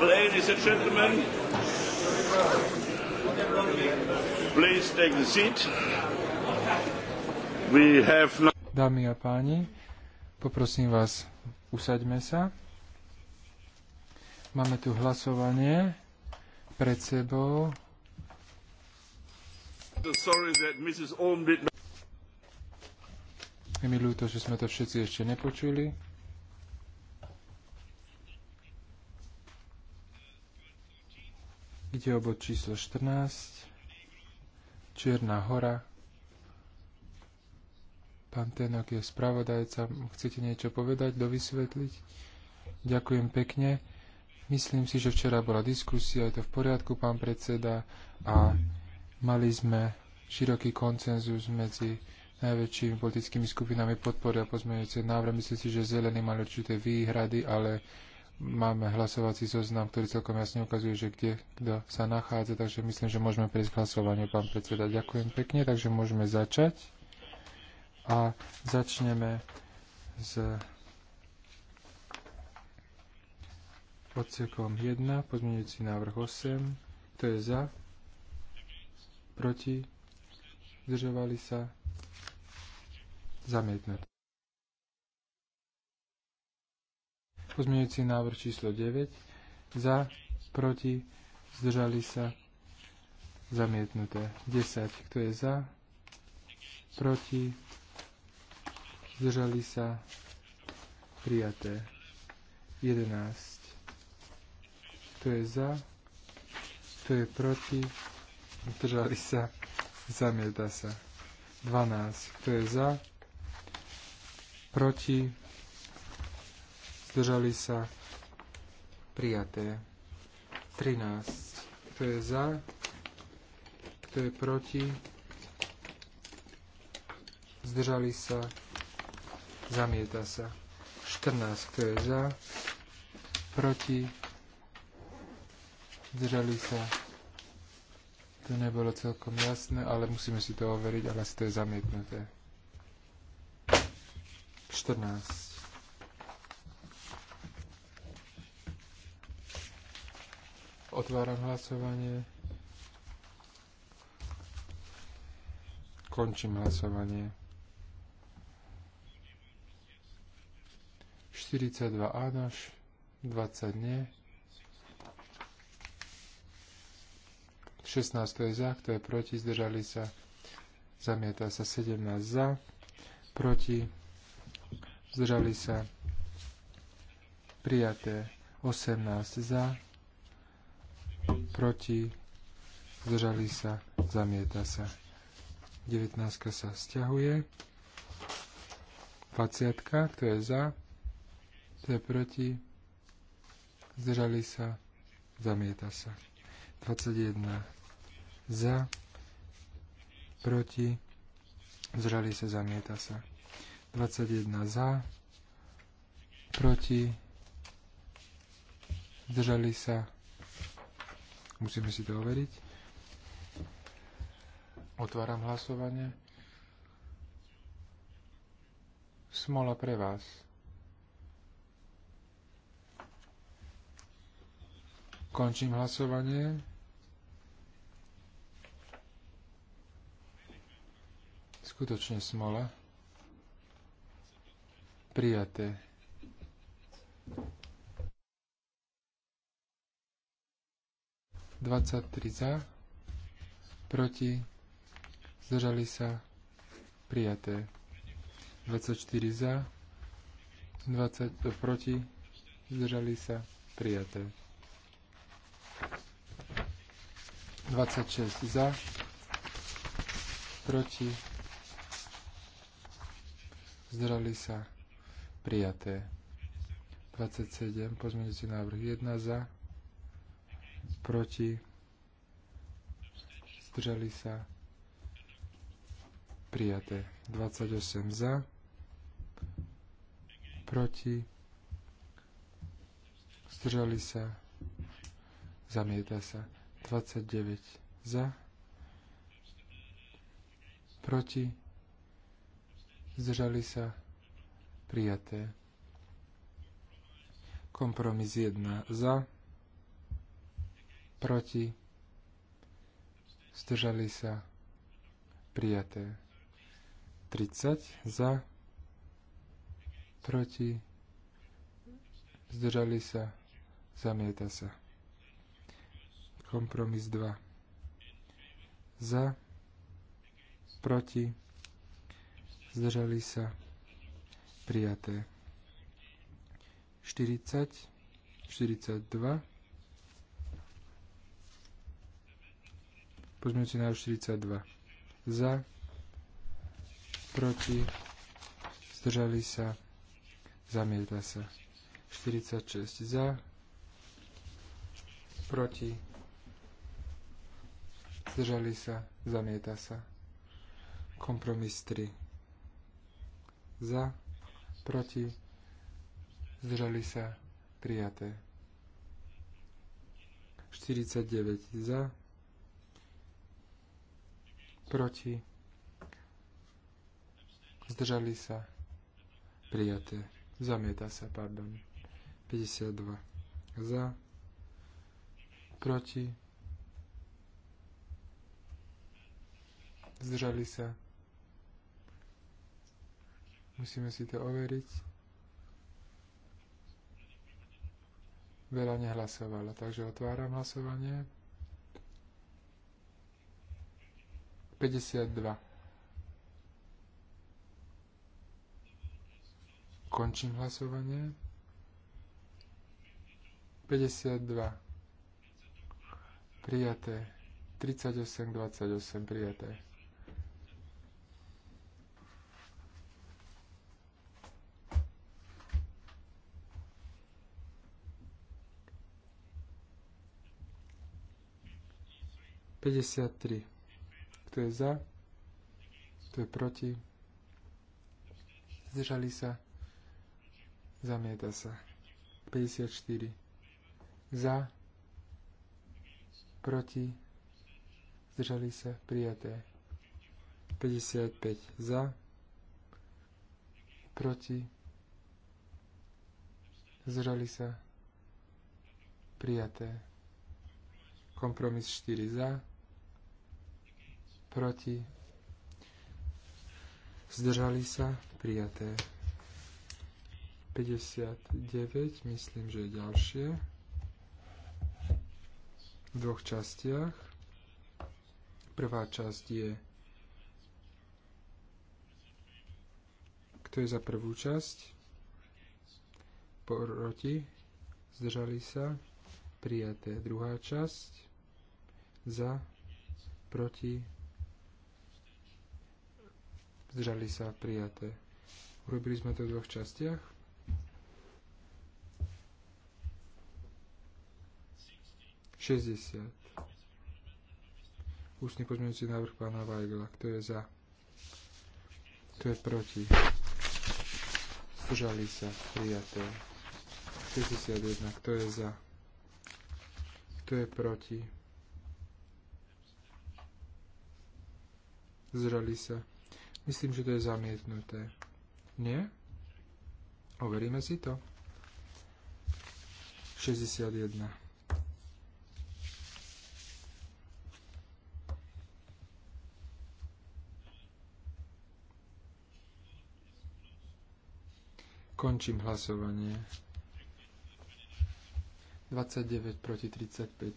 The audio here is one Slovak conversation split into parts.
Ladies and gentlemen, please take the seat. We have no... Dámy a páni, poprosím vás, usaďme sa. Máme tu hlasovanie pred sebou. Je mi ľúto, že sme to všetci ešte nepočuli. Ide o bod číslo 14. Čierna hora. Pán Tenok je spravodajca. Chcete niečo povedať, dovysvetliť? Ďakujem pekne. Myslím si, že včera bola diskusia, je to v poriadku, pán predseda, a mali sme široký koncenzus medzi najväčšími politickými skupinami podpory a pozmeňujúce návrh. Myslím si, že zelení mali určité výhrady, ale máme hlasovací zoznam, ktorý celkom jasne ukazuje, že kde kto sa nachádza, takže myslím, že môžeme prejsť k hlasovaniu, pán predseda. Ďakujem pekne, takže môžeme začať. A začneme s odsekom 1, pozmeňujúci návrh 8. Kto je za? Proti? Zdržovali sa? Zamietnuté. Pozmeňujúci návrh číslo 9. Za, proti, zdržali sa, zamietnuté. 10. Kto je za, proti, zdržali sa, prijaté. 11. Kto je za, kto je proti, zdržali sa, zamieta sa. 12. Kto je za, proti, zdržali sa, prijaté. 13. Kto je za? Kto je proti? Zdržali sa? Zamieta sa. 14. Kto je za? Proti? Zdržali sa? To nebolo celkom jasné, ale musíme si to overiť, ale asi to je zamietnuté. 14. Otváram hlasovanie. Končím hlasovanie. 42 áno, 20 nie. 16 je za, kto je proti, zdržali sa. Zamieta sa 17 za, proti, zdržali sa. Prijaté 18 za, proti, zdržali sa, zamieta sa. 19 sa stiahuje. 20, kto je za, kto je proti, zdržali sa, zamieta sa. 21 za, proti, zdržali sa, zamieta sa. 21 za, proti, zdržali sa, Musíme si to overiť. Otváram hlasovanie. Smola pre vás. Končím hlasovanie. Skutočne smola. Prijaté. 23 za, proti, zdržali sa, prijaté. 24 za, 20 e, proti, zdržali sa, prijaté. 26 za, proti, zdržali sa, prijaté. 27, pozmeňujúci návrh 1 za, proti, zdržali sa, prijaté. 28 za, proti, zdržali sa, zamieta sa. 29 za, proti, zdržali sa, prijaté. Kompromis 1 za, proti, zdržali sa, prijaté. 30 za, proti, zdržali sa, zamieta sa. Kompromis 2. Za, proti, zdržali sa, prijaté. 40, 42, Pozmeňujúci návrh 42. Za, proti, zdržali sa, zamieta sa. 46 za, proti, zdržali sa, zamieta sa. Kompromis 3. Za, proti, zdržali sa, prijaté. 49 za, proti, zdržali sa, prijaté, zamieta sa, pardon, 52 za, proti, zdržali sa, musíme si to overiť, veľa nehlasovalo, takže otváram hlasovanie. 52. Končím hlasovanie. 52. Prijaté. 38, 28 prijaté. Пятьдесят три. Kto je za? Kto je proti? Zdržali sa? Zamieta sa. 54. Za? Proti? Zdržali sa? Prijaté. 55. Za? Proti? Zdržali sa? Prijaté. Kompromis 4 za, proti, zdržali sa, prijaté. 59, myslím, že je ďalšie. V dvoch častiach. Prvá časť je Kto je za prvú časť? Proti? Zdržali sa? Prijaté. Druhá časť? Za? Proti? zdržali sa prijaté. Urobili sme to v dvoch častiach. Šesťdesiat. Ústny pozmeňujúci návrh pána Weigla. Kto je za? Kto je proti? Zdržali sa prijaté. 61. Kto je za? Kto je proti? Zdržali sa. Myslím, že to je zamietnuté. Nie? Overíme si to. 61. Končím hlasovanie. 29 proti 35.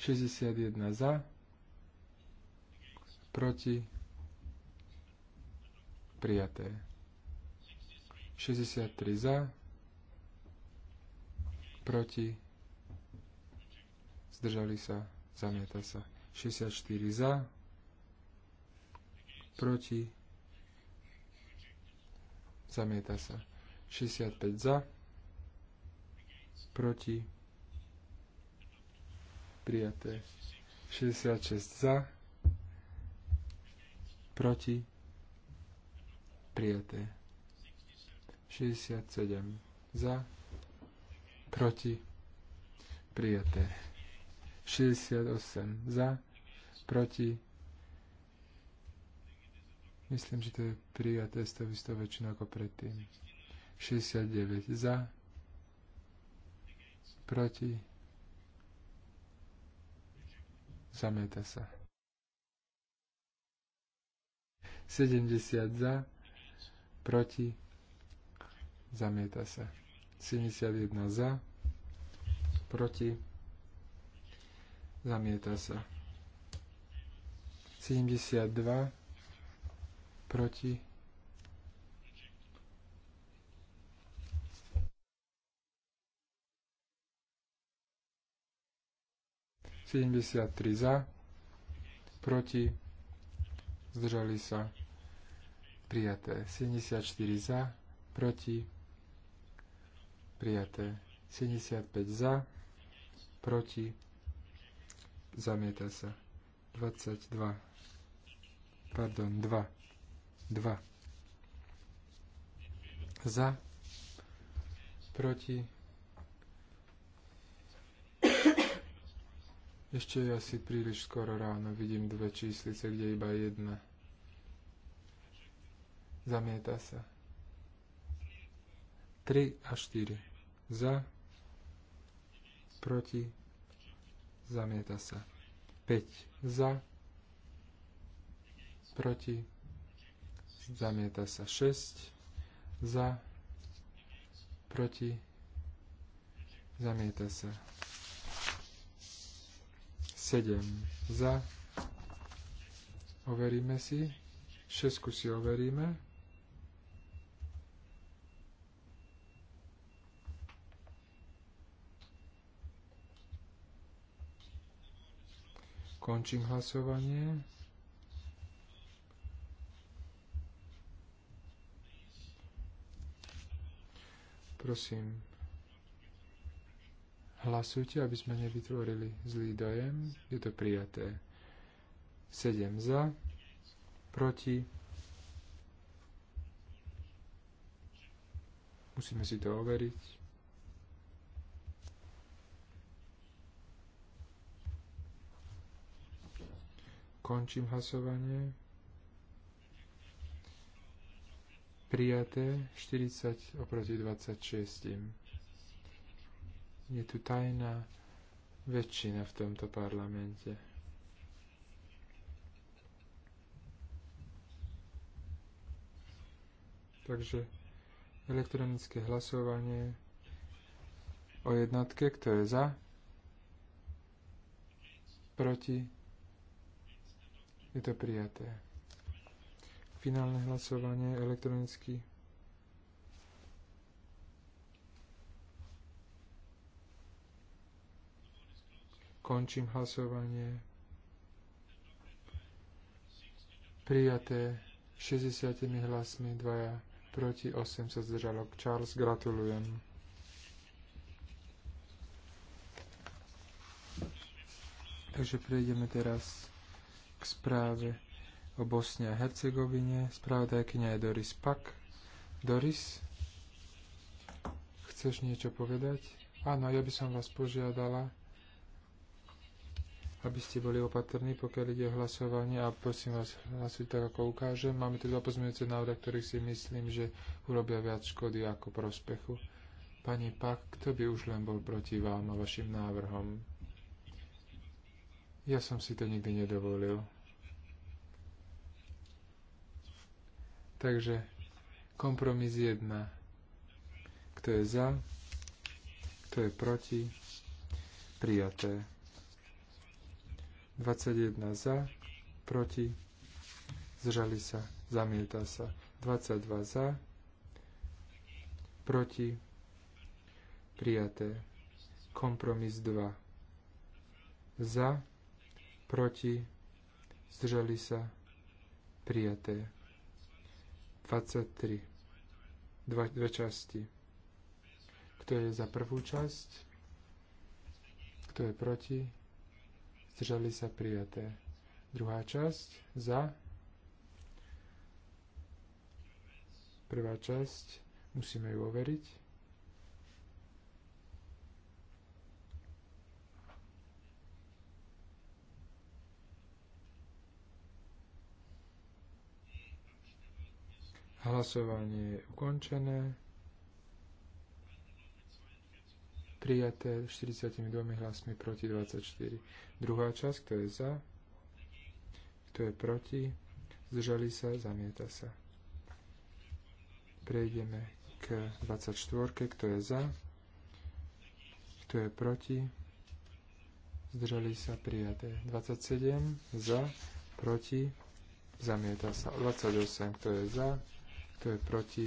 61 za, proti prijaté. 63 za, proti, zdržali sa, zamieta sa. 64 za, proti, zamieta sa. 65 za, proti, prijaté. 66 za, proti, Prijaté. 67 za. Proti. Prijaté. 68 za. Proti. Myslím, že to je prijaté s tou istou väčšinou ako predtým. 69 za. Proti. Zamieta sa. 70 za proti, zamieta sa. 71 za, proti, zamieta sa. 72 proti, Sedemdesiat tri za, proti, zdržali sa prijaté 74 za, proti, prijaté 75 za, proti, zamieta sa 22, pardon, 2, 2 za, proti, ešte je asi príliš skoro ráno, vidím dve číslice, kde iba jedna. Zamieta sa. 3 a 4. Za. Proti. Zamieta sa. 5. Za. Proti. Zamieta sa. 6. Za. Proti. Zamieta sa. 7. Za. Overíme si. 6 si overíme. Končím hlasovanie. Prosím, hlasujte, aby sme nevytvorili zlý dojem. Je to prijaté. 7 za, proti. Musíme si to overiť. Končím hlasovanie. Prijaté 40 oproti 26. Je tu tajná väčšina v tomto parlamente. Takže elektronické hlasovanie o jednotke, kto je za, proti, je to prijaté. Finálne hlasovanie elektronicky. Končím hlasovanie. Prijaté 60 hlasmi, dvaja proti, 8 sa zdržalo. Charles, gratulujem. Takže prejdeme teraz k správe o Bosne a Hercegovine. Spravodajkynia je Doris Pak. Doris, chceš niečo povedať? Áno, ja by som vás požiadala, aby ste boli opatrní, pokiaľ ide o hlasovanie a prosím vás hlasujte tak, ako ukážem. Máme tu dva pozmeňujúce návrhy, ktorých si myslím, že urobia viac škody ako prospechu. Pani Pak, kto by už len bol proti vám a vašim návrhom? Ja som si to nikdy nedovolil. Takže kompromis 1. Kto je za, kto je proti, prijaté. 21 za, proti, zžali sa, zamieta sa. 22 za, proti, prijaté. Kompromis 2. Za, proti, zdržali sa, prijaté. 23. Dva, dve časti. Kto je za prvú časť? Kto je proti? Zdržali sa, prijaté. Druhá časť, za. Prvá časť, musíme ju overiť. Hlasovanie je ukončené. Prijaté 42 hlasmi proti 24. Druhá časť, kto je za, kto je proti, zdržali sa, zamieta sa. Prejdeme k 24, kto je za, kto je proti, zdržali sa, prijaté. 27, za, proti, zamieta sa. 28, kto je za, kto je proti,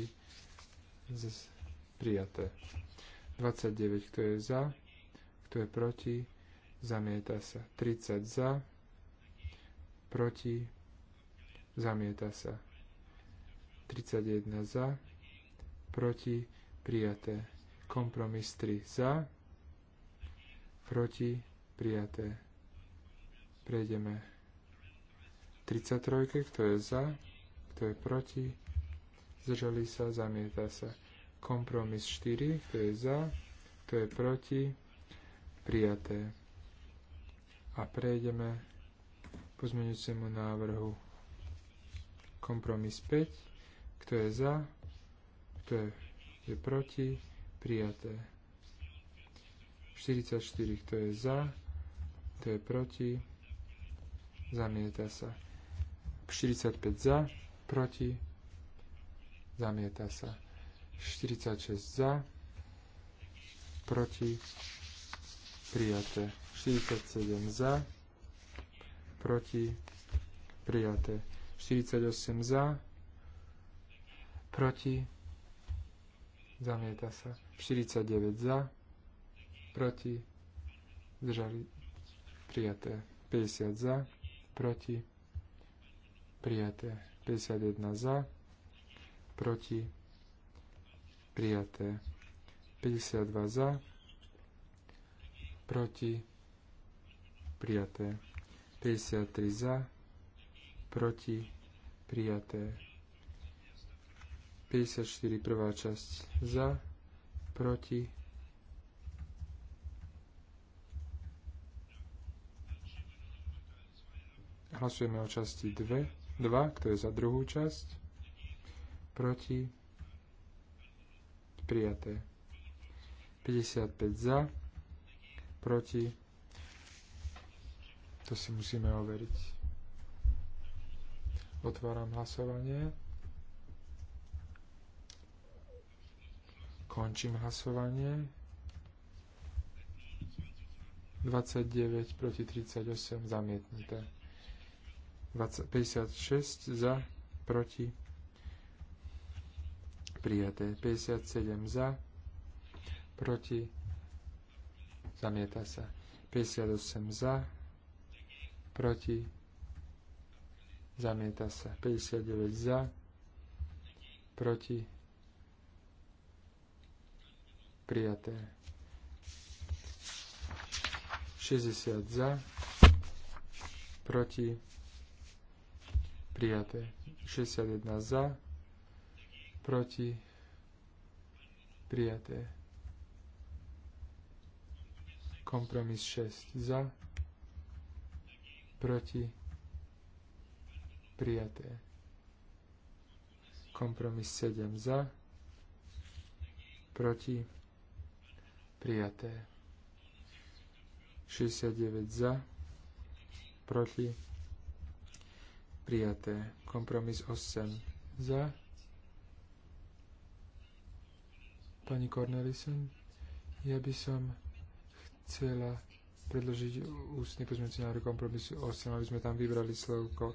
prijaté. 29, kto je za, kto je proti, zamieta sa. 30 za, proti, zamieta sa. 31 za, proti, prijaté. Kompromis 3 za, proti, prijaté. Prejdeme 33, kto je za, kto je proti, zdržali sa, zamieta sa. Kompromis 4, kto je za, kto je proti, prijaté. A prejdeme k pozmeňujúcemu návrhu kompromis 5, kto je za, kto je, je proti, prijaté. 44, kto je za, kto je proti, zamieta sa. 45 za, proti, Zamieta sa. 46 za. Proti. Prijaté. 47 za. Proti. Prijaté. 48 za. Proti. Zamieta sa. 49 za. Proti. Zdržali. Prijaté. 50 za. Proti. Prijaté. 51 za proti, prijaté. 52 za, proti, prijaté. 53 za, proti, prijaté. 54 prvá časť za, proti, Hlasujeme o časti 2, 2, je za druhú časť proti, prijaté. 55 za, proti, to si musíme overiť. Otváram hlasovanie. Končím hlasovanie. 29 proti 38 zamietnuté. 56 za, proti prijaté. 57 za, proti, zamieta sa. 58 za, proti, zamieta sa. 59 za, proti, prijaté. 60 za, proti, prijaté. 61 za, proti, prijaté. Kompromis 6 za, proti, prijaté. Kompromis 7 za, proti, prijaté. 69 za, proti, prijaté. Kompromis 8 za, proti prijaté. Pani Cornelison. ja by som chcela predložiť ústne pozmeňujúce návrhy kompromisu 8, aby sme tam vybrali slovko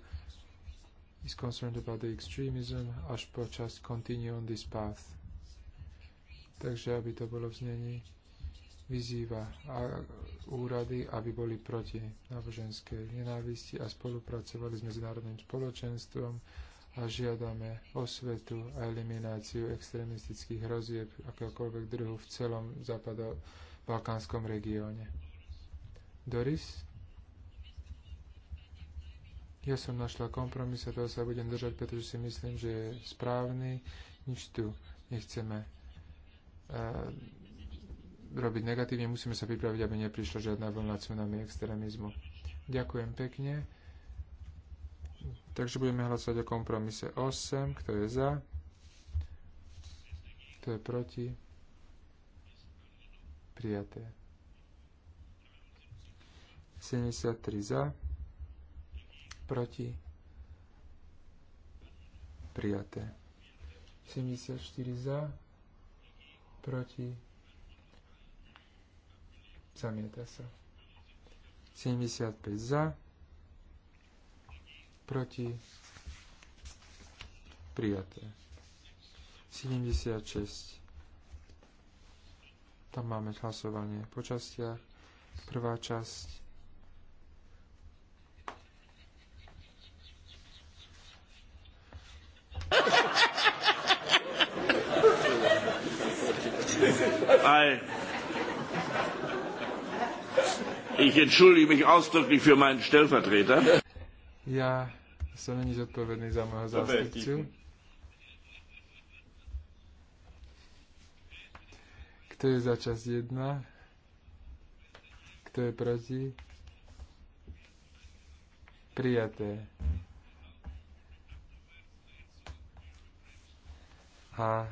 is concerned about the extremism až po časť continue on this path. Takže aby to bolo v znení vyzýva a úrady, aby boli proti náboženskej nenávisti a spolupracovali s medzinárodným spoločenstvom a žiadame osvetu a elimináciu extrémistických hrozieb akéhokoľvek druhu v celom západo-balkánskom regióne. Doris? Ja som našla kompromis a toho sa budem držať, pretože si myslím, že je správny. Nič tu nechceme eh, robiť negatívne, musíme sa pripraviť, aby neprišla žiadna vlna tsunami extrémizmu. Ďakujem pekne. Takže budeme hlasovať o kompromise 8. Kto je za? Kto je proti? Prijaté. 73 za. Proti. Prijaté. 74 za. Proti. Zamieta sa. 75 za proti, prijaté. 76. Tam máme hlasovanie po častiach. Prvá časť Aj. ich entschuldige mich ausdrücklich für meinen Stellvertreter. Ja som není zodpovedný za môjho zástupcu. Kto je za časť 1? Kto je proti? Prijaté. A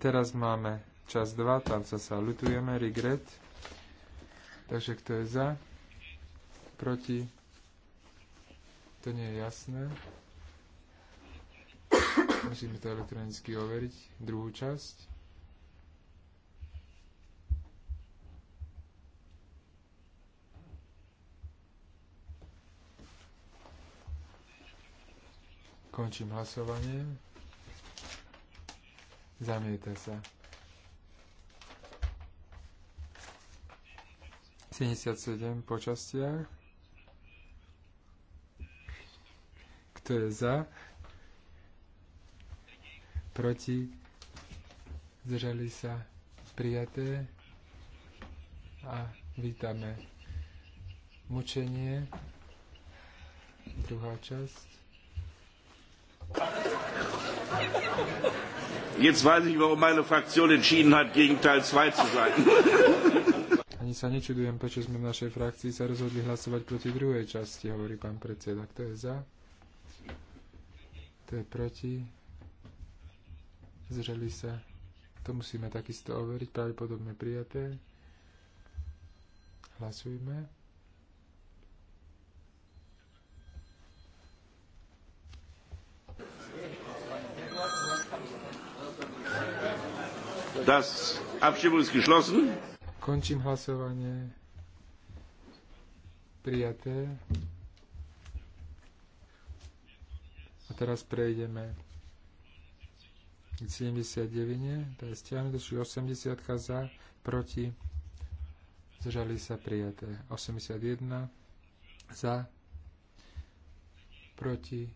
teraz máme čas 2, tam sa sa lutujeme, regret. Takže kto je za? Proti? To nie je jasné. Musíme to elektronicky overiť. Druhú časť. Končím hlasovanie. Zamieta sa. 77 po častiach. Kto je za? Proti? Zdržali sa? Prijaté? A vítame mučenie. Druhá časť. Jetzt weiß ich, warum meine Fraktion entschieden hat, gegen Teil 2 zu sein. Ani sa nečudujem, prečo sme v našej frakcii sa rozhodli hlasovať proti druhej časti, hovorí pán predseda. Kto je za? to je proti? Zreli sa. To musíme takisto overiť. Pravdepodobne prijaté. Hlasujme. Das Končím hlasovanie. Prijaté. A teraz prejdeme k 79, to je stiahnuté, či 80 za, proti, zdržali sa prijaté. 81 za, proti,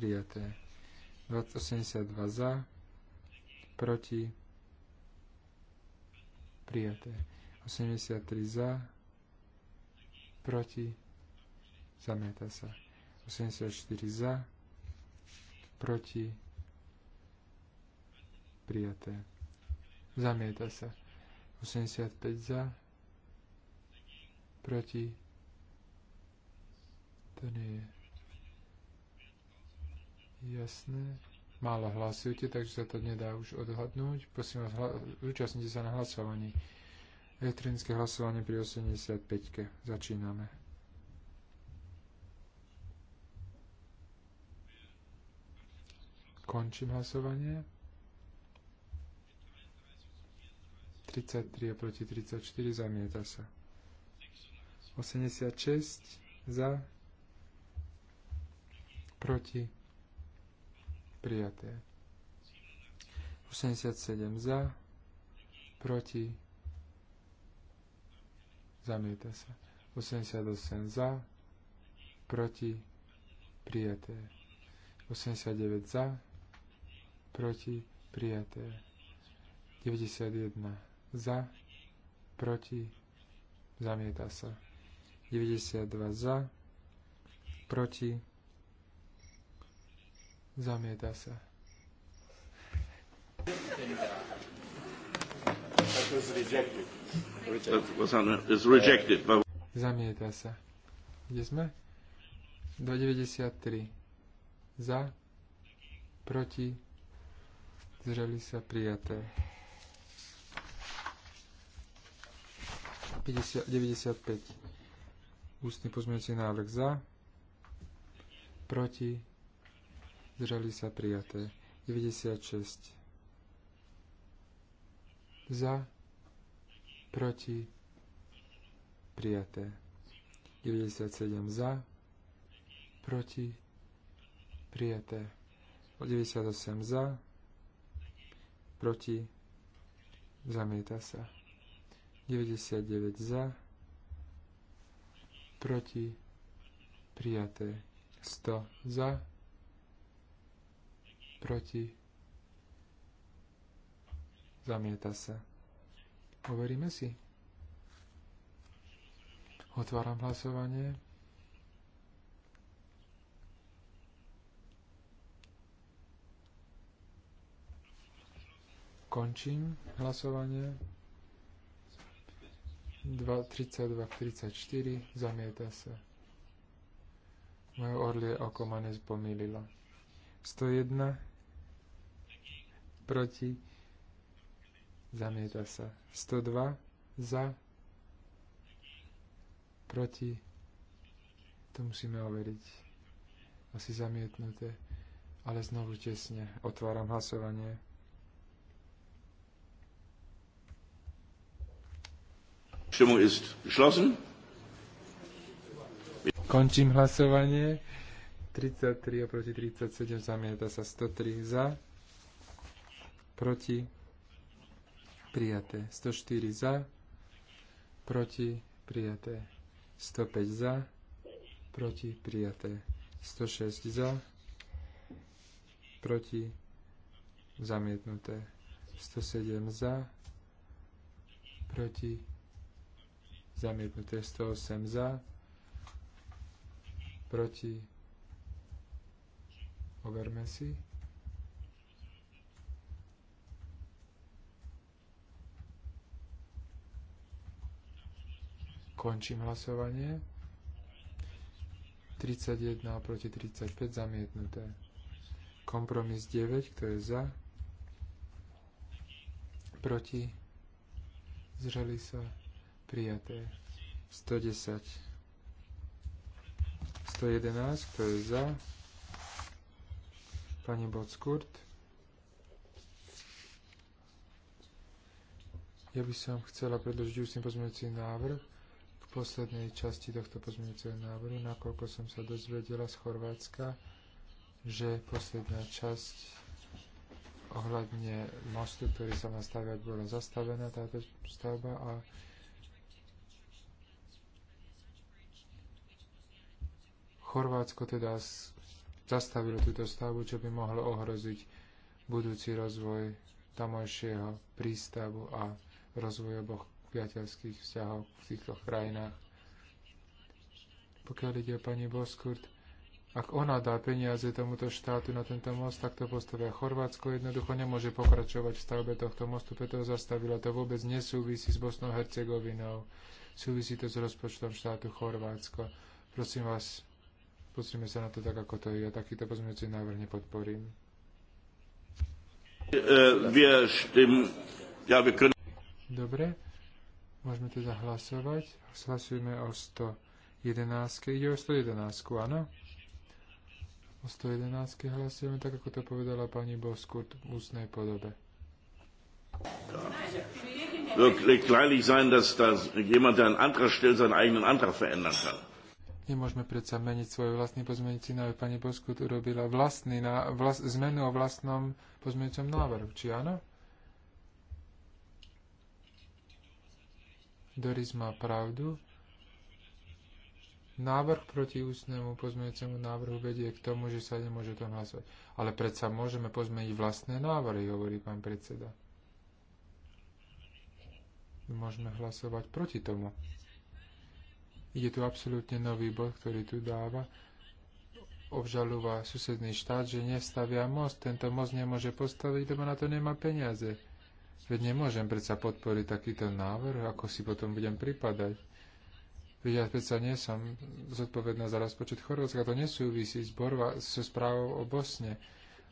prijaté. 82 za, proti, prijaté. 83 za, proti, zamieta sa. 84 za, proti, prijaté. Zamieta sa. 85 za, proti, to nie je jasné. Málo hlasujete, takže sa to nedá už odhadnúť. Prosím vás, zúčastnite sa na hlasovaní. Elektronické hlasovanie pri 85. -ke. Začíname. Končím hlasovanie. 33 proti 34 zamieta sa. 86 za proti prijaté. 87 za proti zamieta sa. 88 za proti prijaté. 89 za proti, prijaté. 91 za, proti, zamieta sa. 92 za, proti, zamieta sa. Zamieta sa. Kde sme? 293. Za, proti, zdržali sa prijaté. 50, 95. Ústny pozmeňujúci návrh za, proti, zdržali sa prijaté. 96. Za, proti, prijaté. 97 za, proti, prijaté. 98 za, proti, zamieta sa. 99 za, proti, prijaté. 100 za, proti, zamieta sa. Overíme si. Otváram hlasovanie. Končím hlasovanie. 2, 32 34. Zamieta sa. Moje orlie oko ma nezpomýlilo. 101 proti. Zamieta sa. 102 za proti. To musíme overiť. Asi zamietnuté. Ale znovu tesne. Otváram hlasovanie. Stimmung ist geschlossen. Končím hlasovanie. 33 a proti 37 zamieta sa 103 za, proti prijaté 104 za, proti prijaté 105 za, proti prijaté 106 za, proti zamietnuté 107 za, proti zamietnuté 108 za, proti, overme si. Končím hlasovanie. 31 proti 35 zamietnuté. Kompromis 9, kto je za? Proti? Zžali sa? Prijaté. 110. 111, kto je za? Pani Bockurt. Ja by som chcela predložiť ústny pozmeňujúci návrh k poslednej časti tohto pozmeňujúceho návrhu, nakoľko som sa dozvedela z Chorvátska, že posledná časť ohľadne mostu, ktorý sa má stavať, bola zastavená táto stavba a Chorvátsko teda zastavilo túto stavu, čo by mohlo ohroziť budúci rozvoj tamojšieho prístavu a rozvoj oboch priateľských vzťahov v týchto krajinách. Pokiaľ ide o pani Boskurt, ak ona dá peniaze tomuto štátu na tento most, tak to postavia Chorvátsko. Jednoducho nemôže pokračovať v stavbe tohto mostu, preto zastavila to vôbec nesúvisí s Bosnou Hercegovinou. Súvisí to s rozpočtom štátu Chorvátsko. Prosím vás, Pozrime sa na to tak, ako to je. Ja takýto pozmeňujúci návrh nepodporím. E, Dobre, môžeme teda hlasovať. Hlasujeme o 111. Ide o 111, áno? O 111 hlasujeme, tak ako to povedala pani Boskurt v ústnej podobe. Wird klarlich sein, dass da jemand, der einen Antrag stellt, seinen eigenen Antrag verändern kann. Nemôžeme predsa meniť svoj vlastný pozmeňujúci návrh. Pani Boskut urobila vlastný na, vlast, zmenu o vlastnom pozmeňujúcom návrhu. Či áno? Doris má pravdu. Návrh proti ústnemu pozmeňujúcemu návrhu vedie k tomu, že sa nemôže to hlasovať. Ale predsa môžeme pozmeniť vlastné návrhy, hovorí pán predseda. Môžeme hlasovať proti tomu. Ide tu absolútne nový bod, ktorý tu dáva. Obžalúva susedný štát, že nestavia most. Tento most nemôže postaviť, lebo na to nemá peniaze. Veď nemôžem predsa podporiť takýto návrh, ako si potom budem pripadať. Veď ja predsa nie som zodpovedná za rozpočet Chorvátska. To nesúvisí s, borva, so správou o Bosne.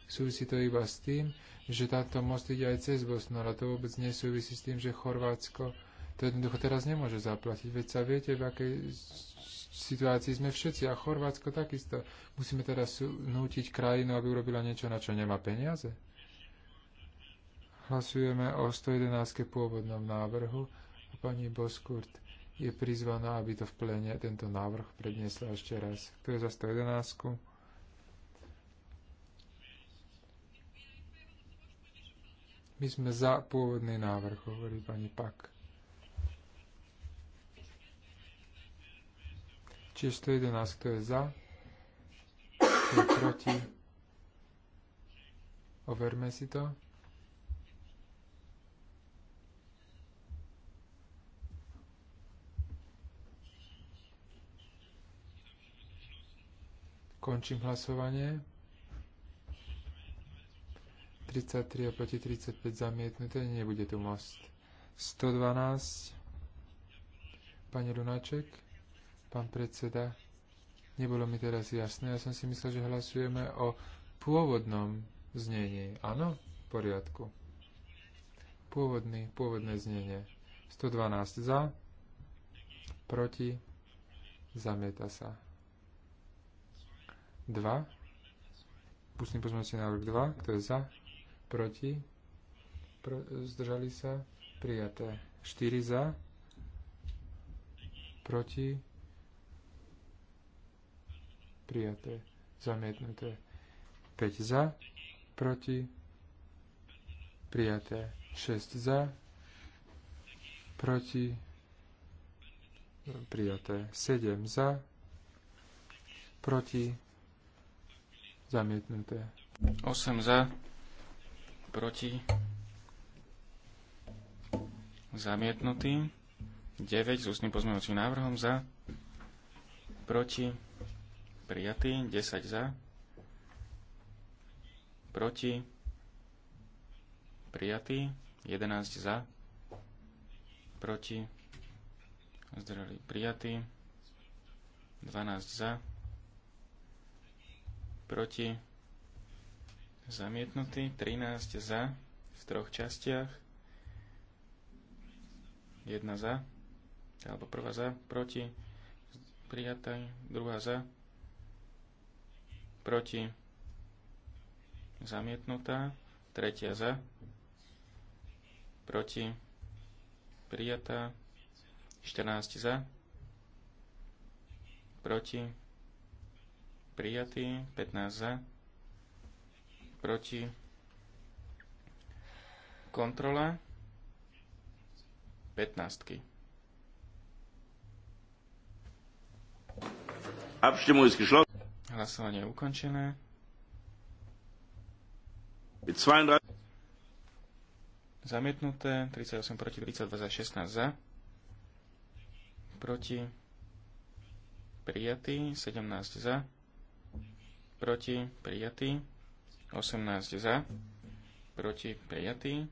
Súvisí to iba s tým, že táto most ide aj cez Bosnu, ale to vôbec nesúvisí s tým, že Chorvátsko to jednoducho teraz nemôže zaplatiť. Veď sa viete, v akej situácii sme všetci a Chorvátsko takisto. Musíme teraz nútiť krajinu, aby urobila niečo, na čo nemá peniaze. Hlasujeme o 111. pôvodnom návrhu a pani Boskurt je prizvaná, aby to v plene tento návrh predniesla ešte raz. Kto je za 111? My sme za pôvodný návrh, hovorí pani Pak. Čiže 111, kto je za, kto je proti. Overme si to. Končím hlasovanie. 33 a proti 35 zamietnuté, nebude tu most. 112. Pani Runáček pán predseda. Nebolo mi teraz jasné. Ja som si myslel, že hlasujeme o pôvodnom znení. Áno? V poriadku. Pôvodný, pôvodné znenie. 112 za, proti, zamieta sa. 2. Pustím pozmeňovací návrh 2. Kto je za? Proti? Pro, zdržali sa? Prijaté. 4 za? Proti? prijaté, zamietnuté. 5 za, proti, prijaté. 6 za, proti, prijaté. 7 za, proti, zamietnuté. 8 za, proti, zamietnutý. 9 s ústnym pozmeňovacím návrhom za, proti, prijatý. 10 za. Proti. Prijatý. 11 za. Proti. Zdrali prijatý. 12 za. Proti. Zamietnutý. 13 za. V troch častiach. 1 za. Alebo prvá za. Proti prijatá, druhá za, proti, zamietnutá, tretia za, proti, prijatá, 14 za, proti, prijatý, 15 za, proti, kontrola, 15. -ky. Abstimmung ist geschlossen. Hlasovanie je ukončené. 32. Zamietnuté. 38 proti 32 za 16 za. Proti. Prijatý. 17 za. Proti. Prijatý. 18 za. Proti. Prijatý.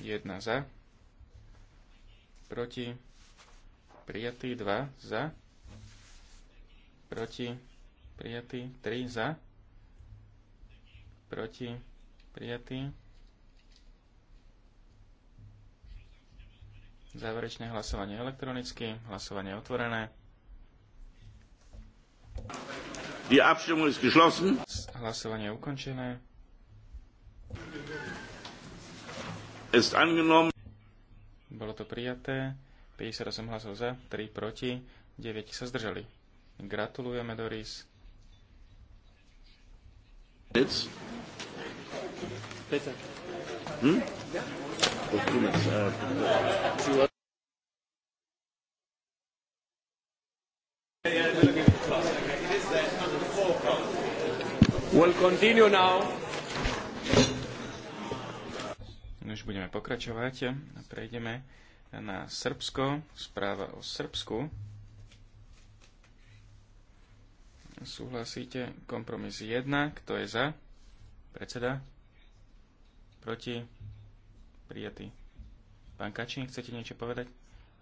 1 za. Proti. Prijatý. 2 za. Proti prijatý, 3 za, proti, prijatý. Záverečné hlasovanie elektronicky, hlasovanie otvorené. Die Abstimmung ist geschlossen. Hlasovanie ukončené. Ist angenommen. Bolo to prijaté. 58 hlasov za, 3 proti, 9 sa zdržali. Gratulujeme, Doris. It's hmm? We'll continue now. Už budeme pokračovať prejdeme na Srbsko. Správa o Srbsku. súhlasíte. Kompromis 1, kto je za? Predseda? Proti? Prijatý. Pán Kačín, chcete niečo povedať?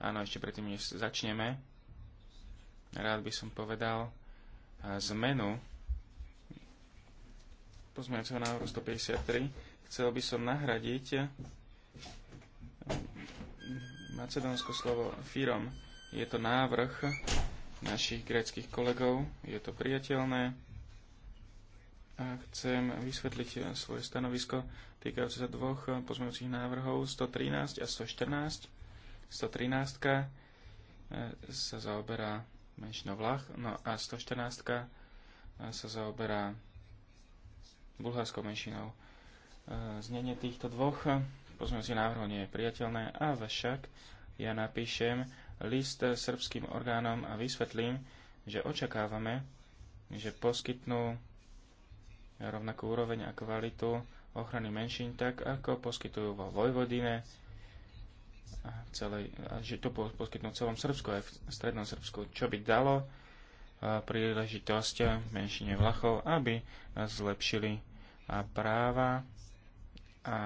Áno, ešte predtým, než začneme, rád by som povedal zmenu pozmeňujúceho návrhu 153. Chcel by som nahradiť macedónsko slovo firom. Je to návrh našich gréckých kolegov. Je to priateľné. A chcem vysvetliť eh, svoje stanovisko týkajúce sa dvoch eh, pozmeňujúcich návrhov 113 a 114. 113 eh, sa zaoberá menšinou Vlach, no a 114 sa zaoberá bulharskou menšinou. Znenie týchto dvoch pozmeňujúcich návrhov nie je priateľné, avšak ja napíšem list srbským orgánom a vysvetlím, že očakávame, že poskytnú rovnakú úroveň a kvalitu ochrany menšín, tak ako poskytujú vo Vojvodine, a celej, a že to poskytnú celom Srbsku aj v strednom Srbsku, čo by dalo príležitosť menšine Vlachov, aby zlepšili práva a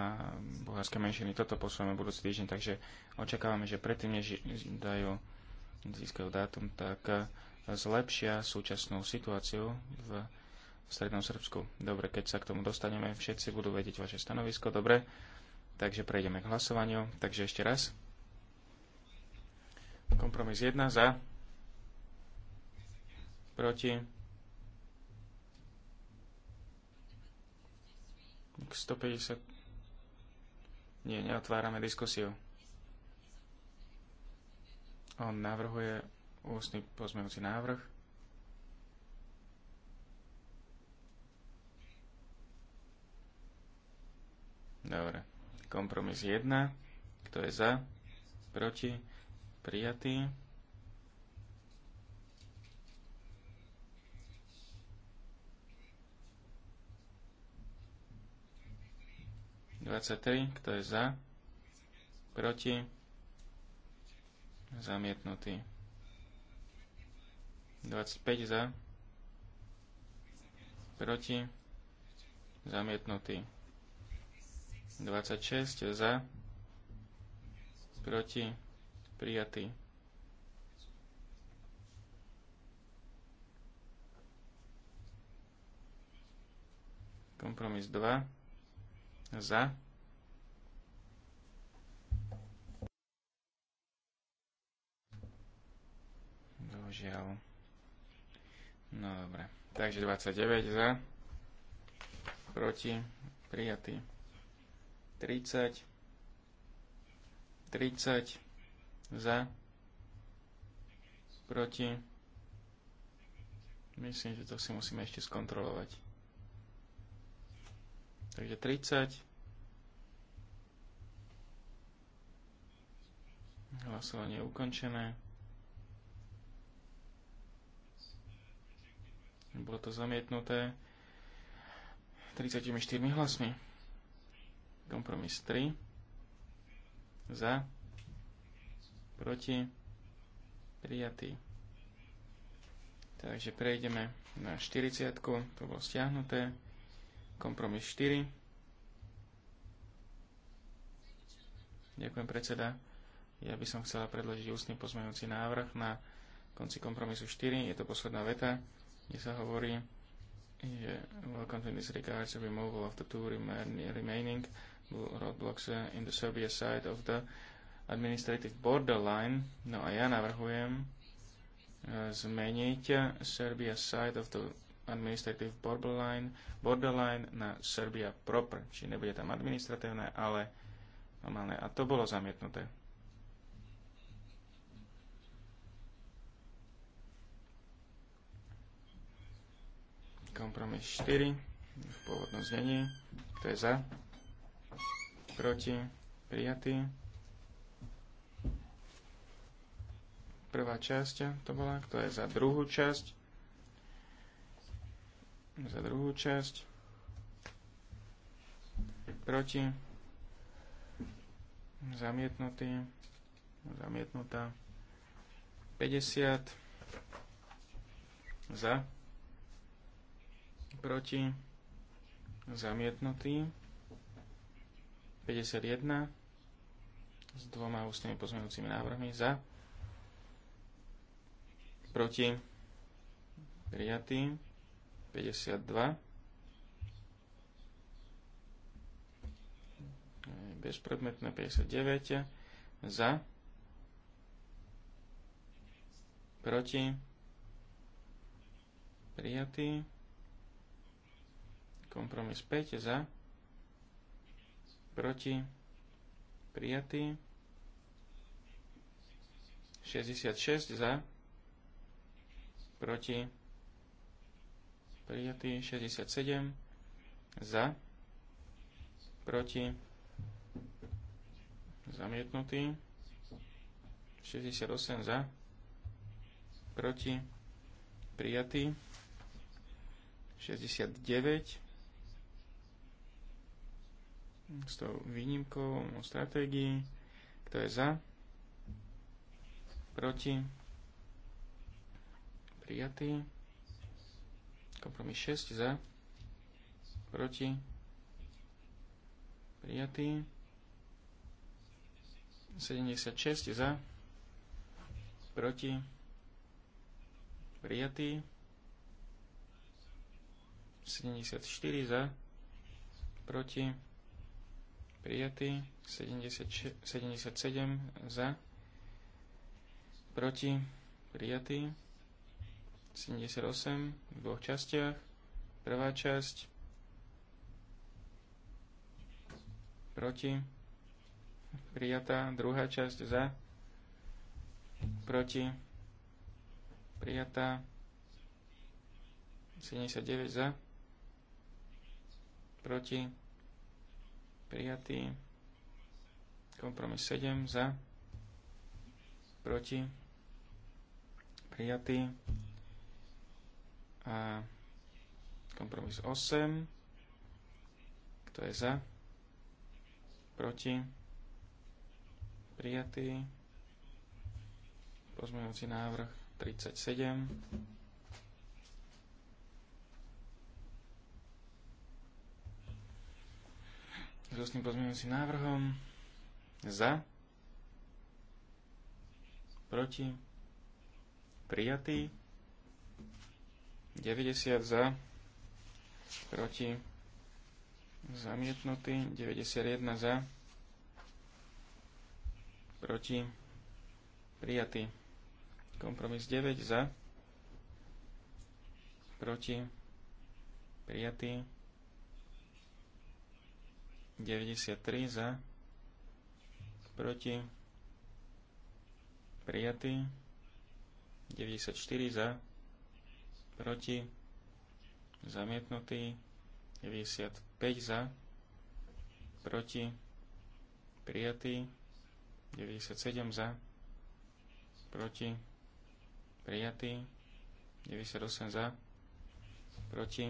bulharské menšiny. Toto posúvame budúci týždeň, takže očakávame, že predtým, než dajú, získajú dátum, tak eh, zlepšia súčasnú situáciu v Strednom Srbsku. Dobre, keď sa k tomu dostaneme, všetci budú vedieť vaše stanovisko, dobre. Takže prejdeme k hlasovaniu. Takže ešte raz. Kompromis 1 za. Proti. K 150. Nie, neotvárame diskusiu. On navrhuje ústny pozmeňujúci návrh. Dobre. Kompromis 1. Kto je za? Proti? Prijatý. Dvadsaťtri. Kto je za? Proti? Zamietnutý. 25 za. Proti. Zamietnutý. 26 za. Proti. Prijatý. Kompromis 2. Za Bohužiaľ. No dobre. Takže 29 za. Proti. Prijatý. 30. 30 za. Proti. Myslím, že to si musíme ešte skontrolovať. Takže 30. Hlasovanie je ukončené. Bolo to zamietnuté 34 hlasmi. Kompromis 3. Za. Proti. Prijatý. Takže prejdeme na 40. To bolo stiahnuté. Kompromis 4. Ďakujem predseda. Ja by som chcela predložiť ústny pozmeňujúci návrh na konci kompromisu 4. Je to posledná veta kde sa hovorí, že welcome to this regards the removal of the two remaining roadblocks in the Serbia side of the administrative borderline. No a ja navrhujem eh, zmeniť Serbia side of the administrative borderline, borderline na Serbia proper. Čiže nebude tam administratívne, ale normálne. A to bolo zamietnuté. Kompromis 4 v pôvodnom znení. Kto je za? Proti? Prijatý? Prvá časť to bola. Kto je za druhú časť? Za druhú časť. Proti? Zamietnutý? Zamietnutá? 50 za proti, zamietnutý. 51 s dvoma ústnymi pozmeňujúcimi návrhmi za, proti, prijatý. 52 bezpredmetné 59 za proti prijatý Kompromis 5 za. Proti. Prijatý. 66 za. Proti. Prijatý. 67 za. Proti. Zamietnutý. 68 za. Proti. Prijatý. 69 za, s tou výnimkou o stratégii. Kto je za? Proti? Prijatý. Kompromis 6 za. Proti? Prijatý. 76 za. Proti? Prijatý. 74 za. Proti? prijatý, 77 za, proti, prijatý, 78 v dvoch častiach, prvá časť, proti, prijatá, druhá časť za, proti, prijatá, 79 za, proti, prijatý. Kompromis 7 za, proti, prijatý. A kompromis 8, kto je za, proti, prijatý. Pozmeňujúci návrh 37 s ústnym pozmeňujúcim návrhom za, proti, prijatý, 90 za, proti, zamietnutý, 91 za, proti, prijatý, kompromis 9 za, proti, prijatý, 93 za, proti, prijatý, 94 za, proti, zamietnutý, 95 za, proti, prijatý, 97 za, proti, prijatý, 98 za, proti,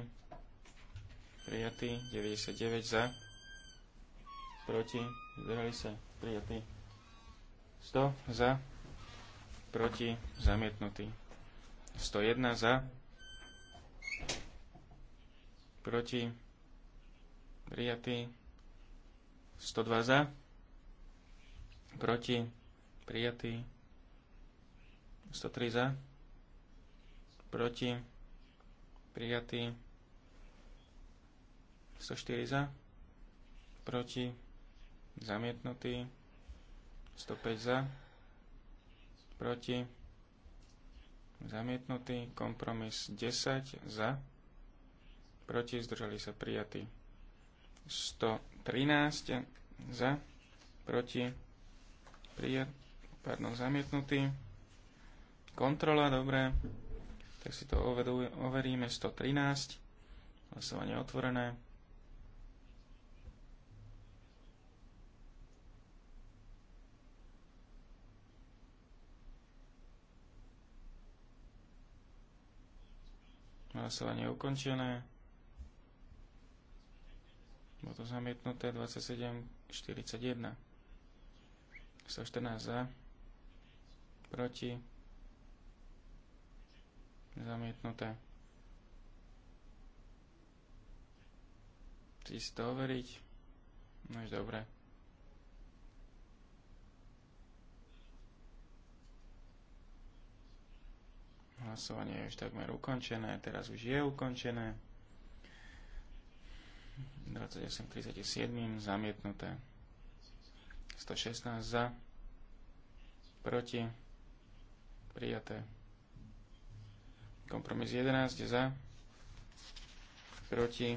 prijatý, 99 za, proti, zdržali sa, prijatý. 100 za, proti, zamietnutý. 101 za, proti, prijatý. 102 za, proti, prijatý. 103 za, proti, prijatý. 104 za, proti, Zamietnutý. 105 za. Proti. Zamietnutý. Kompromis 10 za. Proti. Zdržali sa prijatí. 113 za. Proti. Prijat. Pardon, zamietnutý. Kontrola, dobre. Tak si to overíme. 113. Hlasovanie otvorené. Hlasovanie je ukončené. Bolo to zamietnuté 27.41. 114 za. Proti. Zamietnuté. Chci si to overiť. No už dobre. Hlasovanie je už takmer ukončené, teraz už je ukončené. 28 zamietnuté. 116 za, proti, prijaté. Kompromis 11 za, proti,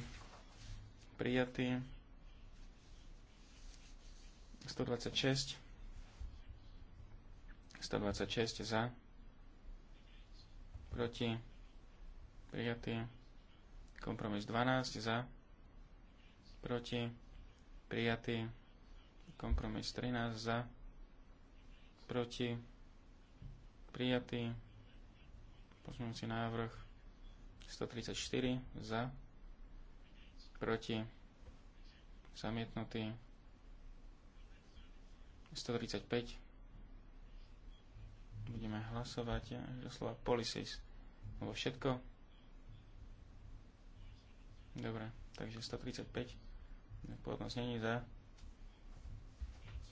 prijatý. 126, 126 za, proti, prijatý. Kompromis 12 za, proti, prijatý. Kompromis 13 za, proti, prijatý. Pozmúci návrh 134 za, proti, zamietnutý. 135 budeme hlasovať slova policies. Lebo všetko. Dobre, takže 135. Pôvodnosť není za.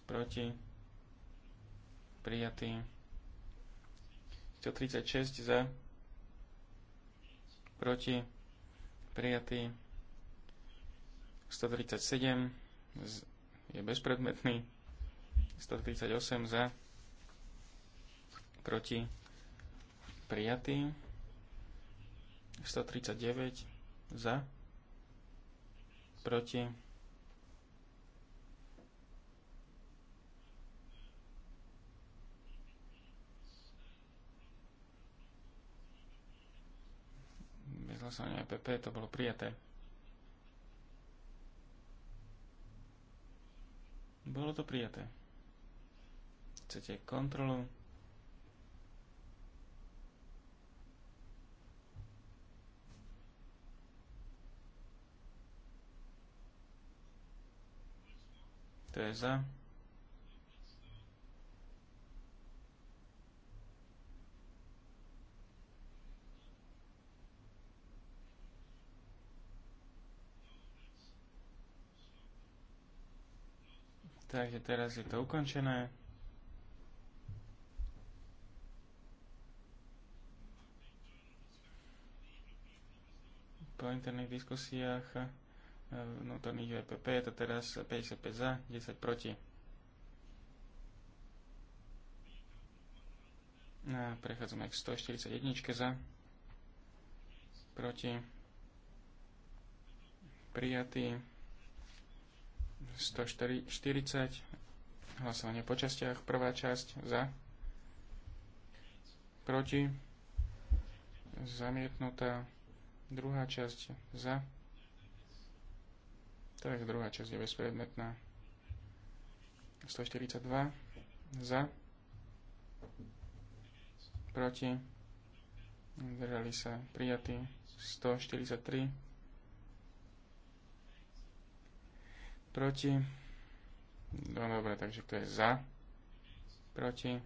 Proti. Prijatý. 136 za. Proti. Prijatý. 137 je bezpredmetný. 138 za proti, prijatý. 139 za, proti, bez hlasovania EPP to bolo prijaté. Bolo to prijaté. Chcete kontrolu? Kto je za? Takže teraz je to ukončené. Po interných diskusiách vnútorných EPP, je to teraz 55 za, 10 proti. A prechádzame k 141 za, proti, prijatý, 140, hlasovanie po častiach, prvá časť za, proti, zamietnutá, druhá časť za, Takže druhá časť je bezpredmetná. 142 za, proti, zdržali sa prijatí 143, proti, no dobre, takže to je za, proti,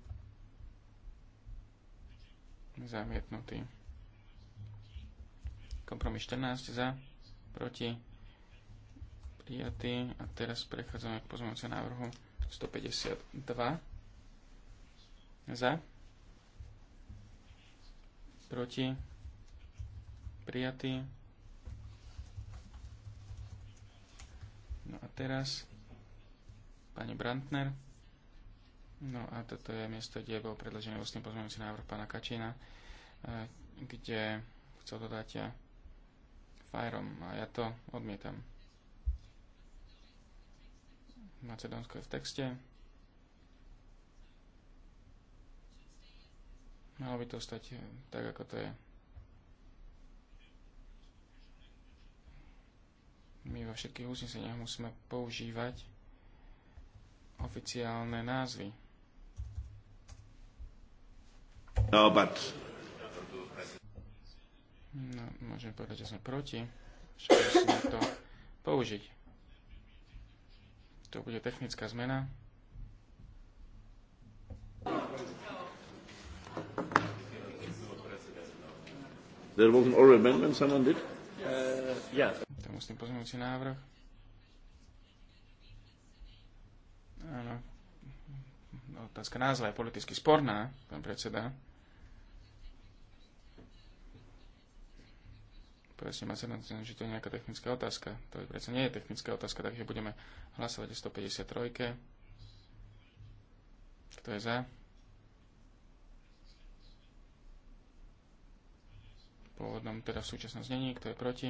zamietnutý. Kompromis 14 za, proti, prijatý. A teraz prechádzame k pozmeňujúcemu návrhu 152. Za. Proti. Prijatý. No a teraz pani Brantner. No a toto je miesto, kde bol predložený vlastný pozmeňujúci návrh pána Kačina, e, kde chcel dodať ja a ja to odmietam. Macedónsko je v texte. Malo by to stať eh, tak, ako to je. My vo všetkých uzneseniach musíme používať oficiálne názvy. No, but... No, môžeme povedať, že sme proti. Všetko musíme to použiť to bude technická zmena. There was an oral amendment someone did? Uh, yeah. Tam pozmeniť si návrh. Áno. Otázka názva je politicky sporná, pán predseda. Presne ma na to, že to je nejaká technická otázka. To je predsa nie je technická otázka, takže budeme hlasovať o 153. Kto je za? Pôvodnom teda v súčasnom znení. Kto je proti?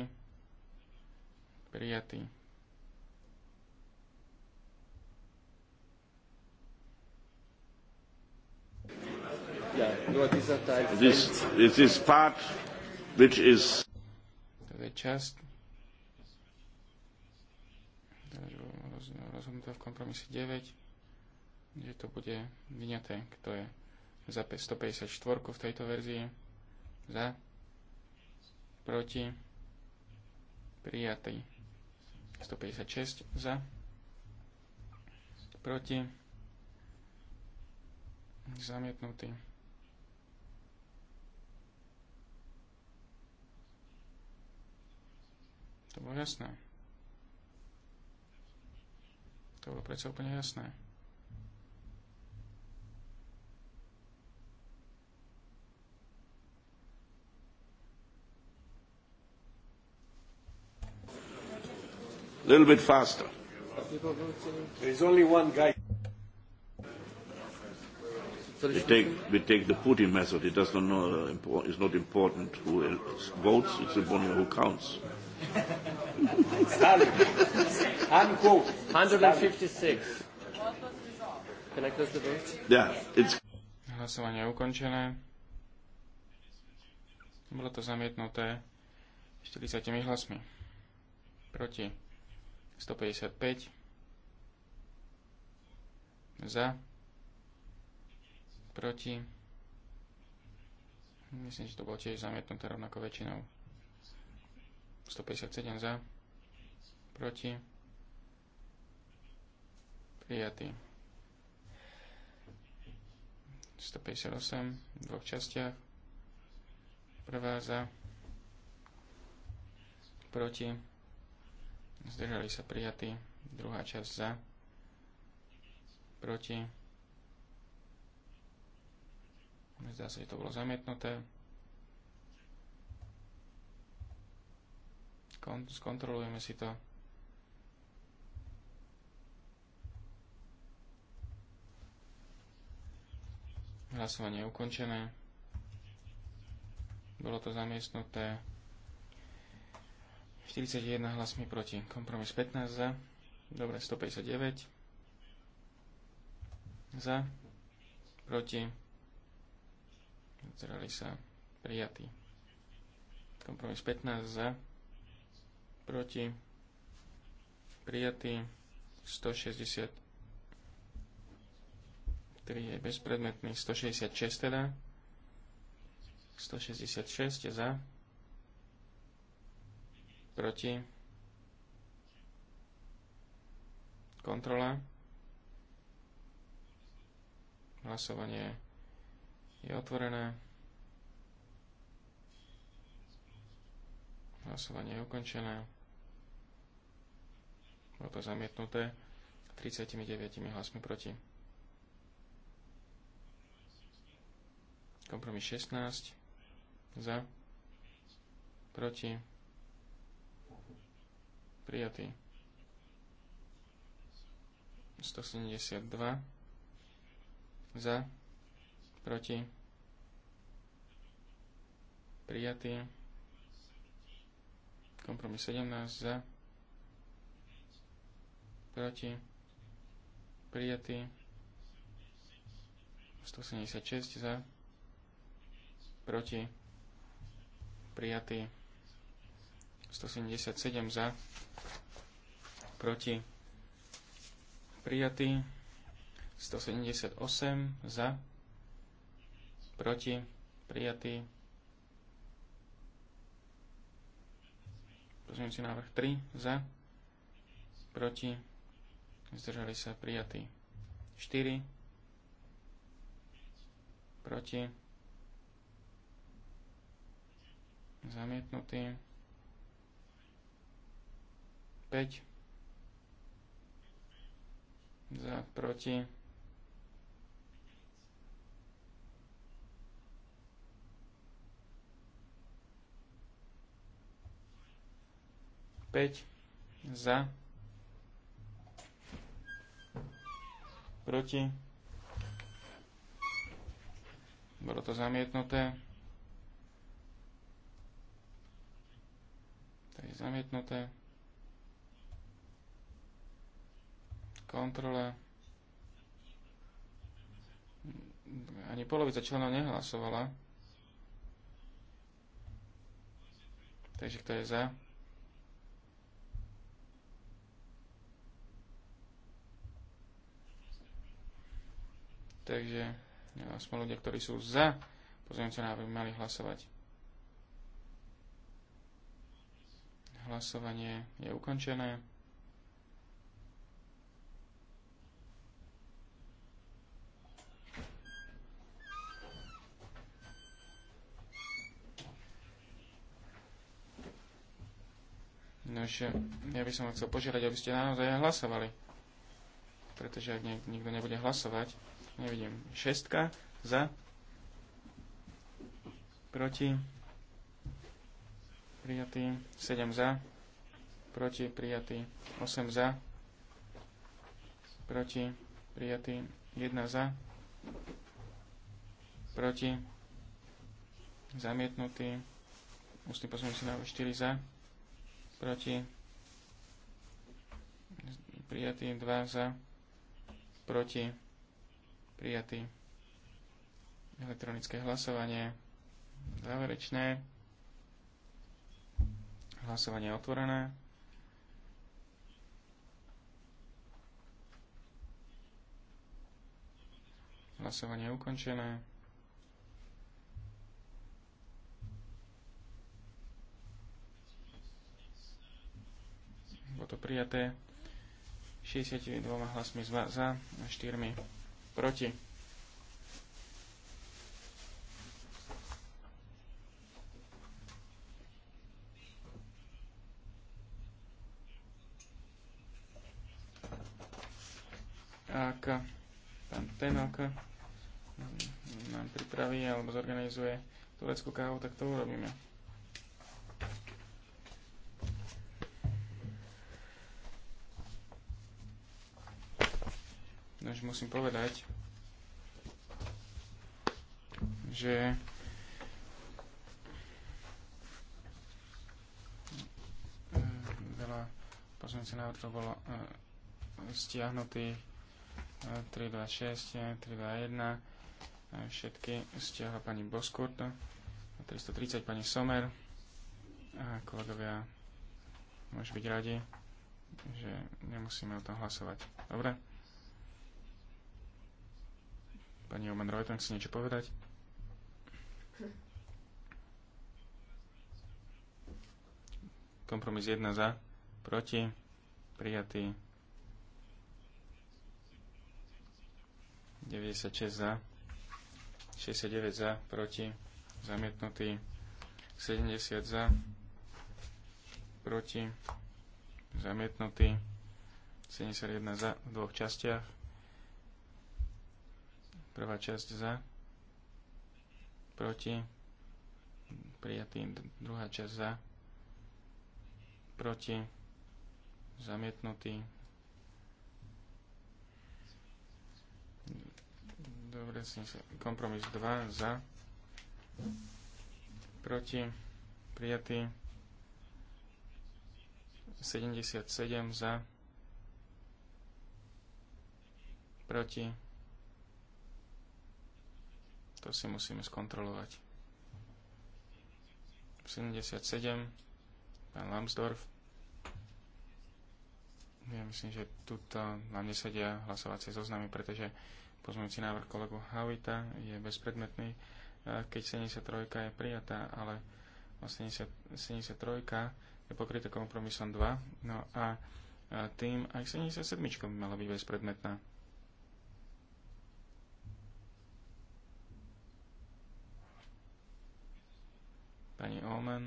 Prijatý. This, this is part which is to je časť rozhodnutá v kompromise 9, že to bude vyňaté, kto je za 154 v tejto verzii, za, proti, prijatý, 156 za, proti, zamietnutý. To bolo jasné. To bolo predsa úplne jasné. A little bit faster. There is only one guy. We take, we take the Putin method. It does not know, uh, it's not important who votes, it's important who counts. Stalin. 156. Can I close the vote? Yeah, it's... Hlasovanie je ukončené. Bolo to zamietnuté 40 hlasmi. Proti 155. Za. Proti. Myslím, že to bolo tiež zamietnuté rovnako väčšinou. 157 za, proti, prijatý. 158 v dvoch častiach. Prvá za, proti, zdržali sa prijatí. Druhá časť za, proti. Zdá sa, že to bolo zamietnuté. Skon- skontrolujeme si to. Hlasovanie je ukončené. Bolo to zamiestnuté 41 hlasmi proti. Kompromis 15 za. Dobre, 159 za. Proti. Zdrali sa. Prijatý. Kompromis 15 za proti, prijatý, 163 je bezpredmetný, 166 teda, 166 je za, proti, kontrola, hlasovanie je otvorené, hlasovanie je ukončené, bolo to zamietnuté 39 hlasmi proti. Kompromis 16 za, proti, prijatý 172 za, proti, prijatý kompromis 17 za, proti, prijatý, 176 za, proti, prijatý, 177 za, proti, prijatý, 178 za, proti, prijatý, pozmeňujúci návrh 3 za, proti, zdržali sa prijatí 4, proti, zamietnutý 5, za, proti, Päť za proti. Bolo to zamietnuté. To je zamietnuté. Kontrola. Ani polovica členov nehlasovala. Takže kto je za? Takže sme ľudia, ktorí sú za na, aby mali hlasovať. Hlasovanie je ukončené. ešte, ja by som chcel požiadať, aby ste naozaj hlasovali. Pretože ak nik- nikto nebude hlasovať, Nevidím. Šestka za. Proti. Prijatý. sedem za. Proti. Prijatý. osem za. Proti. Prijatý. jedna za. Proti. Zamietnutý. Ústny posunúci návrh 4 za. Proti. Prijatý 2 za. Proti prijatý. Elektronické hlasovanie záverečné. Hlasovanie otvorené. Hlasovanie ukončené. Bolo to prijaté 62 hlasmi za a 4 Proti. Ak pán Tenok nám pripraví alebo zorganizuje tureckú kávu, tak to urobíme. Takže musím povedať, že veľa pozmeňujúcich návrhov bolo e, stiahnutých 326, e, 321, e, všetky stiahla pani Boskurt, 330 pani Somer a kolegovia môžu byť radi, že nemusíme o tom hlasovať. Dobre? Pani Omen Reuten, chce niečo povedať? Kompromis 1 za, proti, prijatý. 96 za, 69 za, proti, zamietnutý. 70 za, proti, zamietnutý. 71 za v dvoch častiach. Prvá časť za, proti, prijatý. Druhá časť za, proti, zamietnutý. Dobre, kompromis 2 za, proti, prijatý. 77 za, proti, to si musíme skontrolovať. 77, pán Lambsdorff. Ja myslím, že tu na nesedia hlasovacie zoznamy, pretože pozmeňujúci návrh kolegu Havita je bezpredmetný, keď 73 je prijatá, ale 80, 73 je pokryté kompromisom 2, no a tým aj 77 by mala byť bezpredmetná. ani Omen.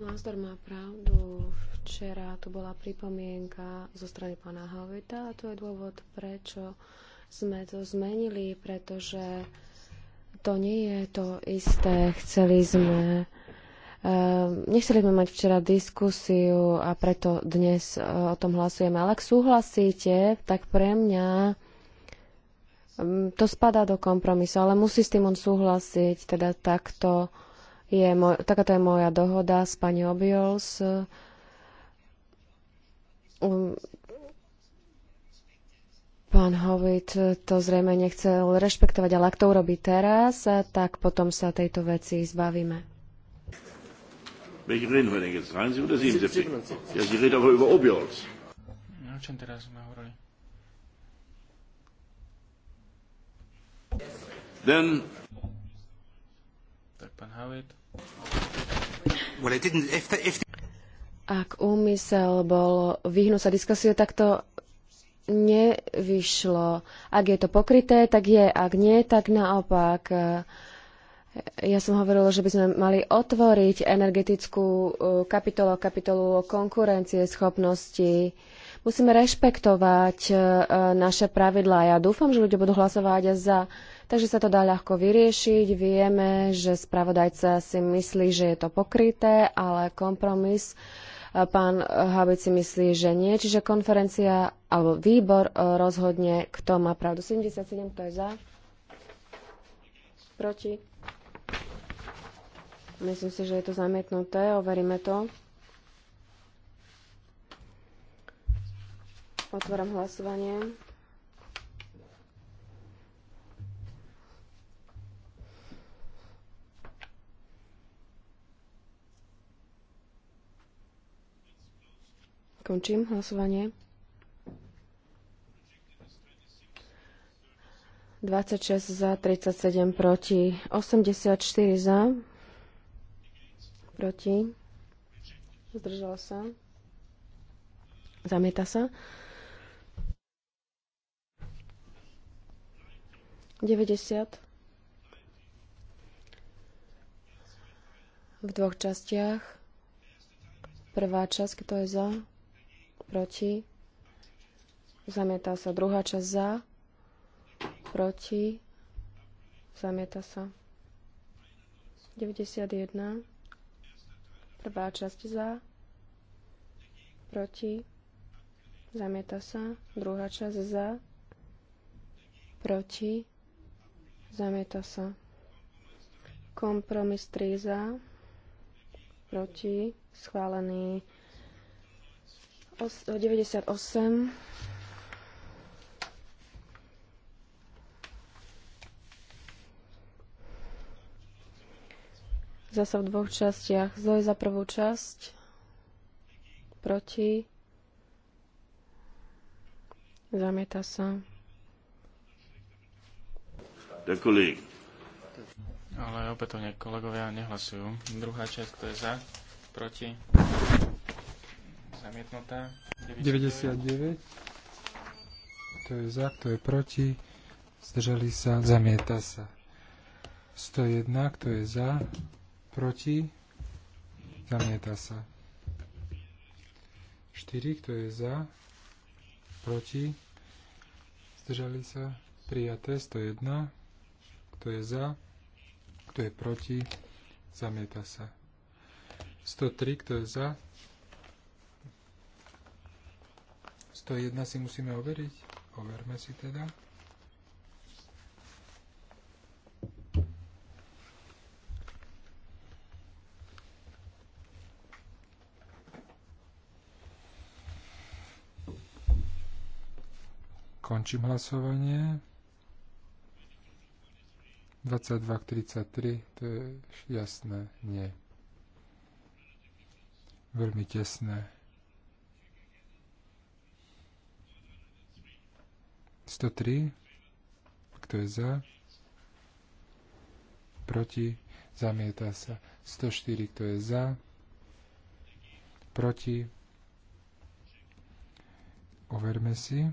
Mazdar má pravdu. Včera tu bola pripomienka zo strany pána Havita a to je dôvod, prečo sme to zmenili, pretože to nie je to isté. Chceli sme eh, nechceli sme mať včera diskusiu a preto dnes eh, o tom hlasujeme. Ale ak súhlasíte, tak pre mňa Hm, to spadá do kompromisu, ale musí s tým on súhlasiť, teda takto je moj, takáto je moja dohoda s pani Obiols. Hm, pán Hovit to zrejme nechcel rešpektovať, ale ak to urobí teraz, tak potom sa tejto veci zbavíme. Ja, o čom teraz sme hovorili? Then... Tak pán Well, it didn't, if the, if the... Ak úmysel bol vyhnúť sa diskusiu, tak to nevyšlo. Ak je to pokryté, tak je. Ak nie, tak naopak. Ja som hovorila, že by sme mali otvoriť energetickú e, kapitolu, kapitolu o konkurencie schopnosti. Musíme rešpektovať e, naše pravidlá. Ja dúfam, že ľudia budú hlasovať za takže sa to dá ľahko vyriešiť. Vieme, že spravodajca si myslí, že je to pokryté, ale kompromis e, pán Habec si myslí, že nie. Čiže konferencia alebo výbor e, rozhodne, kto má pravdu. 77, kto je za? Proti? Myslím si, že je to zamietnuté. Overíme to. Otváram hlasovanie. Končím hlasovanie. 26 za, 37 proti, 84 za, proti, zdržala sa, zamieta sa. 90 v dvoch častiach. Prvá časť, kto je za, proti, zamieta sa. Druhá časť za, proti, zamieta sa. 91, prvá časť za, proti, zamieta sa. Druhá časť za, proti, zamieta sa. Kompromis 3 za, proti, schválený 98. Zasa v dvoch častiach. Zlo je za prvú časť. Proti. Zamieta sa. Ďakujem. Ale opätovne kolegovia nehlasujú. Druhá časť, kto je za, proti zamietnuté. 99. 99. Kto je za, kto je proti? Zdržali sa, zamieta sa. 101. Kto je za, proti? Zamieta sa. 4. Kto je za, proti? Zdržali sa. Prijaté 101. Kto je za, kto je proti? Zamieta sa. 103. Kto je za, 101 si musíme overiť. Overme si teda. Končím hlasovanie. 22 k 33, to je jasné, nie. Veľmi tesné. 103. Kto je za? Proti? Zamieta sa. 104. Kto je za? Proti? Overme si.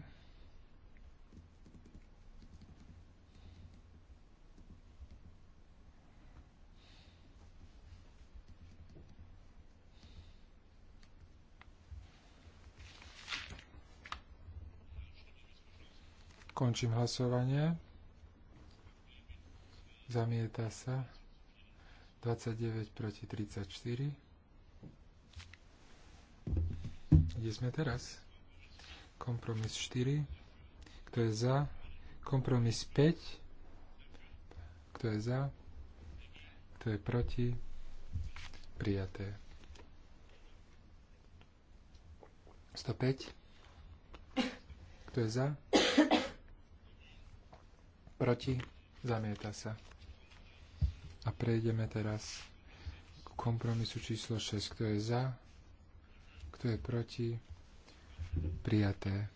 Končím hlasovanie. Zamieta sa 29 proti 34. Kde sme teraz? Kompromis 4. Kto je za? Kompromis 5. Kto je za? Kto je proti? Prijaté. 105. Kto je za? proti, zamieta sa. A prejdeme teraz k kompromisu číslo 6. Kto je za, kto je proti, prijaté.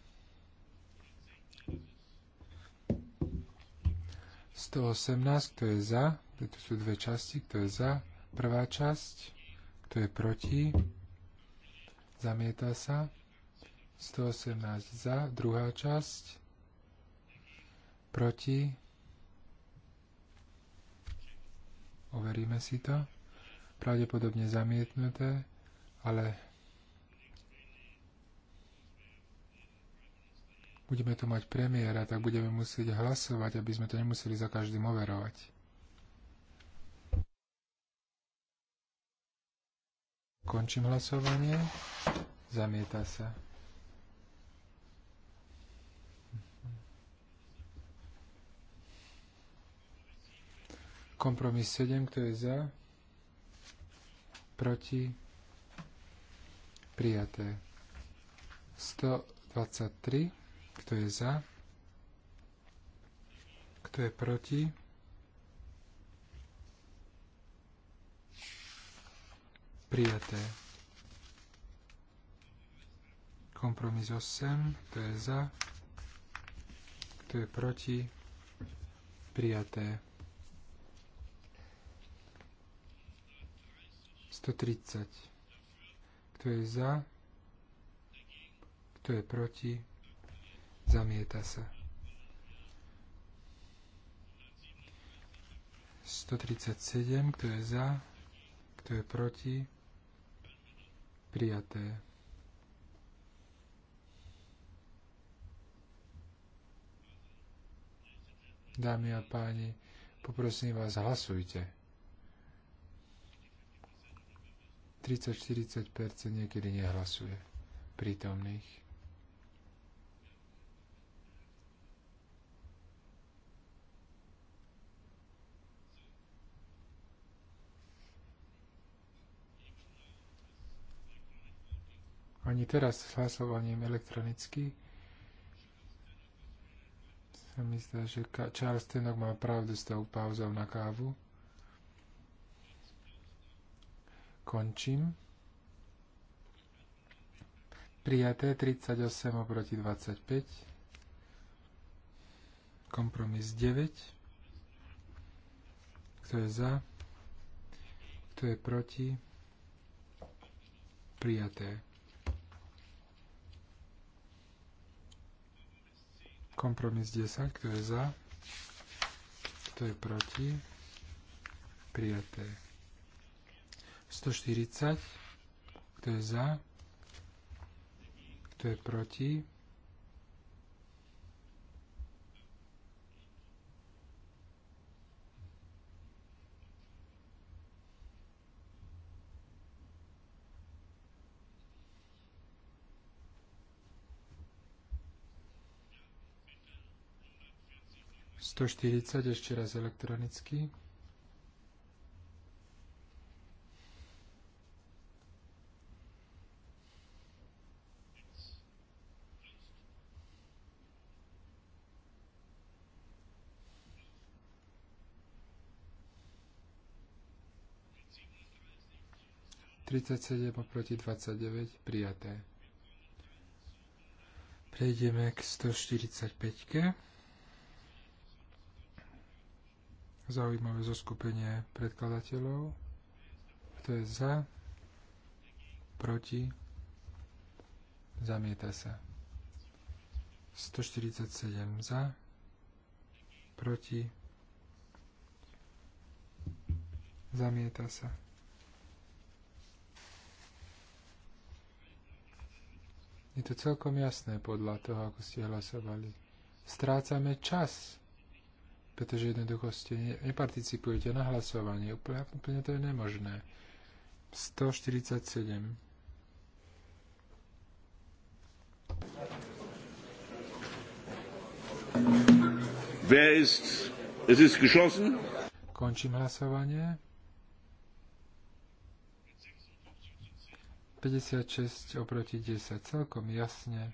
118, kto je za, tu sú dve časti, kto je za, prvá časť, kto je proti, zamieta sa, 118 za, druhá časť, proti. Overíme si to. Pravdepodobne zamietnuté, ale budeme tu mať premiéra, tak budeme musieť hlasovať, aby sme to nemuseli za každým overovať. Končím hlasovanie. Zamieta sa. Kompromis 7, kto je za? Proti? Prijaté. 123, kto je za? Kto je proti? Prijaté. Kompromis 8, kto je za? Kto je proti? Prijaté. 130. Kto je za? Kto je proti? Zamieta sa. 137. Kto je za? Kto je proti? Prijaté. Dámy a páni, poprosím vás, hlasujte. 30-40% niekedy nehlasuje prítomných. Ani teraz s hlasovaním elektronicky sa mi zdá, že Charles Tenok má pravdu s tou pauzou na kávu. Končím. Prijaté 38 oproti 25. Kompromis 9. Kto je za? Kto je proti? Prijaté. Kompromis 10. Kto je za? Kto je proti? Prijaté. 140. Kto je za? Kto je proti? Sto štyridsať ešte raz elektronicky. 37 oproti 29 prijaté. Prejdeme k 145. Zaujímavé zoskupenie predkladateľov. Kto je za? Proti? Zamieta sa. 147 za? Proti? Zamieta sa. Je to celkom jasné podľa toho, ako ste hlasovali. Strácame čas, pretože jednoducho ste neparticipujete na hlasovanie. Úplne, úplne to je nemožné. 147. Wer ist? Es ist geschlossen. Končím hlasovanie. 56 oproti 10, celkom jasne.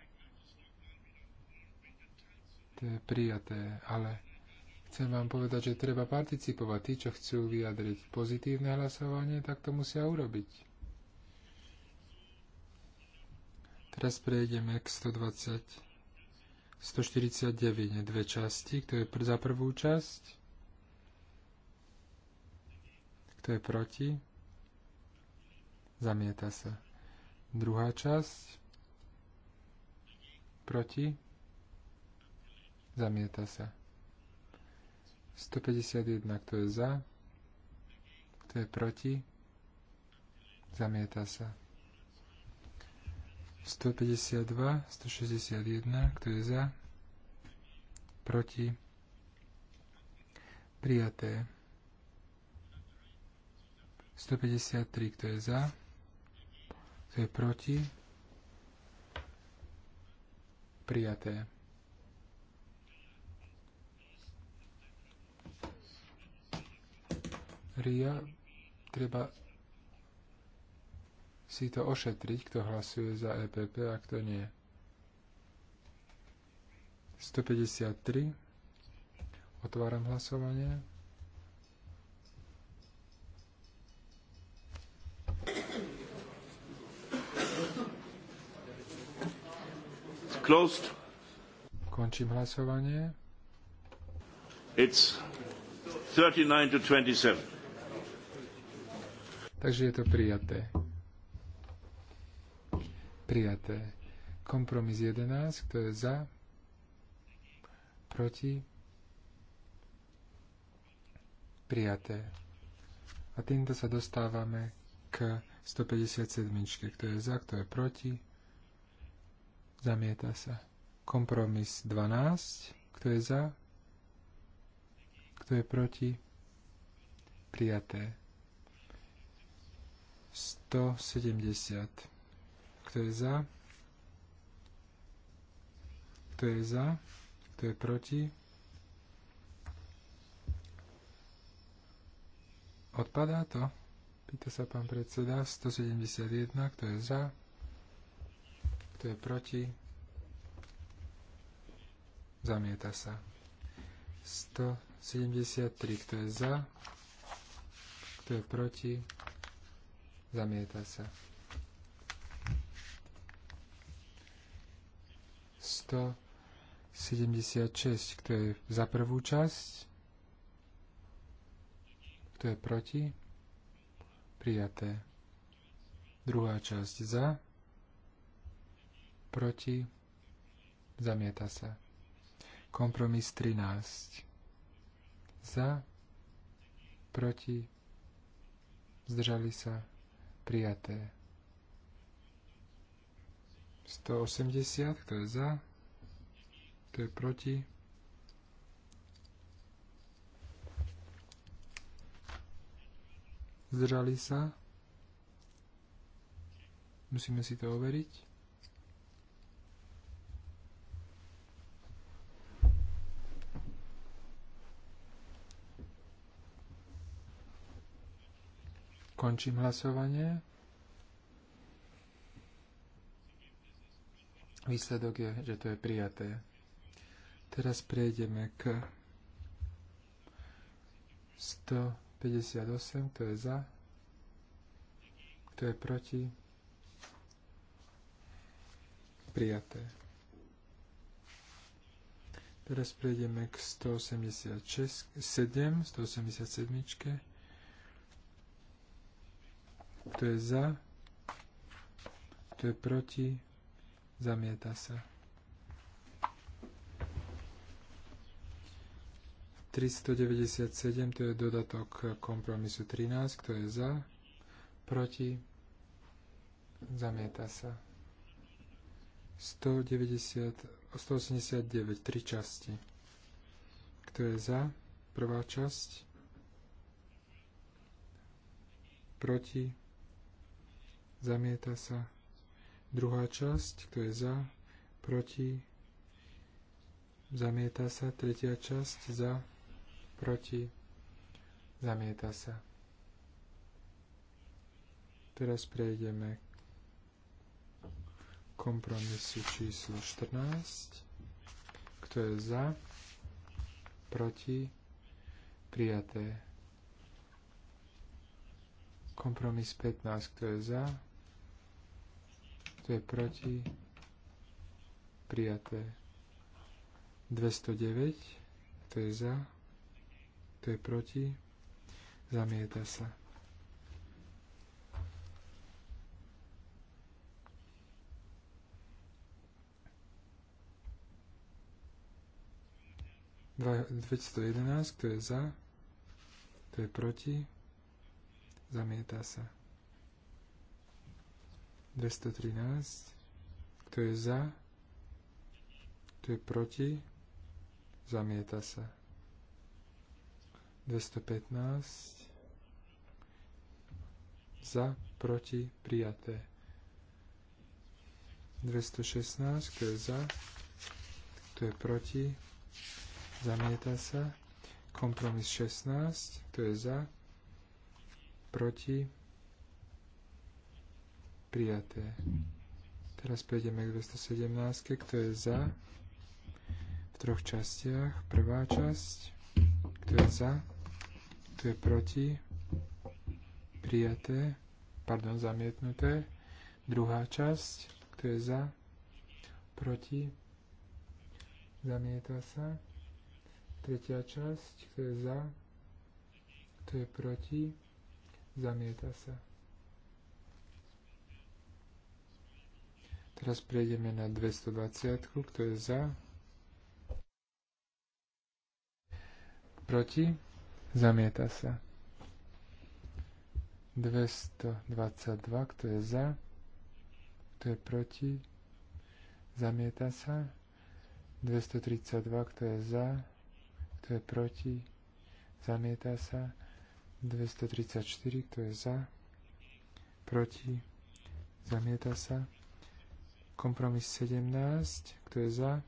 To je prijaté, ale chcem vám povedať, že treba participovať. Tí, čo chcú vyjadriť pozitívne hlasovanie, tak to musia urobiť. Teraz prejdeme k 120, 149, dve časti. Kto je pr- za prvú časť? Kto je proti? Zamieta sa. Druhá časť. Proti. Zamieta sa. 151, kto je za, kto je proti, zamieta sa. 152, 161, kto je za, proti, prijaté. 153, kto je za, kto je proti? Prijaté. Ria, treba si to ošetriť, kto hlasuje za EPP a kto nie. 153. Otváram hlasovanie. closed. Končím hlasovanie. It's 39 to 27. Takže je to prijaté. Prijaté. Kompromis 11, kto je za? Proti? Prijaté. A týmto sa dostávame k 157, kto je za, kto je proti? Zamieta sa. Kompromis 12. Kto je za? Kto je proti? Prijaté. 170. Kto je za? Kto je za? Kto je proti? Odpadá to? Pýta sa pán predseda. 171. Kto je za? Kto je proti? Zamieta sa. 173. Kto je za? Kto je proti? Zamieta sa. 176. Kto je za prvú časť? Kto je proti? Prijaté. Druhá časť za proti, zamieta sa. Kompromis 13. Za, proti, zdržali sa, prijaté. 180, kto je za, kto je proti. Zdržali sa. Musíme si to overiť. Končím hlasovanie. Výsledok je, že to je prijaté. Teraz prejdeme k 158, kto je za, kto je proti, prijaté. Teraz prejdeme k 186, 7, 187. Kto je za? Kto je proti? Zamieta sa. 397, to je dodatok kompromisu 13, kto je za, proti, zamieta sa. 190, 189, tri časti. Kto je za, prvá časť, proti, zamieta sa. Druhá časť, kto je za, proti, zamieta sa. Tretia časť, za, proti, zamieta sa. Teraz prejdeme k kompromisu číslo 14. Kto je za, proti, prijaté. Kompromis 15, kto je za, kto je proti? Prijaté. 209. to je za? to je proti? Zamieta sa. Dva, 211, to je za, to je proti, zamieta sa. 213. Kto je za? Kto je proti? Zamieta sa. 215. Za, proti, prijaté. 216. Kto je za? Kto je proti? Zamieta sa. Kompromis 16. Kto je za? Proti? prijaté. Teraz prejdeme k 217, kto je za v troch častiach. Prvá časť, kto je za, kto je proti, prijaté, pardon, zamietnuté. Druhá časť, kto je za, proti, zamieta sa. Tretia časť, kto je za, kto je proti, zamieta sa. Teraz prejdeme na 220, kto je za, proti, zamieta sa. 222, kto je za, kto je proti, zamieta sa. 232, kto je za, kto je proti, zamieta sa. 234, kto je za, proti, zamieta sa. Kompromis 17. Kto je za?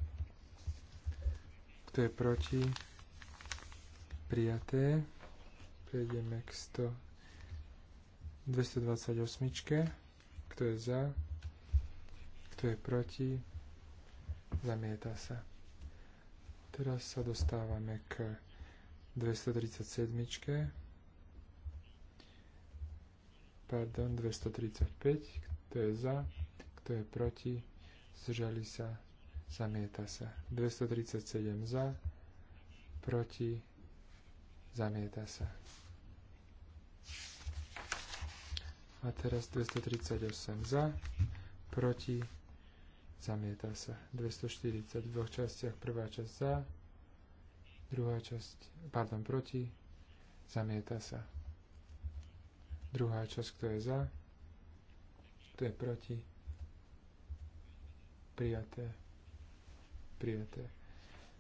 Kto je proti? Prijaté. Prejdeme k 100. 228. Kto je za? Kto je proti? Zamieta sa. Teraz sa dostávame k 237. Pardon, 235. Kto je za? kto je proti, zdržali sa, zamieta sa. 237 za, proti, zamieta sa. A teraz 238 za, proti, zamieta sa. 240 v dvoch častiach, prvá časť za, druhá časť, pardon, proti, zamieta sa. Druhá časť, kto je za, kto je proti, prijaté. Prijaté.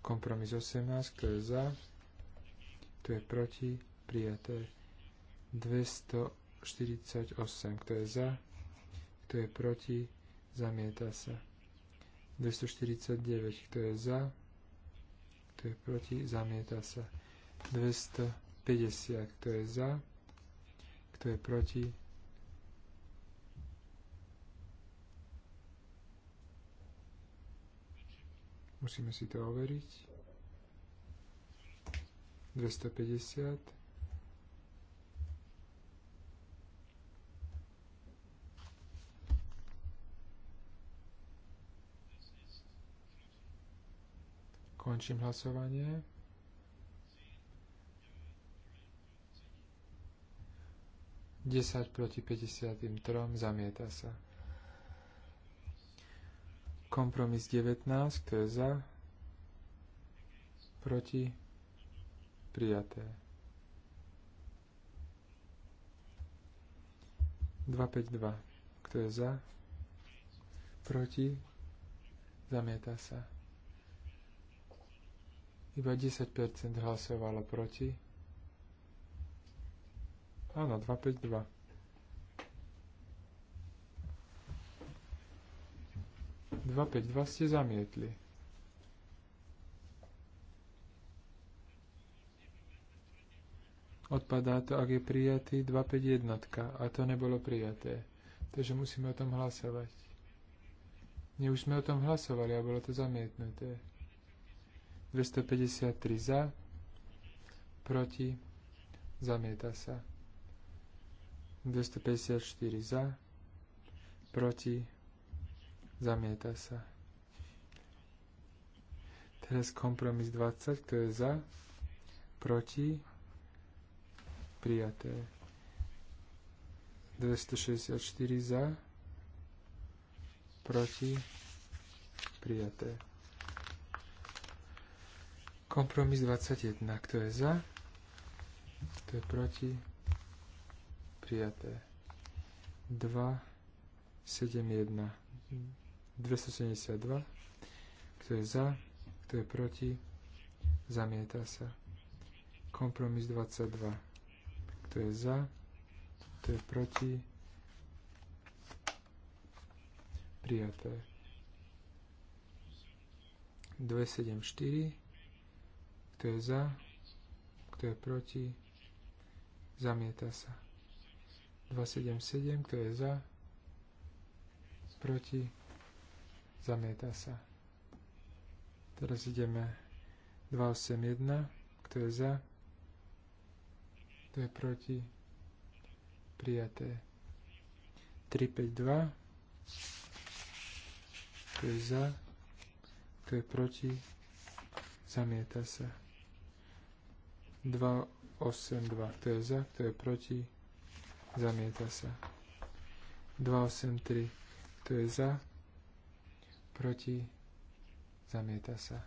Kompromis 18, kto je za, kto je proti, prijaté. 248, kto je za, kto je proti, zamieta sa. 249, kto je za, kto je proti, zamieta sa. 250, kto je za, kto je proti, Musíme si to overiť. 250. Končím hlasovanie. Desať proti 53 zamieta sa. Kompromis 19, kto je za? Proti? Prijaté. 252. Kto je za? Proti? Zamieta sa. Iba 10% hlasovalo proti. Áno, 252. 252 ste zamietli. Odpadá to, ak je prijatý 251 a to nebolo prijaté. Takže musíme o tom hlasovať. Nie, už sme o tom hlasovali a bolo to zamietnuté. 253 za, proti, zamieta sa. 254 za, proti, Zamieta sa. Teraz kompromis 20, kto je za, proti, prijaté. 264 za, proti, prijaté. Kompromis 21, kto je za, kto je proti, prijaté. 2, 7, 1. 272. Kto je za? Kto je proti? Zamieta sa. Kompromis 22. Kto je za? Kto je proti? Prijaté. 274. Kto je za? Kto je proti? Zamieta sa. 277. Kto je za? Proti? Zamieta sa. Teraz ideme 281. Kto je za? Kto je proti? Prijaté. 352. Kto je za? Kto je proti? Zamieta sa. 282. Kto je za? Kto je proti? Zamieta sa. 283. Kto je za? proti, zamieta sa.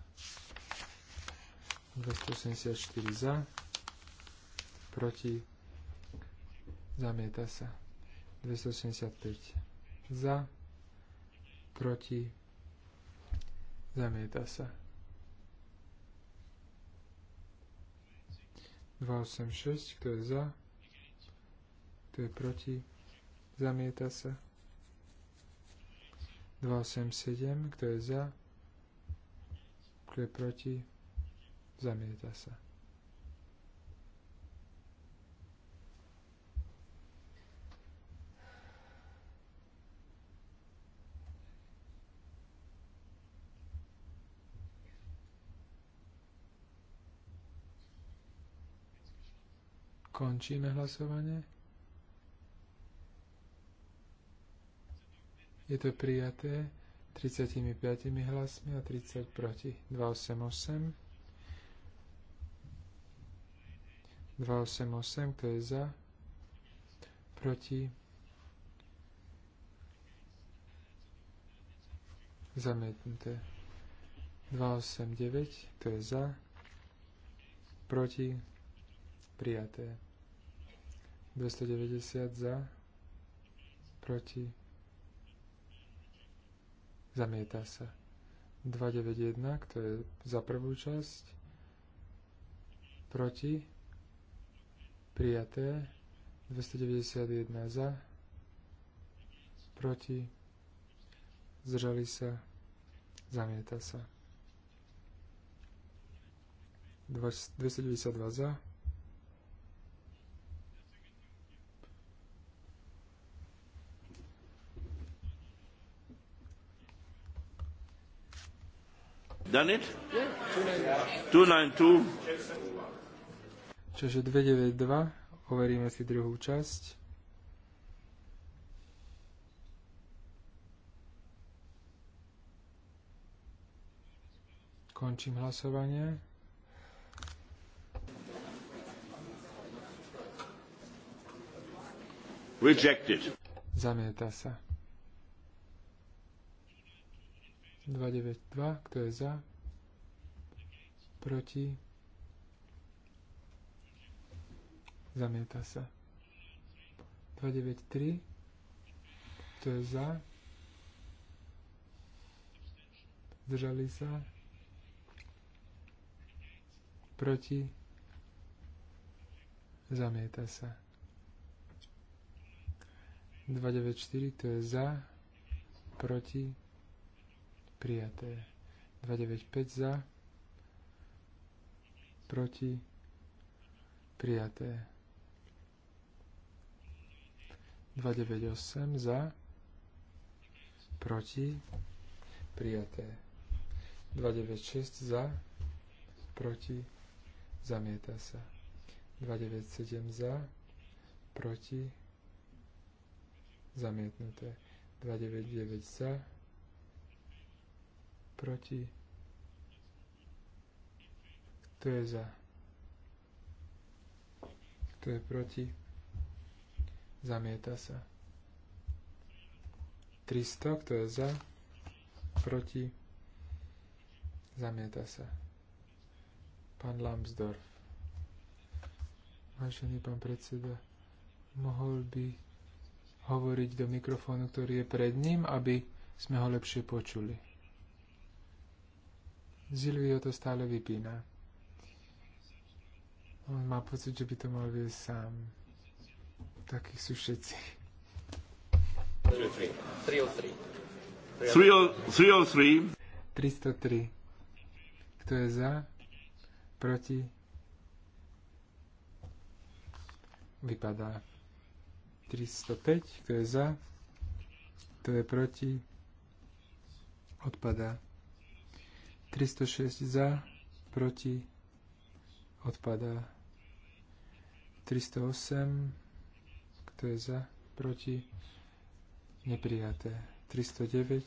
284 za, proti, zamieta sa. 285 za, proti, zamieta sa. 286, kto je za, kto je proti, zamieta sa. 287, kto je za, kto je proti, zamieta sa. Končíme hlasovanie. Je to prijaté 35 hlasmi a 30 proti. 288. 288, kto je za? Proti? Zamietnuté. 289, kto je za? Proti? Prijaté. 290 za? Proti? Zamieta sa. 291, to je za prvú časť. Proti. Prijaté. 291 za. Proti. Zdržali sa. Zamieta sa. 292 za Done it? Yeah. 292. Čože 292, overíme si druhú časť. Končím hlasovanie. Rejected. Zamieta sa. 292, kto je za? Proti? Zamieta sa. 293, kto je za? Zdržali sa? Proti? Zamieta sa. 294, kto je za? Proti? prijaté. 295 za, proti, prijaté. 298 za, proti, prijaté. 296 za, proti, zamieta sa. 297 za, proti, zamietnuté. 299 za, proti, kto je za, kto je proti, zamieta sa. 300, kto je za, proti, zamieta sa. Pán Lambsdorff. Vážený pán predseda, mohol by hovoriť do mikrofónu, ktorý je pred ním, aby sme ho lepšie počuli. Zilvio to stále vypína. On má pocit, že by to mal viesť sám. Taký sú všetci. 303. 303. 303. Kto je za? Proti? Vypadá. 305. Kto je za? Kto je proti? Odpadá. 306 za, proti, odpadá. 308, kto je za, proti, neprijaté. 309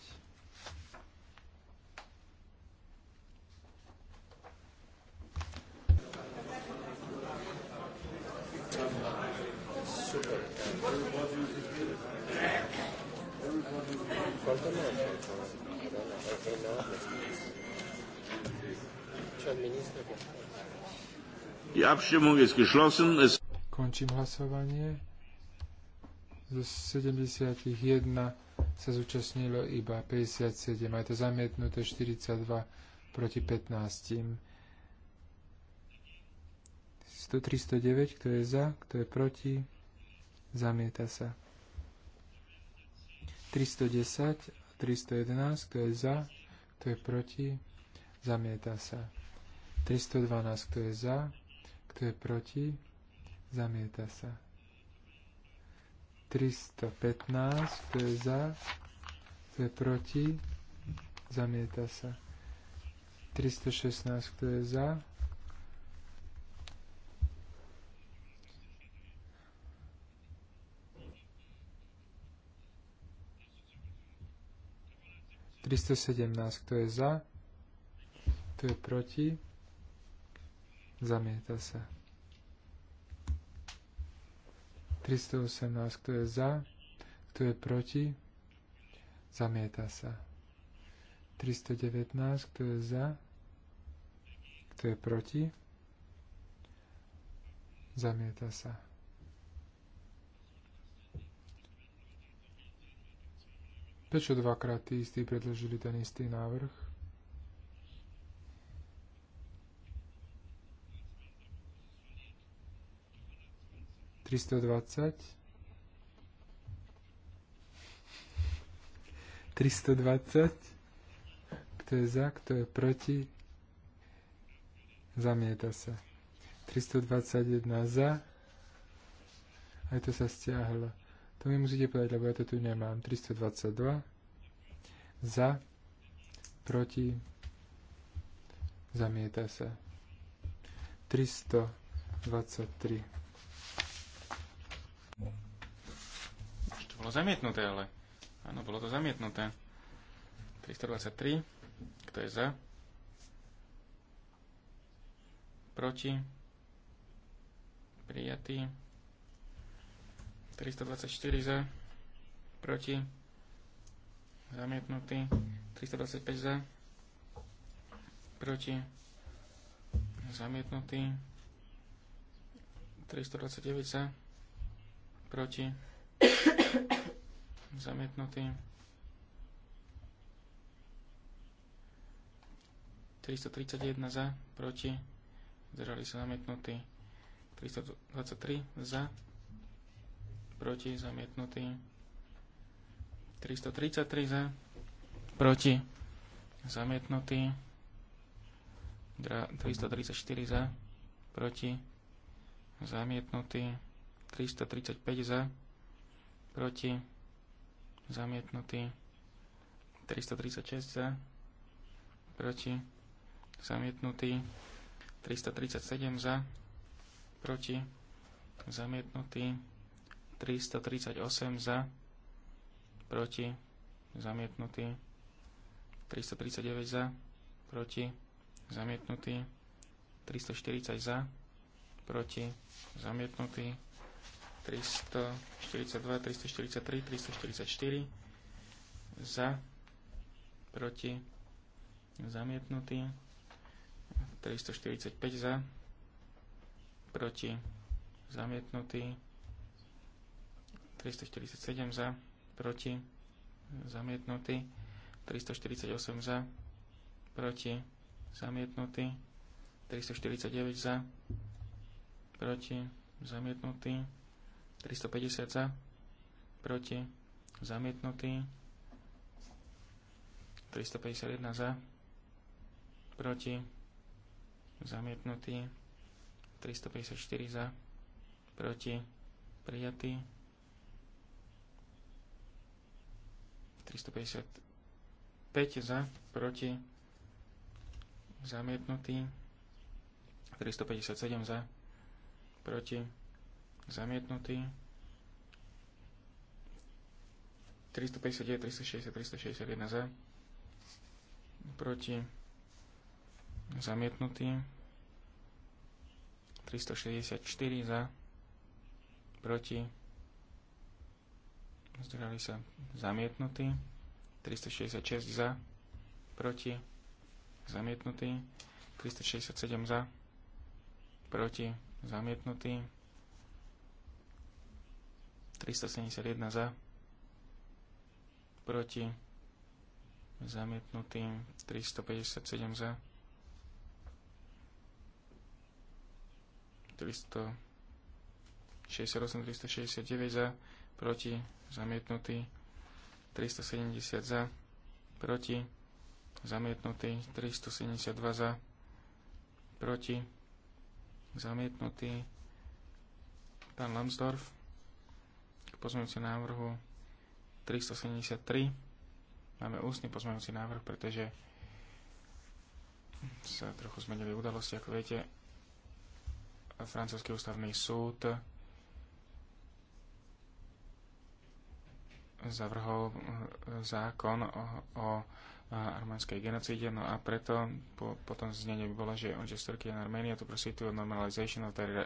Končím hlasovanie. Zo 71 sa zúčastnilo iba 57, aj to zamietnuté 42 proti 15. 1309, kto je za, kto je proti, zamieta sa. 310 311, kto je za, kto je proti, zamieta sa. 312, kto je za, kto je proti, zamieta sa. 315, kto je za, kto je proti, zamieta sa. 316, kto je za, 317, kto je za, kto je proti, Zamieta sa. 318, kto je za, kto je proti, zamieta sa. 319, kto je za, kto je proti, zamieta sa. Prečo dvakrát tí istí predložili ten istý návrh? 320. 320. Kto je za, kto je proti? Zamieta sa. 321 za. Aj to sa stiahlo. To mi musíte povedať, lebo ja to tu nemám. 322 za, proti, zamieta sa. 323 bolo zamietnuté, ale... Áno, bolo to zamietnuté. 323. Kto je za? Proti? Prijatý. 324 za. Proti? Zamietnutý. 325 za. Proti? Zamietnutý. 329 za. Proti? Zamietnutý. 331 za, proti. Zdržali sa zamietnutí. 323 za, proti. Zamietnutý. 333 za, proti. Zamietnutý. 334 za, proti. Zamietnutý. 335 za, proti, zamietnutý. 336 za, proti, zamietnutý. 337 za, proti, zamietnutý. 338 za, proti, zamietnutý. 339 za, proti, zamietnutý. 340 za, proti, zamietnutý. 342, 343, 344 za, proti, zamietnutý, 345 za, proti, zamietnutý, 347 za, proti, zamietnutý, 348 za, proti, zamietnutý, 349 za, proti, zamietnutý, 350 za, proti, zamietnutý. 351 za, proti, zamietnutý. 354 za, proti, prijatý. 355 za, proti, zamietnutý. 357 za, proti, zamietnutý. 359, 360, 361 za, proti, zamietnutý. 364 za, proti, zdržali sa, zamietnutý. 366 za, proti, zamietnutý. 367 za, proti, zamietnutý. 371 za, proti, zamietnutý, 357 za, 368, 369 za, proti, zamietnutý, 370 za, proti, zamietnutý, 372 za, proti, zamietnutý, pán Lambsdorff, k pozmeňujúcemu návrhu 373. Máme ústny pozmeňujúci návrh, pretože sa trochu zmenili udalosti, ako viete. Francúzsky ústavný súd zavrhol zákon o, o arménskej genocíde. No a preto po, potom znenie by bolo, že on just Turkey and Armenia to proceed to a normalization of their eh,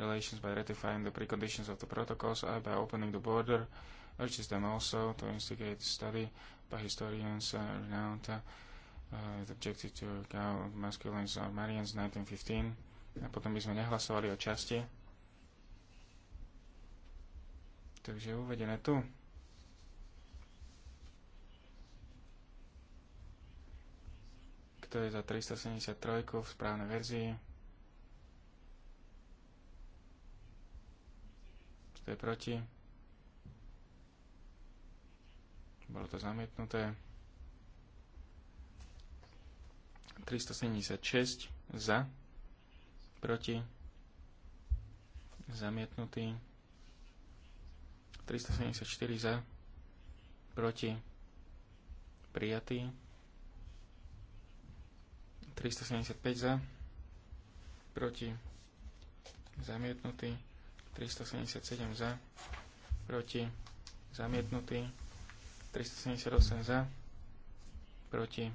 relations by ratifying the preconditions of the protocols and eh, by opening the border, urges them also to instigate study by historians uh, renowned uh, with objective to go masculines Armenians 1915. A potom by sme nehlasovali o časti. Takže uvedené tu. to je za 373 v správnej verzii? Kto je proti? Bolo to zamietnuté. 376 za, proti, zamietnutý. 374 za, proti, prijatý. 375 za, proti, zamietnutý, 377 za, proti, zamietnutý, 378 za, proti.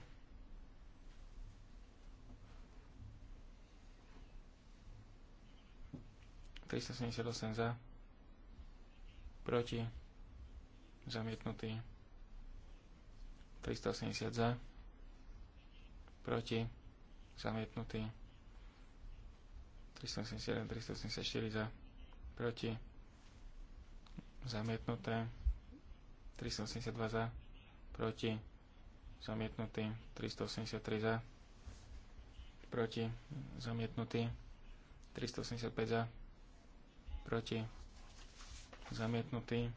...378 za, proti, zamietnutý, 380 za, proti, zamietnutý. 387, 384 za, proti, zamietnuté. 382 za, proti, zamietnutý. 383 za, proti, zamietnutý. 385 za, proti, zamietnutý.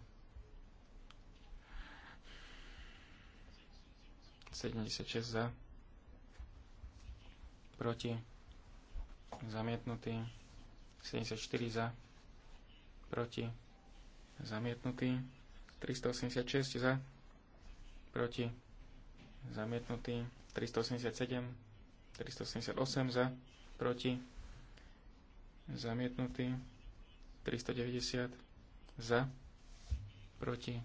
76 za, proti, zamietnutý, 74 za, proti, zamietnutý, 386 za, proti, zamietnutý, 387, 388 za, proti, zamietnutý, 390 za, proti,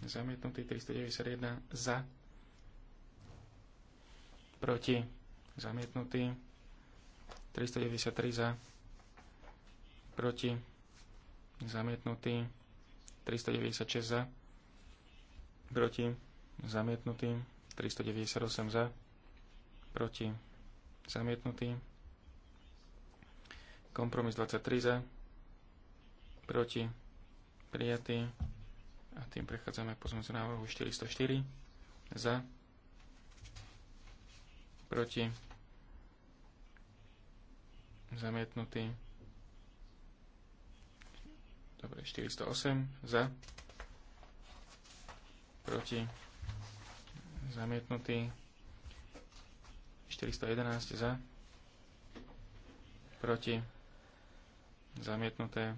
zamietnutý, 391 za, proti, zamietnutý, 393 za, proti, zamietnutý, 396 za, proti, zamietnutý, 398 za, proti, zamietnutý, kompromis 23 za, proti, prijatý, a tým prechádzame k návrhu 404 za, proti, zamietnutý. Dobre, 408 za, proti, zamietnutý. 411 za, proti, zamietnuté.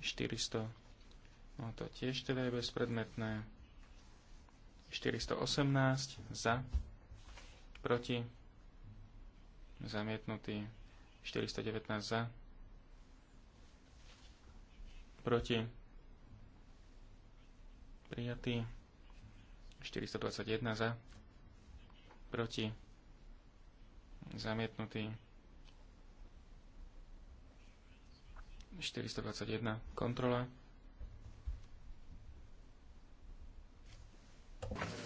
400, no to tiež teda je bezpredmetné. 418 za, proti, zamietnutý 419 za, proti, prijatý 421 za, proti, zamietnutý 421 kontrola. Thank you.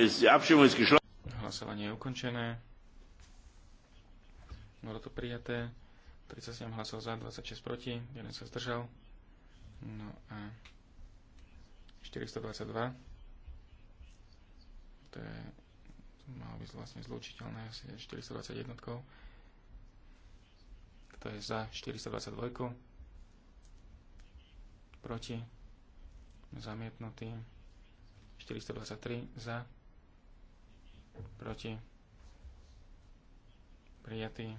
Hlasovanie je ukončené. Bolo to prijaté. 37 hlasov za, 26 proti, 1 sa zdržal. No a 422. To je malo byť vlastne zlučiteľné asi 421. To je za 422? Proti? Zamietnutý. 423 za proti, prijatý.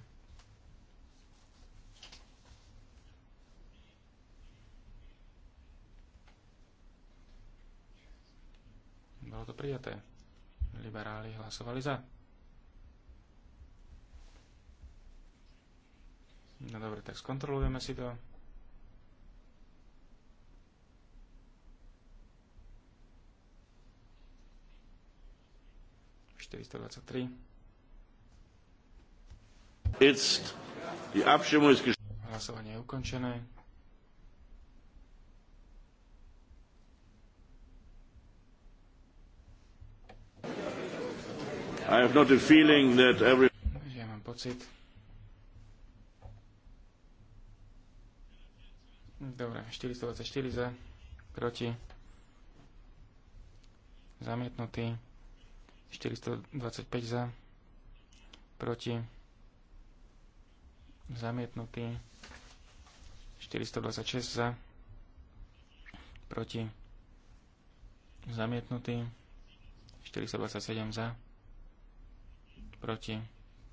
Bolo to prijaté. Liberáli hlasovali za. No dobre, tak skontrolujeme si to. 423. Hlasovanie je ukončené. I have not a feeling that every... Ja mám pocit. Dobre, 424 za, proti, zamietnutý. 425 za, proti, zamietnutý, 426 za, proti, zamietnutý, 427 za, proti,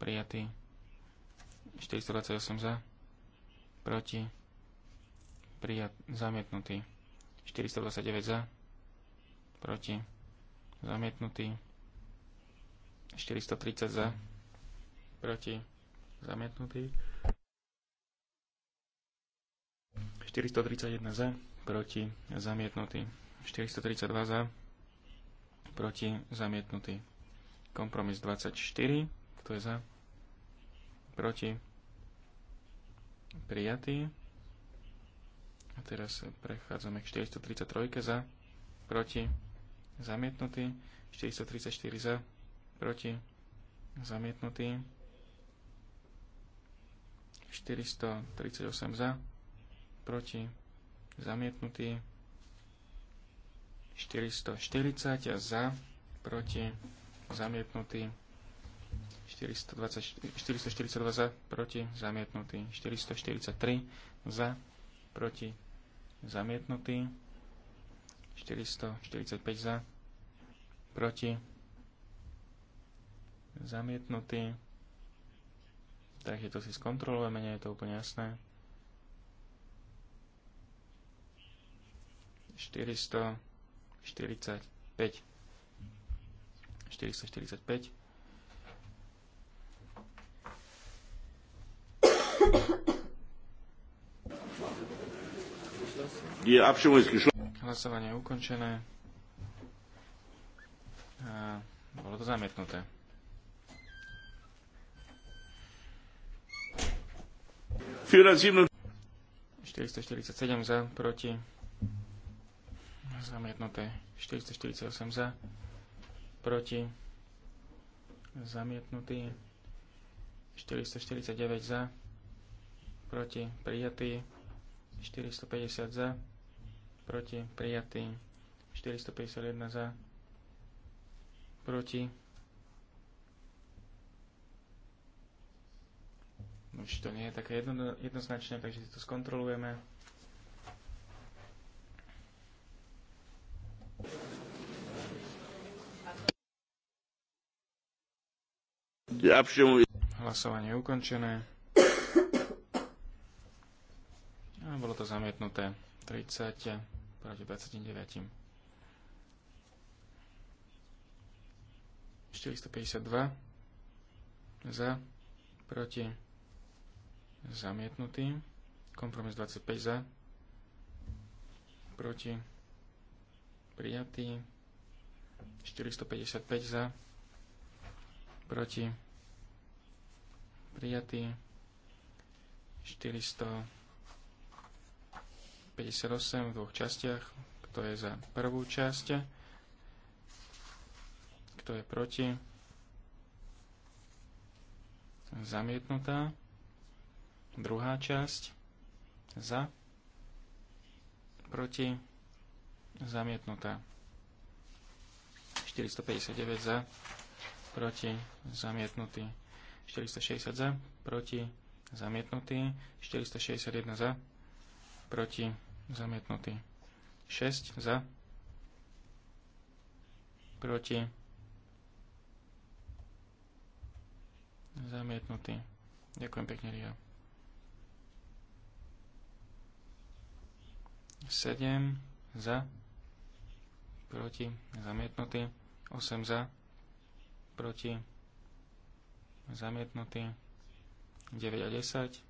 prijatý, 428 za, proti, prijat, zamietnutý, 429 za, proti, zamietnutý, 430 za, proti, zamietnutý. 431 za, proti, zamietnutý. 432 za, proti, zamietnutý. Kompromis 24, kto je za, proti, prijatý. A teraz prechádzame k 433 za, proti, zamietnutý. 434 za, proti, zamietnutý, 438 za, proti, zamietnutý, 440 za, proti, zamietnutý, 442 za, proti, zamietnutý, 443 za, proti, zamietnutý, 445 za, proti, zamietnutý. Takže to si skontrolujeme, nie je to úplne jasné. 445 445 Hlasovanie je ukončené. A bolo to zamietnuté. 447 za, proti. Zamietnuté. 448 za, proti. Zamietnutý. 449 za, proti. Prijatý. 450 za, proti. Prijatý. 451 za, proti Už no, to nie je také jedno, jednoznačné, takže si to skontrolujeme. Hlasovanie je ukončené. A bolo to zamietnuté 30 proti 29. 452 za proti Zamietnutý. Kompromis 25 za. Proti. Prijatý. 455 za. Proti. Prijatý. 458 v dvoch častiach. Kto je za prvú časť? Kto je proti? Zamietnutá. Druhá časť za, proti, zamietnutá. 459 za, proti, zamietnutý. 460 za, proti, zamietnutý. 461 za, proti, zamietnutý. 6 za, proti, zamietnutý. Ďakujem pekne, Ria. 7 za, proti, zamietnutý, 8 za, proti, zamietnutý, 9 a 10.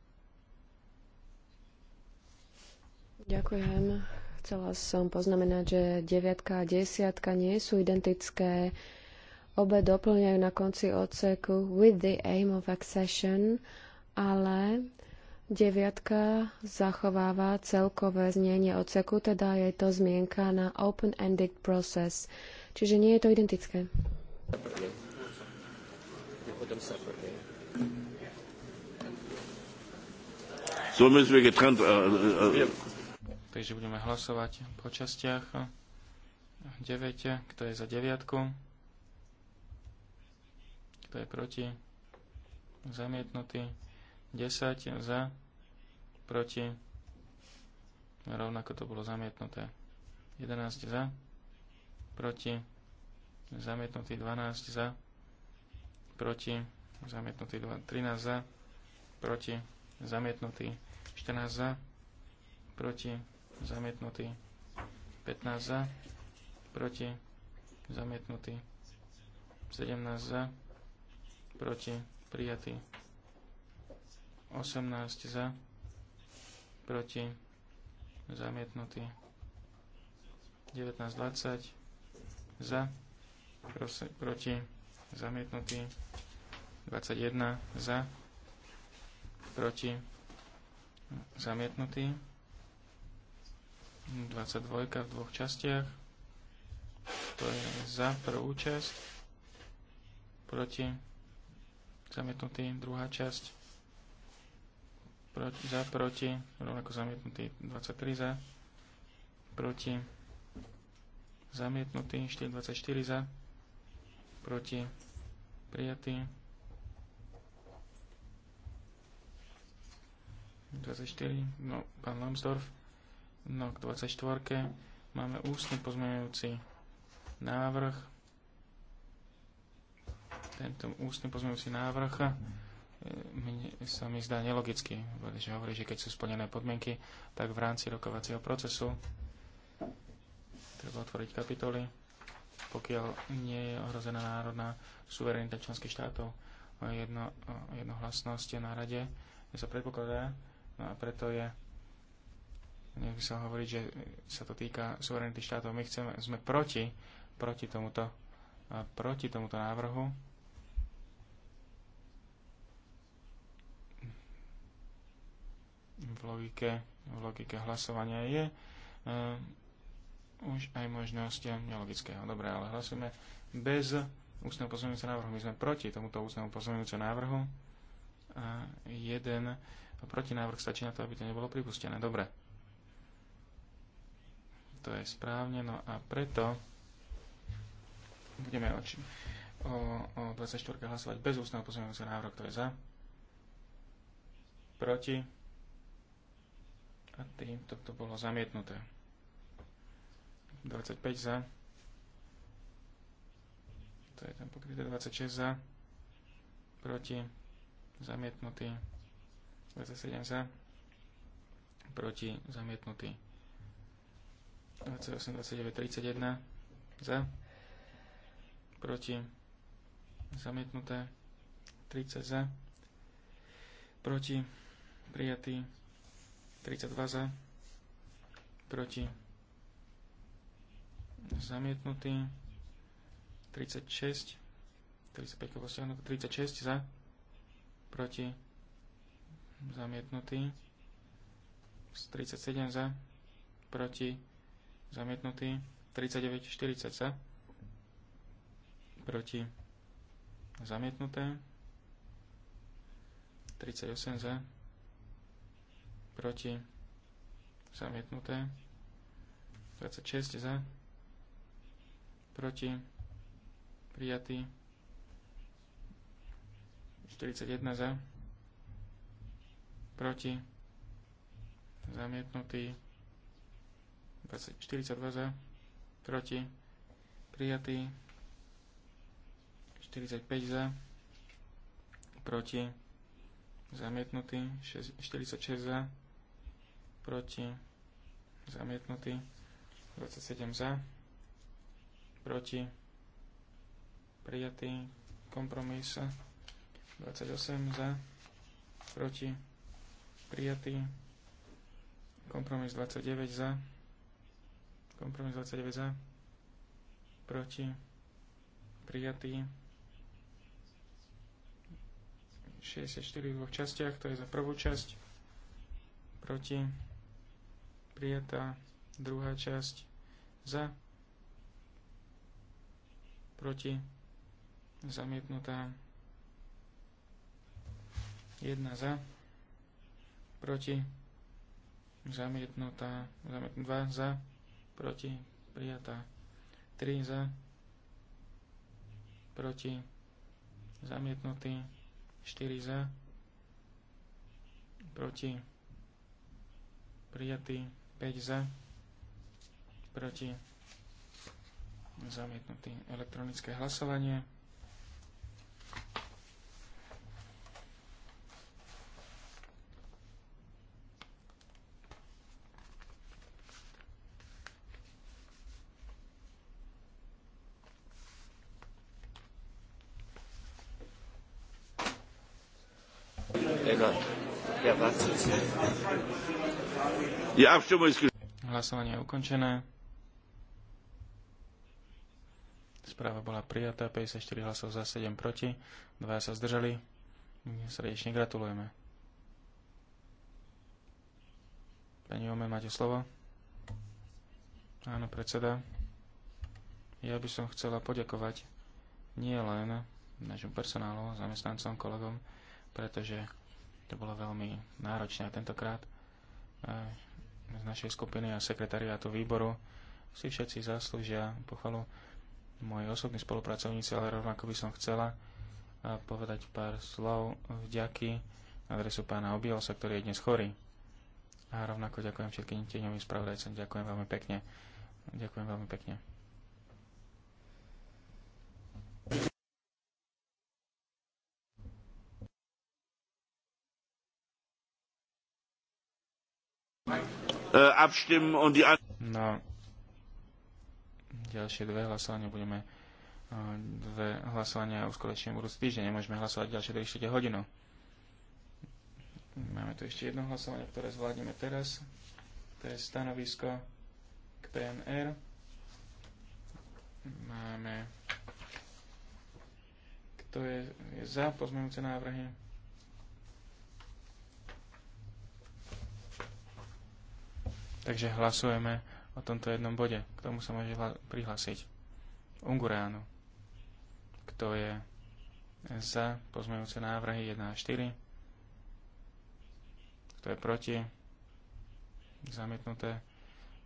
Ďakujem. Chcela som poznamenať, že 9 a 10 nie sú identické. Obe doplňajú na konci odseku with the aim of accession, ale Deviatka zachováva celkové znenie odseku, teda je to zmienka na open-ended process, čiže nie je to identické. Uh, uh, uh, Takže budeme hlasovať po častiach. 9. Kto je za deviatku? Kto je proti? Zamietnutý. 10 za, proti, rovnako to bolo zamietnuté. 11 za, proti, zamietnutý 12 za, proti, zamietnutý 13 za, proti, zamietnutý 14 za, proti, zamietnutý 15 za, proti, zamietnutý 17 za, proti, prijatý 18 za, proti, zamietnutý. 19-20 za, proti, zamietnutý. 21 za, proti, zamietnutý. 22 v dvoch častiach. To je za prvú časť, proti, zamietnutý, druhá časť proti, za, proti, rovnako zamietnutý 23 za, proti, zamietnutý 24 za, proti, prijatý 24, no, pán Lambsdorff, no, k 24 máme ústny pozmeňujúci návrh, tento ústny pozmeňujúci návrh mne sa mi zdá nelogicky, že hovorí, že keď sú splnené podmienky, tak v rámci rokovacieho procesu treba otvoriť kapitoly, pokiaľ nie je ohrozená národná suverenita členských štátov. Jedno, jednohlasnosť na rade sa predpokladá, no a preto je nech sa hovoriť, že sa to týka suverenity štátov. My chceme, sme proti, proti tomuto, proti tomuto návrhu v logike, v logike hlasovania je e, už aj možnosť nelogického. Dobre, ale hlasujeme bez ústneho pozmeňujúceho návrhu. My sme proti tomuto ústnemu pozmeňujúceho návrhu. A jeden protinávrh stačí na to, aby to nebolo pripustené. Dobre. To je správne. No a preto budeme oči. o, o 24 hlasovať bez ústneho pozmeňujúceho návrhu. Kto je za? Proti? A tým toto bolo zamietnuté. 25 za. To je tam pokryté 26 za. Proti. Zamietnutý. 27 za. Proti. Zamietnutý. 28, 29, 31 za. Proti. Zamietnuté. 30 za. Proti. Prijatý. 32 za, proti, zamietnutý, 36, 35 bol 36 za, proti, zamietnutý, 37 za, proti, zamietnutý, 39, 40 za, proti, zamietnuté, 38 za, proti, zamietnuté, 26 za, proti, prijatý, 41 za, proti, zamietnutý, 42 za, proti, prijatý, 45 za, proti, zamietnutý, 46 za, proti, zamietnutý, 27 za, proti, prijatý, kompromis, 28 za, proti, prijatý, kompromis 29 za, kompromis 29 za, proti, prijatý, 64 v dvoch častiach, to je za prvú časť, proti, prijatá. Druhá časť za, proti, zamietnutá. Jedna za, proti, zamietnutá. Dva za, proti, prijatá. Tri za, proti, zamietnutý. Štyri za, proti, prijatý. 5 za, proti, zamietnutý elektronické hlasovanie. Hlasovanie je ukončené. Správa bola prijatá, 54 hlasov za 7 proti, 2 sa zdržali. Srdečne gratulujeme. Pani Ome, máte slovo? Áno, predseda. Ja by som chcela poďakovať nie len našom personálu, zamestnancom, kolegom, pretože to bolo veľmi náročné tentokrát eh, z našej skupiny a sekretariátu výboru si všetci zaslúžia pochvalu moji osobní spolupracovníci, ale rovnako by som chcela povedať pár slov vďaky na adresu pána Obielsa, ktorý je dnes chorý. A rovnako ďakujem všetkým tieňovým spravodajcom, ďakujem veľmi pekne. Ďakujem veľmi pekne. Äh, abstimmen und die No, ďalšie dve hlasovania budeme äh, dve hlasovania uskutočníme budúci týždeň. Nemôžeme hlasovať ďalšie do ešte hodinu. Máme tu ešte jedno hlasovanie, ktoré zvládneme teraz. To je stanovisko k PNR. Máme kto je, je za pozmenujúce návrhy. Takže hlasujeme o tomto jednom bode. K tomu sa môže prihlásiť. Ungureanu. Kto je za pozmejúce návrhy 1 a 4? Kto je proti? Zamietnuté.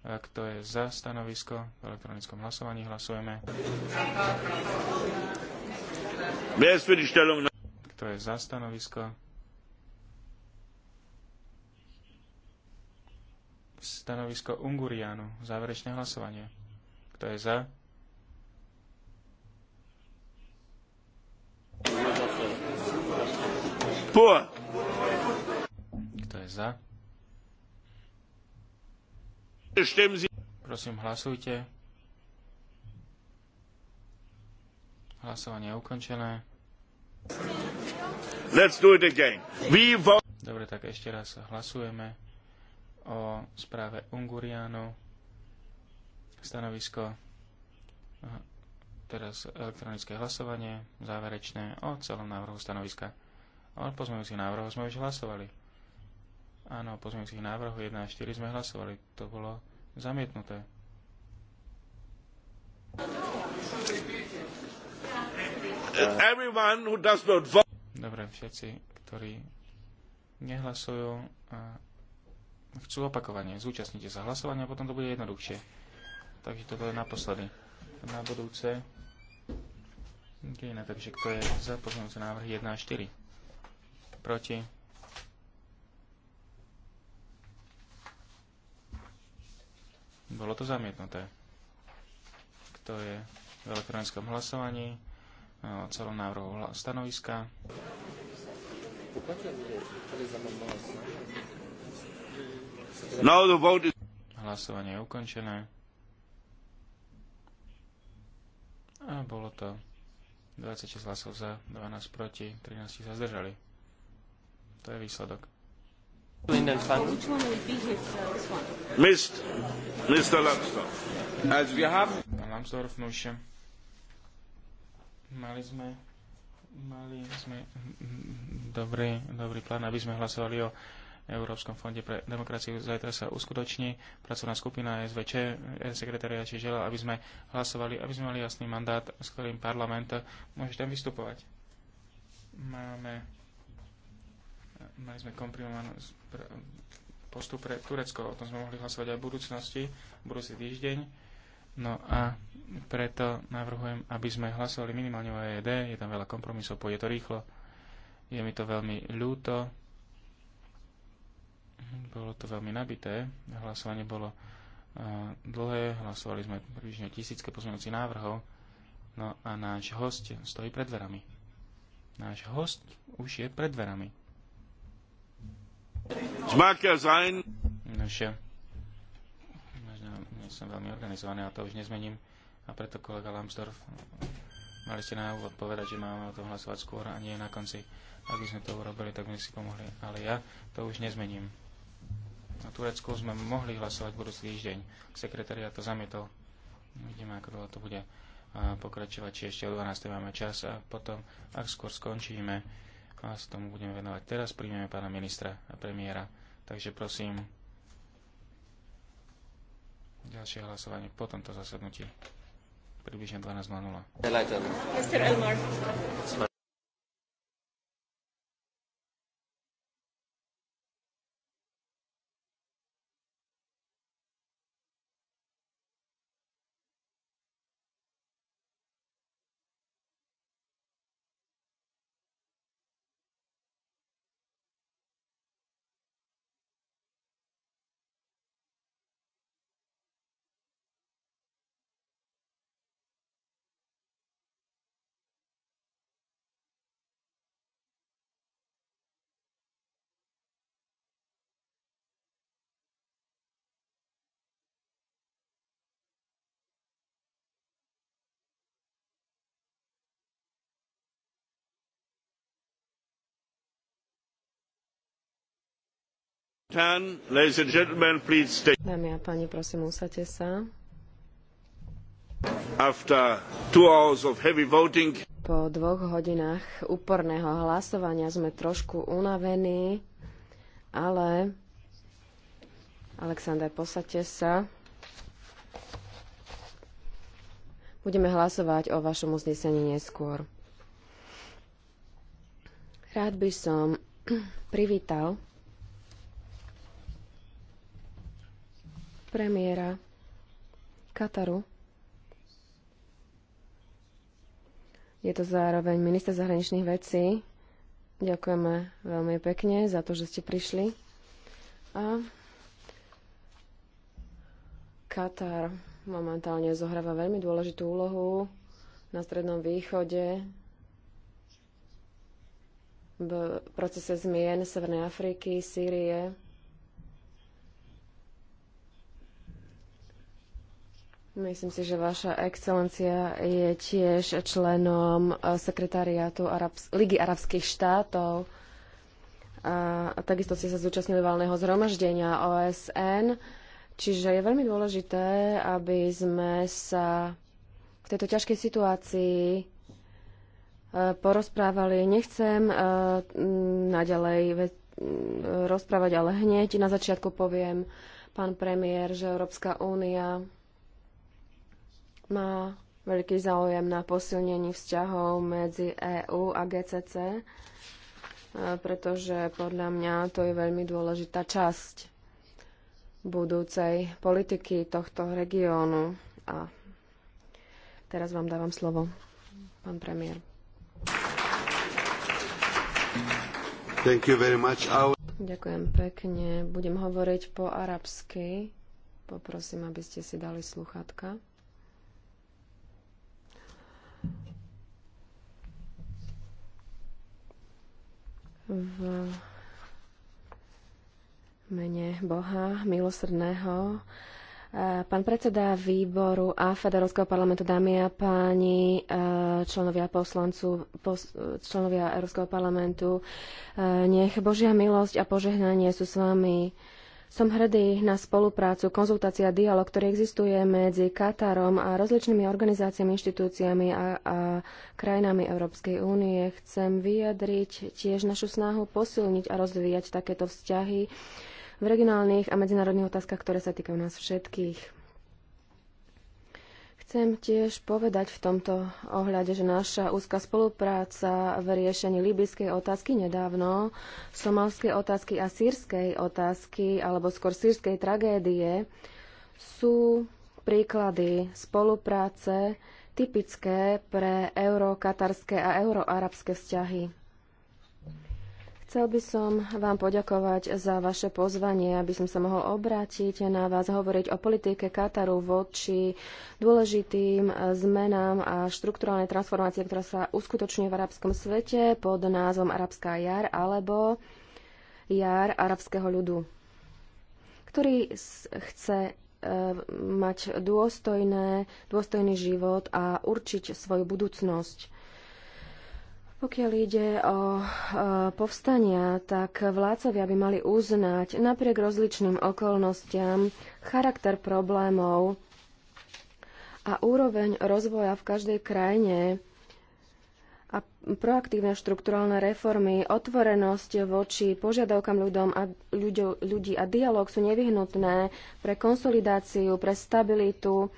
Kto je za stanovisko v elektronickom hlasovaní? Hlasujeme. Kto je za stanovisko? stanovisko Unguriánu, záverečné hlasovanie. Kto je za? Pour. Kto je za? Prosím, hlasujte. Hlasovanie je ukončené. Let's do it again. We vote. Dobre, tak ešte raz hlasujeme o správe Unguriano, stanovisko teraz elektronické hlasovanie, záverečné o celom návrhu stanoviska. O pozmeňujúcich návrhoch sme už hlasovali. Áno, o pozmeňujúcich návrhoch 1 a 4 sme hlasovali. To bolo zamietnuté. Dobre, všetci, ktorí nehlasujú a chcú opakovanie. Zúčastnite sa hlasovania a potom to bude jednoduchšie. Takže toto je naposledy. Na budúce. Dejina, takže kto je za pozornosť návrhy 1 a 4? Proti? Bolo to zamietnuté. Kto je v elektronickom hlasovaní? O no, celom návrhu stanoviska. Pourquoi tu as les amendements Hlasovanie je ukončené. A bolo to 26 hlasov za, 12 proti, 13 sa zdržali. To je výsledok. Mist, Mr. Lambsdorff. As we have... Pán Lambsdorff, mali sme, mali sme dobrý, dobrý plán, aby sme hlasovali o Európskom fonde pre demokraciu. Zajtra sa uskutoční pracovná skupina SVČ. Sekretária či žela, aby sme hlasovali, aby sme mali jasný mandát, s ktorým parlament môže tam vystupovať. Máme, mali sme komprimovanú postup pre Turecko, o tom sme mohli hlasovať aj v budúcnosti, budúci týždeň. No a preto navrhujem, aby sme hlasovali minimálne o EED, je tam veľa kompromisov, pôjde to rýchlo. Je mi to veľmi ľúto, bolo to veľmi nabité. Hlasovanie bolo e, dlhé. Hlasovali sme približne tisícké pozmeňujúcich návrhov. No a náš host stojí pred dverami. Náš host už je pred dverami. Nože, možno nie som veľmi organizovaný, ale to už nezmením. A preto kolega Lambsdorff, mali ste na úvod povedať, že máme o tom hlasovať skôr a nie na konci. Aby sme to urobili, tak by si pomohli. Ale ja to už nezmením na Turecku sme mohli hlasovať budúci týždeň. Sekretariat to zamietol. Uvidíme, ako dlho to bude pokračovať, či ešte o 12. máme čas a potom, ak skôr skončíme, a sa tomu budeme venovať. Teraz príjmeme pána ministra a premiéra. Takže prosím, ďalšie hlasovanie po tomto zasadnutí. Približne 12.00. Dámy a páni, prosím, usadte sa. Voting... Po dvoch hodinách úporného hlasovania sme trošku unavení, ale... Alexander, posadte sa. Budeme hlasovať o vašom uznesení neskôr. Rád by som privítal premiéra Kataru. Je to zároveň minister zahraničných vecí. Ďakujeme veľmi pekne za to, že ste prišli. A Katar momentálne zohráva veľmi dôležitú úlohu na Strednom východe v procese zmien Severnej Afriky, Sýrie Myslím si, že vaša excelencia je tiež členom eh, sekretariátu Arabs- Ligy arabských štátov. A, takisto ste sa zúčastnili valného zhromaždenia OSN. Čiže je veľmi dôležité, aby sme sa v tejto ťažkej situácii eh, porozprávali. Nechcem eh, naďalej rozprávať, ale hneď na začiatku poviem, pán premiér, že Európska únia má veľký záujem na posilnení vzťahov medzi EÚ a GCC, e, pretože podľa mňa to je veľmi dôležitá časť budúcej politiky tohto regiónu. A teraz vám dávam slovo, pán premiér. Thank you very much. Our... Ďakujem pekne. Budem hovoriť po arabsky. Poprosím, aby ste si dali sluchátka. v mene Boha milosrdného. E, pán predseda výboru a Federovského parlamentu, dámy a páni, e, členovia poslancu, pos, e, členovia Európskeho parlamentu, nech Božia milosť a požehnanie sú s vami. Som hrdý na spoluprácu, konzultácia, dialog, ktorý existuje medzi Katarom a rozličnými organizáciami, inštitúciami a, a krajinami Európskej únie. Chcem vyjadriť tiež našu snahu posilniť a rozvíjať takéto vzťahy v regionálnych a medzinárodných otázkach, ktoré sa týkajú nás všetkých. Chcem tiež povedať v tomto ohľade, že naša úzka spolupráca v riešení libyskej otázky nedávno, somalskej otázky a sírskej otázky, alebo skôr sírskej tragédie, sú príklady spolupráce typické pre eurokatarské a euroarabské vzťahy. Chcel by som vám poďakovať za vaše pozvanie, aby som sa mohol obrátiť na vás, hovoriť o politike Kataru voči dôležitým eh, zmenám a štruktúralnej transformácie, ktorá sa uskutočňuje v arabskom svete pod názvom Arabská jar alebo jar arabského ľudu, ktorý chce eh, mať dôstojné, dôstojný život a určiť svoju budúcnosť. Pokiaľ ide o e, povstania, tak vládcovia by mali uznať napriek rozličným okolnostiam charakter problémov a úroveň rozvoja v každej krajine a proaktívne štrukturálne reformy, otvorenosť voči požiadavkám ľudom a ľudí a dialog sú nevyhnutné pre konsolidáciu, pre stabilitu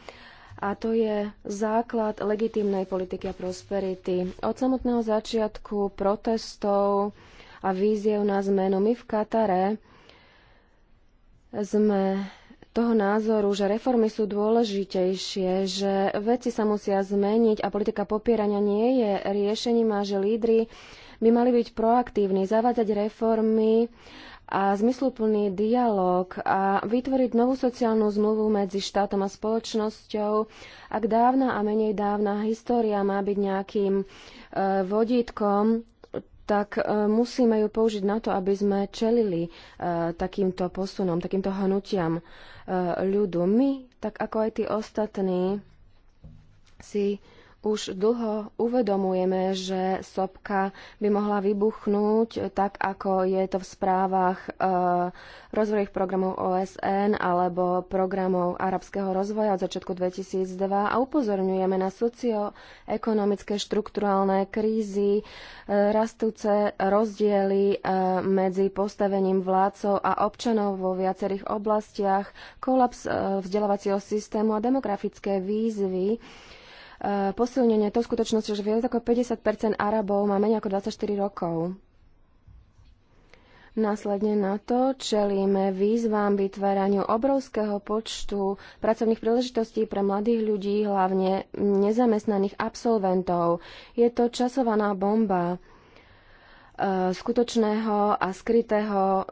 a to je základ legitímnej politiky a prosperity. Od samotného začiatku protestov a víziev na zmenu my v Katare sme toho názoru, že reformy sú dôležitejšie, že veci sa musia zmeniť a politika popierania nie je riešením a že lídry by mali byť proaktívni, zavádzať reformy a zmysluplný dialog a vytvoriť novú sociálnu zmluvu medzi štátom a spoločnosťou. Ak dávna a menej dávna história má byť nejakým e, vodítkom, tak e, musíme ju použiť na to, aby sme čelili e, takýmto posunom, takýmto hnutiam ľudu. My, tak ako aj tí ostatní, si už dlho uvedomujeme, že sopka by mohla vybuchnúť, tak ako je to v správach e, rozvojových programov OSN alebo programov arabského rozvoja od začiatku 2002 a upozorňujeme na socioekonomické štruktúrálne krízy, e, rastúce rozdiely e, medzi postavením vládcov a občanov vo viacerých oblastiach, kolaps e, vzdelávacieho systému a demografické výzvy, e, Eh, posilnenie tou skutočnosťou, že viac ako 50 Arabov má menej ako 24 rokov. Následne na to čelíme výzvam vytváraniu obrovského počtu pracovných príležitostí pre mladých ľudí, hlavne nezamestnaných absolventov. Je to časovaná bomba. Eh, skutočného a skrytého,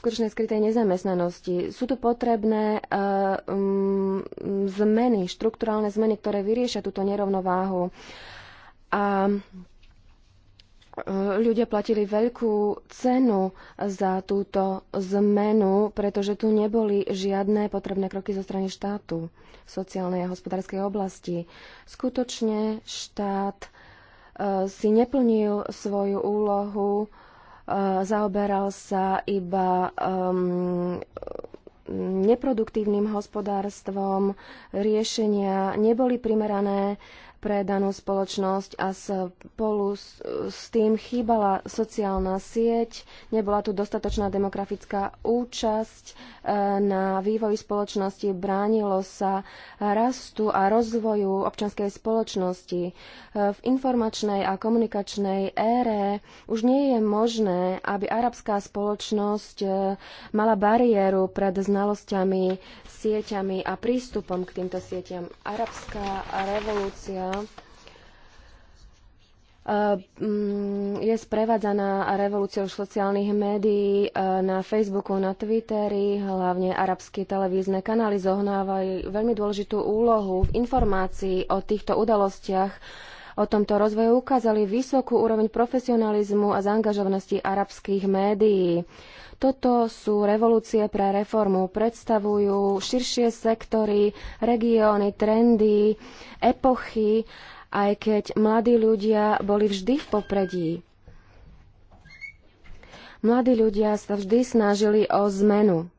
skutočnej skrytej nezamestnanosti. Sú tu potrebné eh, mm, zmeny, štrukturálne zmeny, ktoré vyriešia túto nerovnováhu. A eh, ľudia platili veľkú cenu za túto zmenu, pretože tu neboli žiadne potrebné kroky zo strany štátu v sociálnej a hospodárskej oblasti. Skutočne štát Eh, si neplnil svoju úlohu, eh, zaoberal sa iba ehm, neproduktívnym hospodárstvom, riešenia neboli primerané pre danú spoločnosť a spolu s, s tým chýbala sociálna sieť, nebola tu dostatočná demografická účasť e, na vývoji spoločnosti, bránilo sa rastu a rozvoju občanskej spoločnosti. E, v informačnej a komunikačnej ére už nie je možné, aby arabská spoločnosť e, mala bariéru pred znalosťami, sieťami a prístupom k týmto sieťam. Arabská revolúcia Ehm, je sprevádzaná revolúciou sociálnych médií e, na Facebooku, na Twitteri, hlavne arabské televízne kanály zohnávajú veľmi dôležitú úlohu v informácii o týchto udalostiach. O tomto rozvoju ukázali vysokú úroveň profesionalizmu a zaangažovanosti arabských médií. Toto sú revolúcie pre reformu. Predstavujú širšie sektory, regióny, trendy, epochy, aj keď mladí ľudia boli vždy v popredí. Mladí ľudia sa vždy snažili o zmenu.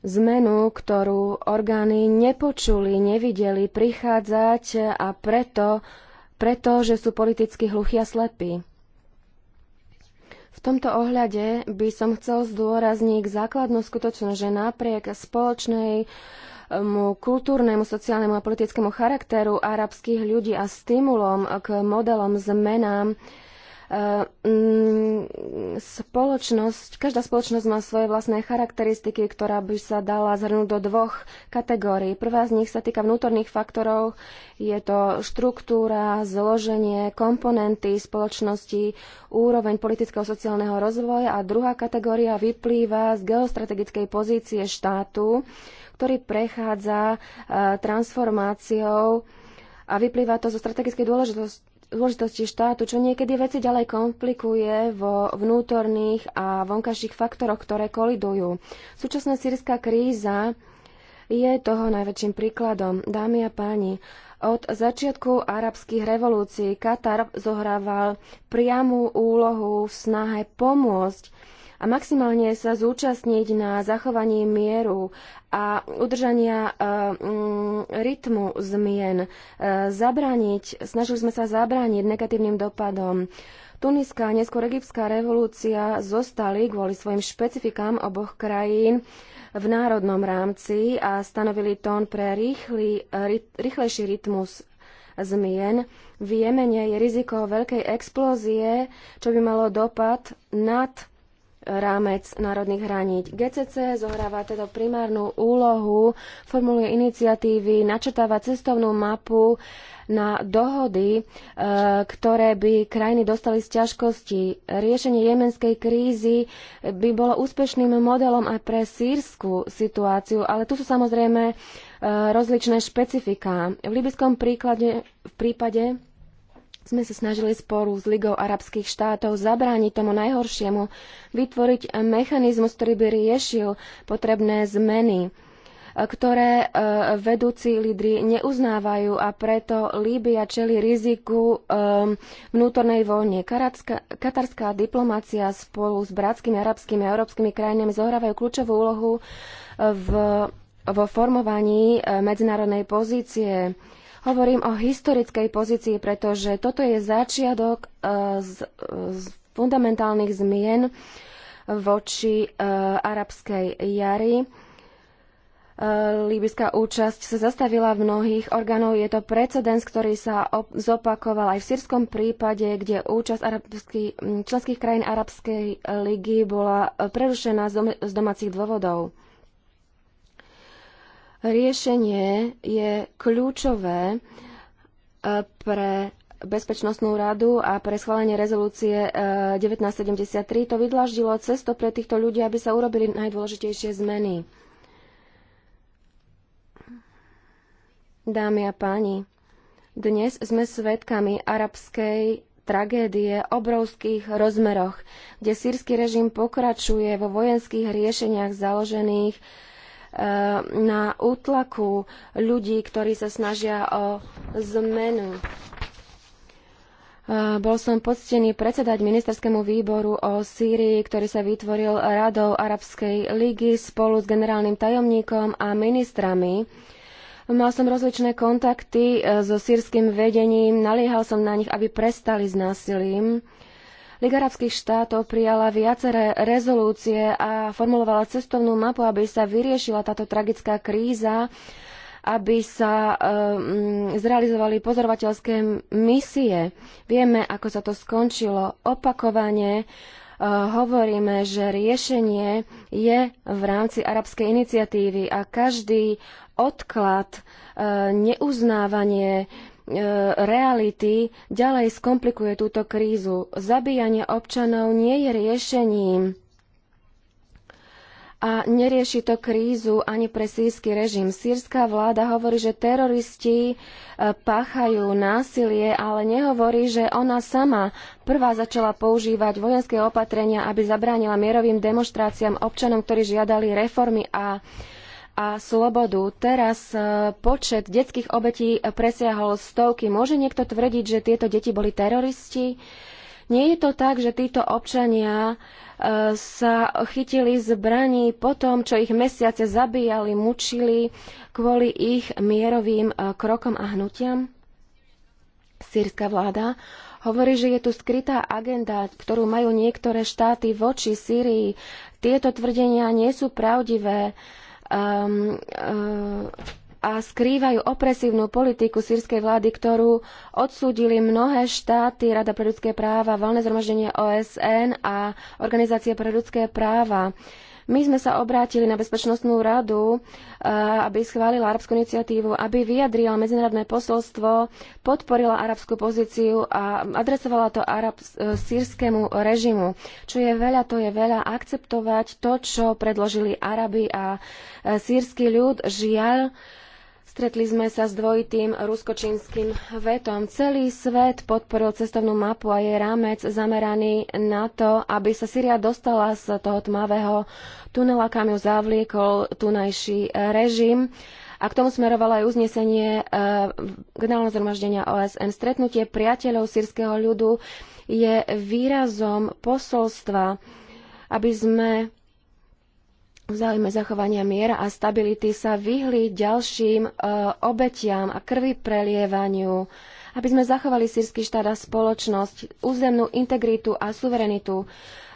Zmenu, ktorú orgány nepočuli, nevideli prichádzať a preto, preto že sú politicky hluchí a slepí tomto ohľade by som chcel zdôrazniť základnú skutočnosť, že napriek spoločnej kultúrnemu, sociálnemu a politickému charakteru arabských ľudí a stimulom k modelom zmenám Eh, mm, spoločnosť, každá spoločnosť má svoje vlastné charakteristiky, ktorá by sa dala zhrnúť do dvoch kategórií. Prvá z nich sa týka vnútorných faktorov. Je to štruktúra, zloženie, komponenty spoločnosti, úroveň politického sociálneho rozvoja a druhá kategória vyplýva z geostrategickej pozície štátu, ktorý prechádza eh, transformáciou a vyplýva to zo strategickej dôležitosti zložitosti štátu, čo niekedy veci ďalej komplikuje vo vnútorných a vonkajších faktoroch, ktoré kolidujú. Súčasná sírska kríza je toho najväčším príkladom. Dámy a páni, od začiatku arabských revolúcií Katar zohrával priamú úlohu v snahe pomôcť a maximálne sa zúčastniť na zachovaní mieru a udržania eh, mm, rytmu zmien. Eh, zabrániť, snažili sme sa zabrániť negatívnym dopadom. Tuniská a neskôr egyptská revolúcia zostali kvôli svojim špecifikám oboch krajín v národnom rámci a stanovili tón pre rýchly, eh, rýchlejší rytmus zmien. V Jemene je riziko veľkej explózie, čo by malo dopad nad rámec národných hraníc. GCC zohráva teda primárnu úlohu, formuluje iniciatívy, načrtáva cestovnú mapu na dohody, e, ktoré by krajiny dostali z ťažkosti. Riešenie jemenskej krízy by bolo úspešným modelom aj pre sírskú situáciu, ale tu sú samozrejme e, rozličné špecifiká. V libyskom príklade, v prípade sme sa snažili spolu s Ligou arabských štátov zabrániť tomu najhoršiemu, vytvoriť mechanizmus, ktorý by riešil potrebné zmeny e, ktoré e, vedúci lídry neuznávajú a preto Líbia čeli riziku e, vnútornej vojne. Katarská diplomácia spolu s bratskými arabskými a európskymi krajinami zohrávajú kľúčovú úlohu v, vo formovaní medzinárodnej pozície Hovorím o historickej pozícii, pretože toto je začiatok e, z, z fundamentálnych zmien voči e, arabskej jari. E, Líbyská účasť sa zastavila v mnohých orgánov. Je to precedens, ktorý sa zopakoval aj v sírskom prípade, kde účasť arabský, členských krajín Arabskej ligy bola prerušená z, dom- z domácich dôvodov. Riešenie je kľúčové e, pre Bezpečnostnú radu a pre schválenie rezolúcie 1973 e, to vydlaždilo cesto pre týchto ľudí, aby sa urobili najdôležitejšie zmeny. Dámy a páni, dnes sme svedkami arabskej tragédie obrovských rozmeroch, kde sírsky režim pokračuje vo vojenských riešeniach založených Eh, na útlaku ľudí, ktorí sa snažia o zmenu. Eh, bol som poctený predsedať ministerskému výboru o Sýrii, ktorý sa vytvoril Radou Arabskej ligy spolu s generálnym tajomníkom a ministrami. Mal som rozličné kontakty eh, so sírským vedením, naliehal som na nich, aby prestali s násilím Liga arabských štátov prijala viaceré rezolúcie a formulovala cestovnú mapu, aby sa vyriešila táto tragická kríza, aby sa um, zrealizovali pozorovateľské misie. Vieme, ako sa to skončilo opakovane. Uh, hovoríme, že riešenie je v rámci arabskej iniciatívy a každý odklad, uh, neuznávanie uh, E, reality ďalej skomplikuje túto krízu. Zabíjanie občanov nie je riešením a nerieši to krízu ani pre sírsky režim. Sírska vláda hovorí, že teroristi e, páchajú násilie, ale nehovorí, že ona sama prvá začala používať vojenské opatrenia, aby zabránila mierovým demonštráciám občanom, ktorí žiadali reformy a uh, a slobodu. Teraz e, počet detských obetí presiahol stovky. Môže niekto tvrdiť, že tieto deti boli teroristi? Nie je to tak, že títo občania e, sa chytili zbraní po tom, čo ich mesiace zabíjali, mučili kvôli ich mierovým e, krokom a hnutiam? Sýrska vláda hovorí, že je tu skrytá agenda, ktorú majú niektoré štáty voči Sýrii. Tieto tvrdenia nie sú pravdivé. Uh, um, a skrývajú opresívnu politiku sírskej vlády, ktorú odsúdili mnohé štáty, Rada pre ľudské práva, Valné zhromaždenie OSN a Organizácia pre ľudské práva. Uh, my sme sa obrátili na Bezpečnostnú radu, eh, aby schválila arabskú iniciatívu, aby vyjadrila medzinárodné posolstvo, podporila arabskú pozíciu a adresovala to arab, eh, sírskému režimu. Čo je veľa, to je veľa. Akceptovať to, čo predložili Araby a eh, sírsky ľud, žiaľ, Stretli sme sa s dvojitým ruskočínskym vetom. Celý svet podporil cestovnú mapu a jej rámec zameraný na to, aby sa Syria dostala z toho tmavého tunela, kam ju zavliekol tunajší režim. A k tomu smerovalo aj uznesenie e, generálneho zhromaždenia OSN. Stretnutie priateľov sírskeho ľudu je výrazom posolstva, aby sme v záujme zachovania miera a stability sa vyhli ďalším e, obetiam a krvi prelievaniu, aby sme zachovali sírsky štát a spoločnosť, územnú integritu a suverenitu.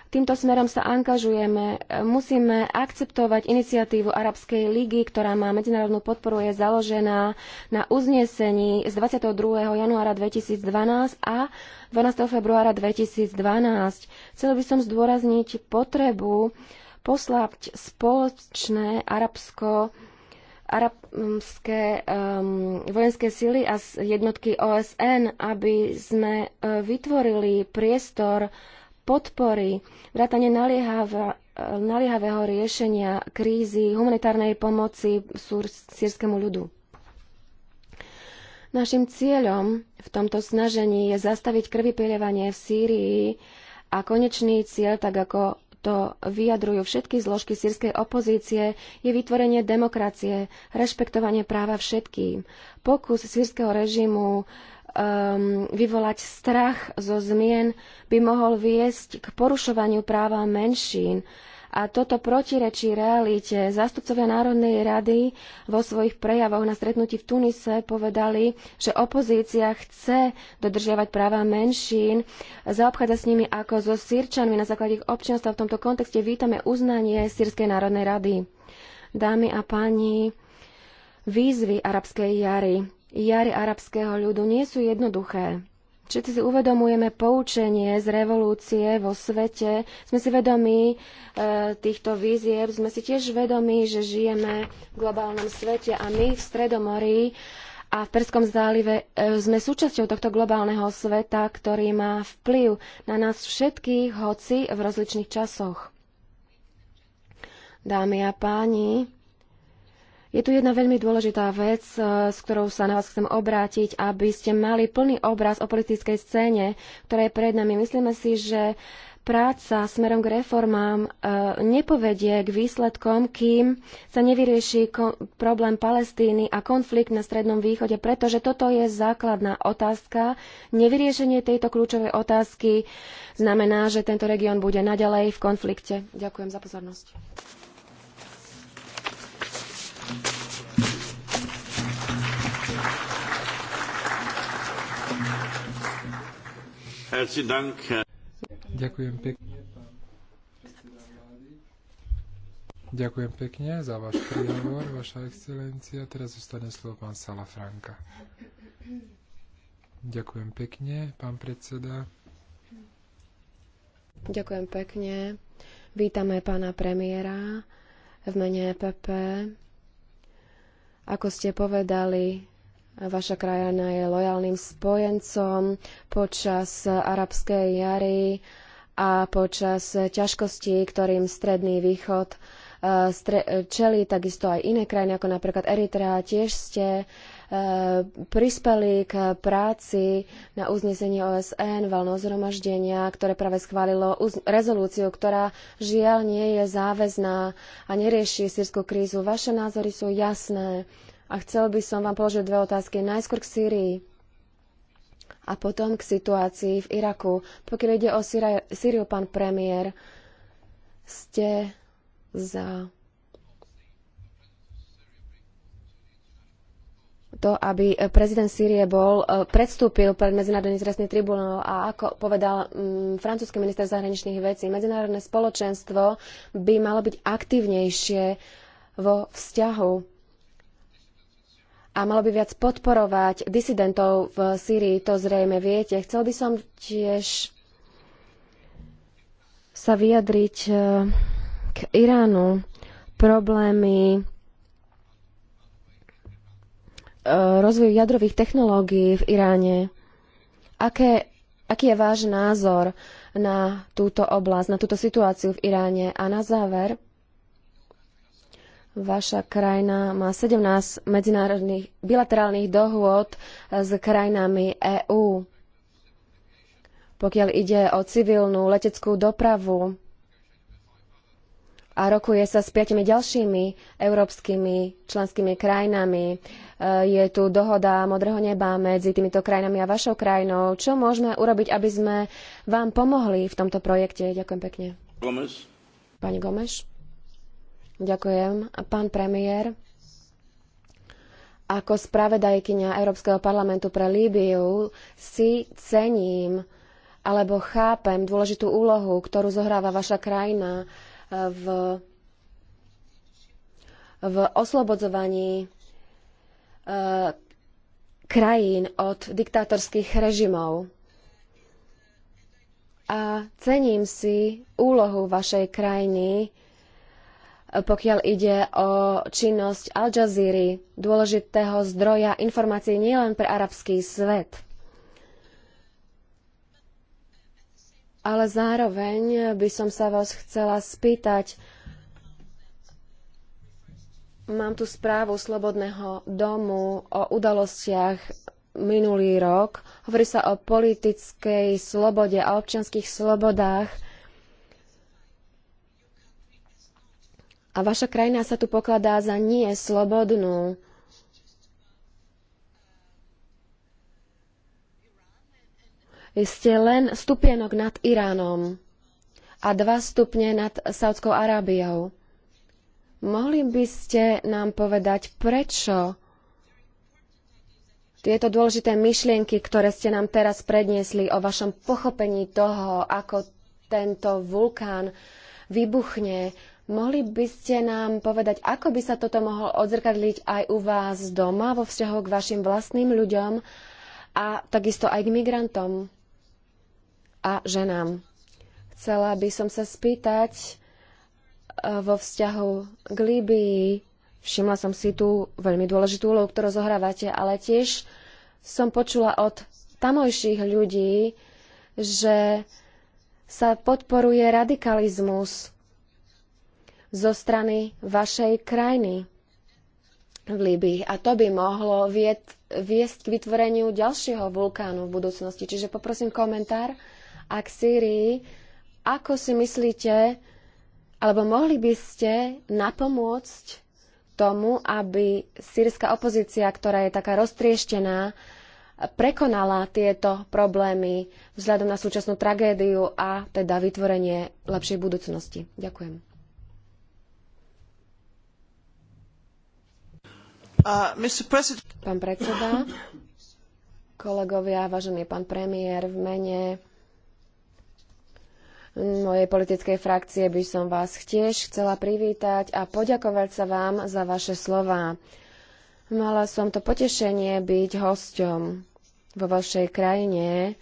Týmto smerom sa angažujeme. Musíme akceptovať iniciatívu Arabskej ligy, ktorá má medzinárodnú podporu, je založená na uznesení z 22. januára 2012 a 12. februára 2012. Chcel by som zdôrazniť potrebu poslať spoločné arabsko arabské um, vojenské sily a jednotky OSN, aby sme uh, vytvorili priestor podpory, vrátane naliehavého riešenia krízy, humanitárnej pomoci sírskému ľudu. Našim cieľom v tomto snažení je zastaviť krvi v Sýrii a konečný cieľ, tak ako to vyjadrujú všetky zložky sírskej opozície, je vytvorenie demokracie, rešpektovanie práva všetkým. Pokus sírskeho režimu um, vyvolať strach zo zmien by mohol viesť k porušovaniu práva menšín a toto protirečí realite. Zástupcovia Národnej rady vo svojich prejavoch na stretnutí v Tunise povedali, že opozícia chce dodržiavať práva menšín, zaobchádza s nimi ako so sírčanmi na základe ich občianstva. V tomto kontexte vítame uznanie Sýrskej národnej rady. Dámy a páni, výzvy arabskej jary, jary arabského ľudu nie sú jednoduché. Všetci si uvedomujeme poučenie z revolúcie vo svete. Sme si vedomí e, týchto vízieb, Sme si tiež vedomí, že žijeme v globálnom svete a my v Stredomorí a v Perskom zálive e, sme súčasťou tohto globálneho sveta, ktorý má vplyv na nás všetkých, hoci v rozličných časoch. Dámy a páni, je tu jedna veľmi dôležitá vec, e, s ktorou sa na vás chcem obrátiť, aby ste mali plný obraz o politickej scéne, ktorá je pred nami. Myslíme si, že práca smerom k reformám e, nepovedie k výsledkom, kým sa nevyrieši problém Palestíny a konflikt na Strednom východe, pretože toto je základná otázka. Nevyriešenie tejto kľúčovej otázky znamená, že tento región bude naďalej v konflikte. Ďakujem za pozornosť. Ďakujem pekne. Ďakujem pekne za váš príhovor, vaša excelencia. Teraz zostane slovo pán Franka. Ďakujem pekne, pán predseda. Ďakujem pekne. Vítame pána premiéra v mene EPP. Ako ste povedali, Vaša krajina je lojálnym spojencom počas arabskej jary a počas ťažkostí, ktorým Stredný východ e, čelí, takisto aj iné krajiny, ako napríklad Eritrea, tiež ste e, prispeli k práci na uznesenie OSN, valného zhromaždenia, ktoré práve schválilo rezolúciu, ktorá žiaľ nie je záväzná a nerieši sírskú krízu. Vaše názory sú jasné a chcel by som vám položiť dve otázky. Najskôr k Sýrii a potom k situácii v Iraku. Pokiaľ ide o Sýriu, pán premiér, ste za to, aby prezident Sýrie bol, e, predstúpil pred Medzinárodný trestný tribunál a ako povedal m, mm, francúzsky minister zahraničných vecí, medzinárodné spoločenstvo by malo byť aktívnejšie vo vzťahu a malo by viac podporovať disidentov v Sýrii, to zrejme viete. Chcel by som tiež sa vyjadriť e, k Iránu. Problémy e, rozvoju jadrových technológií v Iráne. Aké, aký je váš názor na túto oblasť, na túto situáciu v Iráne? A na záver, Vaša krajina má 17 medzinárodných bilaterálnych dohôd s krajinami EÚ. Pokiaľ ide o civilnú leteckú dopravu a rokuje sa s piatimi ďalšími európskymi členskými krajinami, e, je tu dohoda modrého neba medzi týmito krajinami a vašou krajinou. Čo môžeme urobiť, aby sme vám pomohli v tomto projekte? Ďakujem pekne. Pani Gomeš. Ďakujem. Pán premiér, ako spravedajkyňa Európskeho parlamentu pre Líbiu si cením alebo chápem dôležitú úlohu, ktorú zohráva vaša krajina eh, v, v oslobodzovaní eh, krajín od diktátorských režimov. A cením si úlohu vašej krajiny pokiaľ ide o činnosť Al Jazeera, dôležitého zdroja informácií nielen pre arabský svet, ale zároveň by som sa vás chcela spýtať, mám tu správu Slobodného domu o udalostiach minulý rok. Hovorí sa o politickej slobode a občianskych slobodách – A vaša krajina sa tu pokladá za nie slobodnú. Ste len stupienok nad Iránom a dva stupne nad Saudskou Arábiou. Mohli by ste nám povedať, prečo tieto dôležité myšlienky, ktoré ste nám teraz predniesli o vašom pochopení toho, ako tento vulkán vybuchne Mohli by ste nám povedať, ako by sa toto mohlo odzrkadliť aj u vás doma vo vzťahu k vašim vlastným ľuďom a takisto aj k migrantom a ženám? Chcela by som sa spýtať e, vo vzťahu k Líbii. Všimla som si tú veľmi dôležitú úlohu, ktorú zohrávate, ale tiež som počula od tamojších ľudí, že sa podporuje radikalizmus zo strany vašej krajiny v Líbii. A to by mohlo vied, viesť k vytvoreniu ďalšieho vulkánu v budúcnosti. Čiže poprosím komentár a k Sýrii. Ako si myslíte, alebo mohli by ste napomôcť tomu, aby sírska opozícia, ktorá je taká roztrieštená, prekonala tieto problémy vzhľadom na súčasnú tragédiu a teda vytvorenie lepšej budúcnosti. Ďakujem. Pán predseda, kolegovia, vážený pán premiér, v mene mojej politickej frakcie by som vás tiež chcela privítať a poďakovať sa vám za vaše slová. Mala som to potešenie byť hosťom vo vašej krajine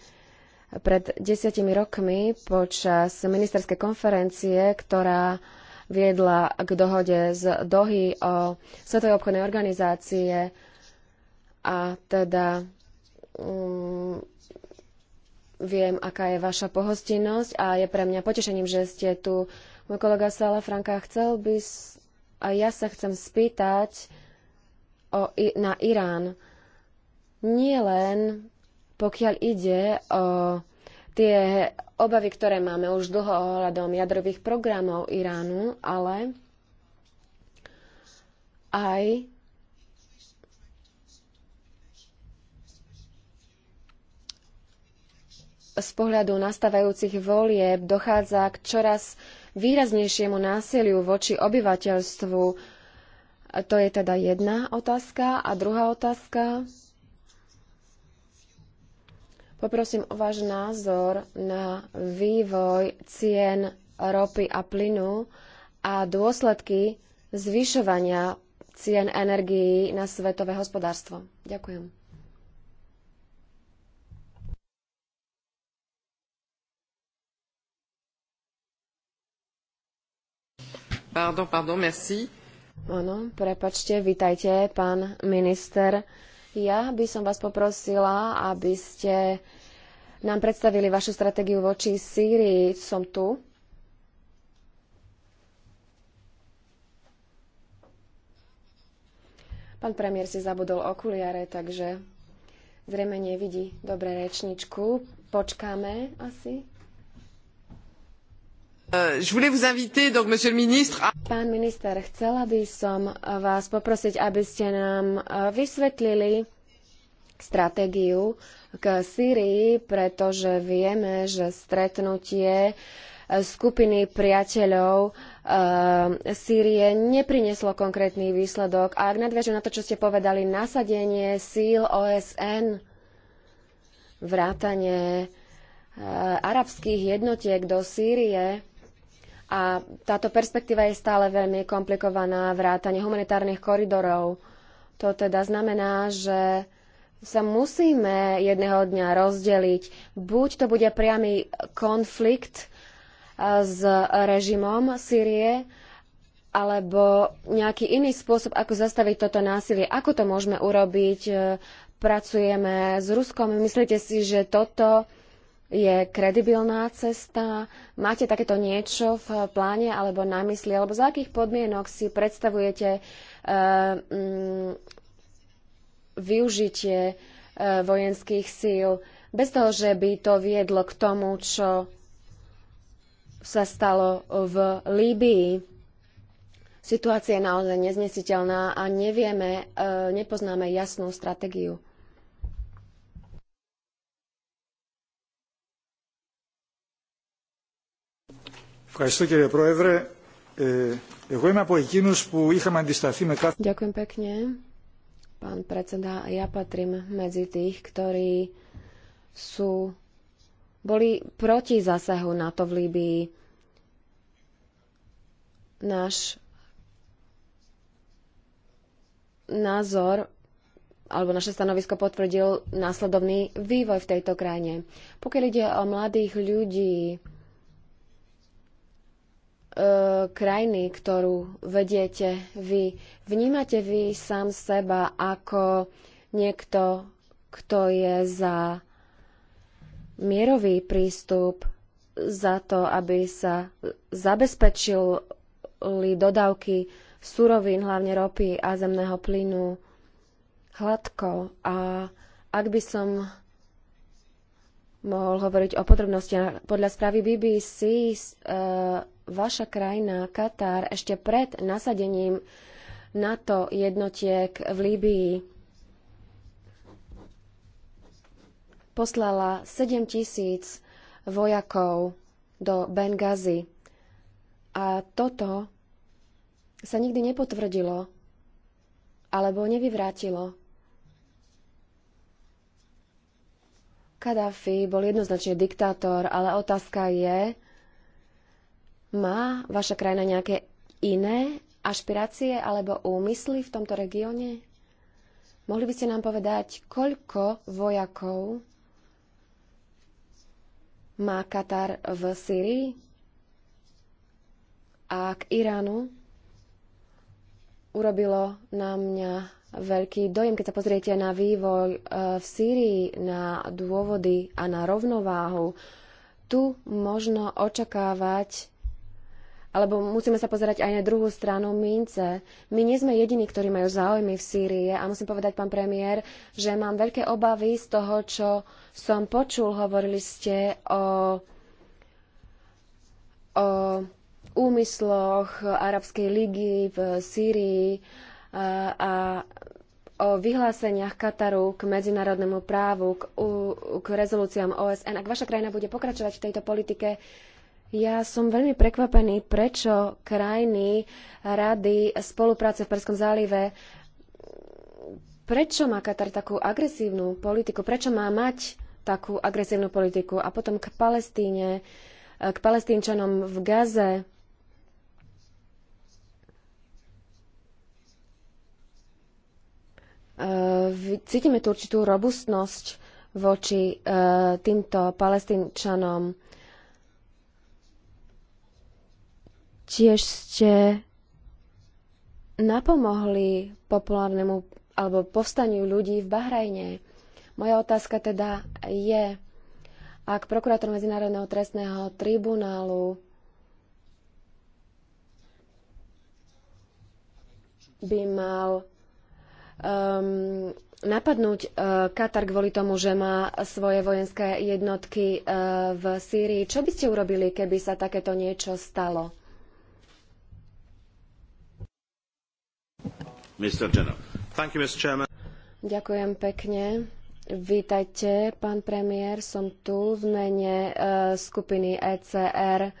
pred desiatimi rokmi počas ministerskej konferencie, ktorá viedla k dohode z Dohy o Svetovej obchodnej organizácie a teda um, viem, aká je vaša pohostinnosť a je pre mňa potešením, že ste tu. Môj kolega Sala Franka, chcel by... A ja sa chcem spýtať o, na Irán. Nie len pokiaľ ide o tie obavy, ktoré máme už dlho ohľadom jadrových programov Iránu, ale aj z pohľadu nastávajúcich volieb dochádza k čoraz výraznejšiemu násiliu voči obyvateľstvu. To je teda jedna otázka. A druhá otázka Poprosím o váš názor na vývoj cien ropy a plynu a dôsledky zvyšovania cien energií na svetové hospodárstvo. Ďakujem. Pardon, pardon, merci. Áno, prepačte, vitajte, pán minister. Ja by som vás poprosila, aby ste nám predstavili vašu stratégiu voči Sýrii. Som tu. Pán premiér si zabudol okuliare, takže zrejme nevidí dobre rečničku. Počkáme asi. Euh, Pán minister, chcela by som vás poprosiť, aby ste nám uh, vysvetlili stratégiu k Sýrii, pretože vieme, že stretnutie uh, skupiny priateľov uh, Sýrie neprinieslo konkrétny výsledok. A ak nadviažem na to, čo ste povedali, nasadenie síl OSN, vrátanie arabských jednotiek do Sýrie, a táto perspektíva je stále veľmi komplikovaná, vrátanie humanitárnych koridorov. To teda znamená, že sa musíme jedného dňa rozdeliť. Buď to bude priamy konflikt e, s režimom Sýrie, alebo nejaký iný spôsob, ako zastaviť toto násilie. Ako to môžeme urobiť? E, pracujeme s Ruskom. Myslíte si, že toto je kredibilná cesta? Máte takéto niečo v pláne alebo na mysli? Alebo za akých podmienok si predstavujete uh, um, využitie uh, vojenských síl bez toho, že by to viedlo k tomu, čo sa stalo v Líbii? Situácia je naozaj neznesiteľná a nevieme, uh, nepoznáme jasnú stratégiu. Ďakujem pekne, pán predseda. Ja patrím medzi tých, ktorí sú, boli proti zásahu NATO v Líbii. Náš názor alebo naše stanovisko potvrdil následovný vývoj v tejto krajine. Pokiaľ ide o mladých ľudí, E, krajiny, ktorú vediete vy. Vnímate vy sám seba ako niekto, kto je za mierový prístup, za to, aby sa zabezpečili dodávky surovín, hlavne ropy a zemného plynu hladko. A ak by som mohol hovoriť o podrobnostiach, podľa správy BBC vaša krajina, Katar, ešte pred nasadením NATO jednotiek v Líbii poslala 7 tisíc vojakov do Bengazi. A toto sa nikdy nepotvrdilo alebo nevyvrátilo. Kadáfi bol jednoznačne diktátor, ale otázka je, má vaša krajina nejaké iné ašpirácie alebo úmysly v tomto regióne? Mohli by ste nám povedať, koľko vojakov má Katar v Syrii a k Iránu? Urobilo na mňa veľký dojem, keď sa pozriete na vývoj eh, v Sýrii, na dôvody a na rovnováhu. Tu možno očakávať alebo musíme sa pozerať aj na druhú stranu mince. My nie sme jediní, ktorí majú záujmy v Sýrii a musím povedať, pán premiér, že mám veľké obavy z toho, čo som počul. Hovorili ste o, o úmysloch Arabskej ligy v Sýrii a, a o vyhláseniach Kataru k medzinárodnému právu, k, k rezolúciám OSN. Ak vaša krajina bude pokračovať v tejto politike, ja som veľmi prekvapený, prečo krajiny rady spolupráce v Perskom zálive prečo má Katar takú agresívnu politiku, prečo má mať takú agresívnu politiku a potom k Palestíne, eh, k palestínčanom v Gaze. Eh, cítime tu určitú robustnosť voči eh, týmto palestínčanom. Tiež ste napomohli populárnemu alebo povstaniu ľudí v Bahrajne. Moja otázka teda je, ak prokurátor Medzinárodného trestného tribunálu by mal um, napadnúť uh, Katar kvôli tomu, že má svoje vojenské jednotky uh, v Sýrii. Čo by ste urobili, keby sa takéto niečo stalo? Ďakujem pekne. Vítajte, pán premiér, som tu v mene e, skupiny ECR.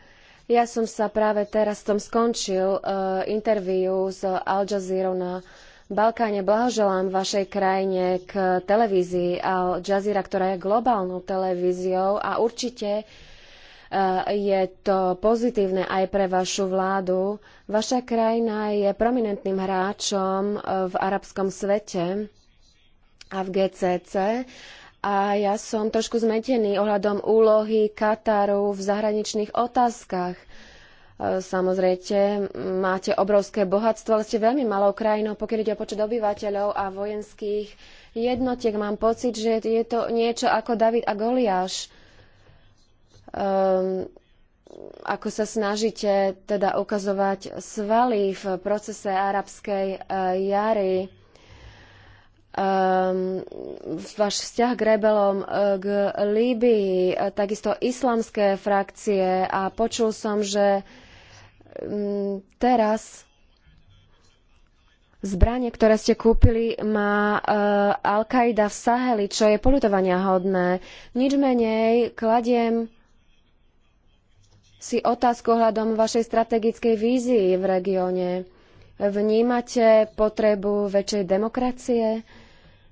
Ja som sa práve teraz som skončil e, interviu s Al Jazeera na Balkáne. Blahoželám vašej krajine k televízii Al Jazeera, ktorá je globálnou televíziou a určite Eh, je to pozitívne aj pre vašu vládu. Vaša krajina je prominentným hráčom eh, v arabskom svete a v GCC. A ja som trošku zmetený ohľadom úlohy Kataru v zahraničných otázkach. Eh, Samozrejme, máte obrovské bohatstvo, ale ste veľmi malou krajinou, pokiaľ ide o počet obyvateľov a vojenských jednotiek. Mám pocit, že je to niečo ako David a Goliáš um, ako sa snažíte teda ukazovať svaly v procese arabskej uh, jary, um, váš vzťah k rebelom uh, k Líbii, uh, takisto islamské frakcie a počul som, že um, teraz zbranie, ktoré ste kúpili, má uh, Al-Qaida v Saheli, čo je poľutovaniahodné. hodné. Nič menej kladiem si otázku ohľadom vašej strategickej vízie v regióne. Vnímate potrebu väčšej demokracie?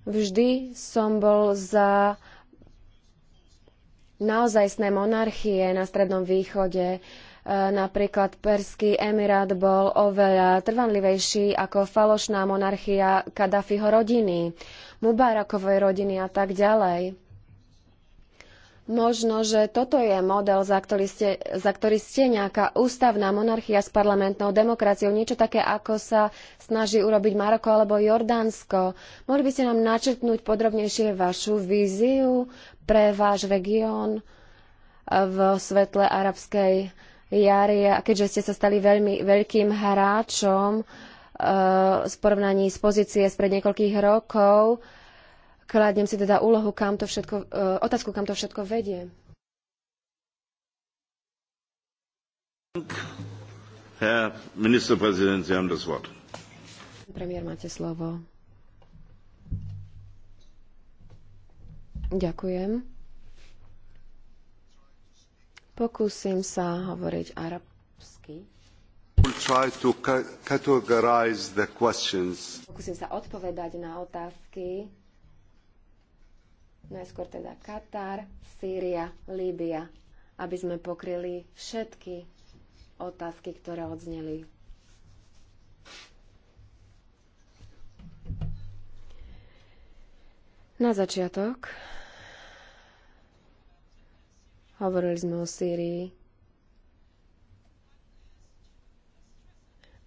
Vždy som bol za naozajstné monarchie na Strednom východe. E, napríklad Perský emirát bol oveľa trvanlivejší ako falošná monarchia Kadafiho rodiny, Mubarakovej rodiny a tak ďalej. Možno, že toto je model, za ktorý, ste, za ktorý ste nejaká ústavná monarchia s parlamentnou demokraciou, niečo také, ako sa snaží urobiť Maroko alebo Jordánsko. Mohli by ste nám načrtnúť podrobnejšie vašu víziu pre váš región e, v svetle arabskej jary, a keďže ste sa stali veľmi veľkým hráčom e, v e, porovnaní s pozície spred niekoľkých rokov, Kladnem si teda úlohu, kam to všetko, e, otázku, kam to všetko vedie. Herr Ministerpräsident, Sie haben das Wort. Premiér, máte slovo. Ďakujem. Pokúsim sa hovoriť arabsky. Pokúsim sa odpovedať na otázky najskôr teda Katar, Sýria, Líbia, aby sme pokryli všetky otázky, ktoré odzneli. Na začiatok hovorili sme o Sýrii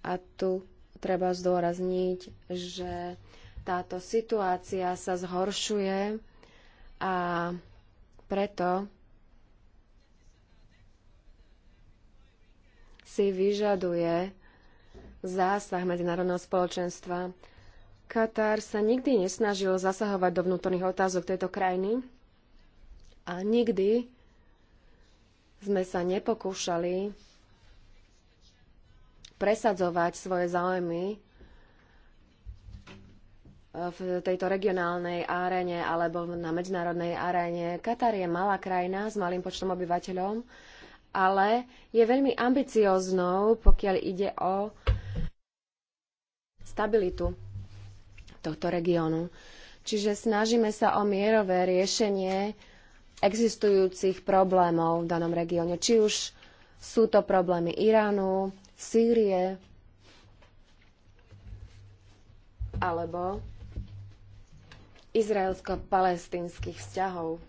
a tu treba zdôrazniť, že táto situácia sa zhoršuje a preto si vyžaduje zásah medzinárodného spoločenstva. Katar sa nikdy nesnažil zasahovať do vnútorných otázok tejto krajiny a nikdy sme sa nepokúšali presadzovať svoje záujmy v tejto regionálnej aréne alebo na medzinárodnej aréne. Katar je malá krajina s malým počtom obyvateľov, ale je veľmi ambicioznou, pokiaľ ide o stabilitu tohto regiónu. Čiže snažíme sa o mierové riešenie existujúcich problémov v danom regióne. Či už sú to problémy Iránu, Sýrie, alebo izraelsko-palestínskych vzťahov.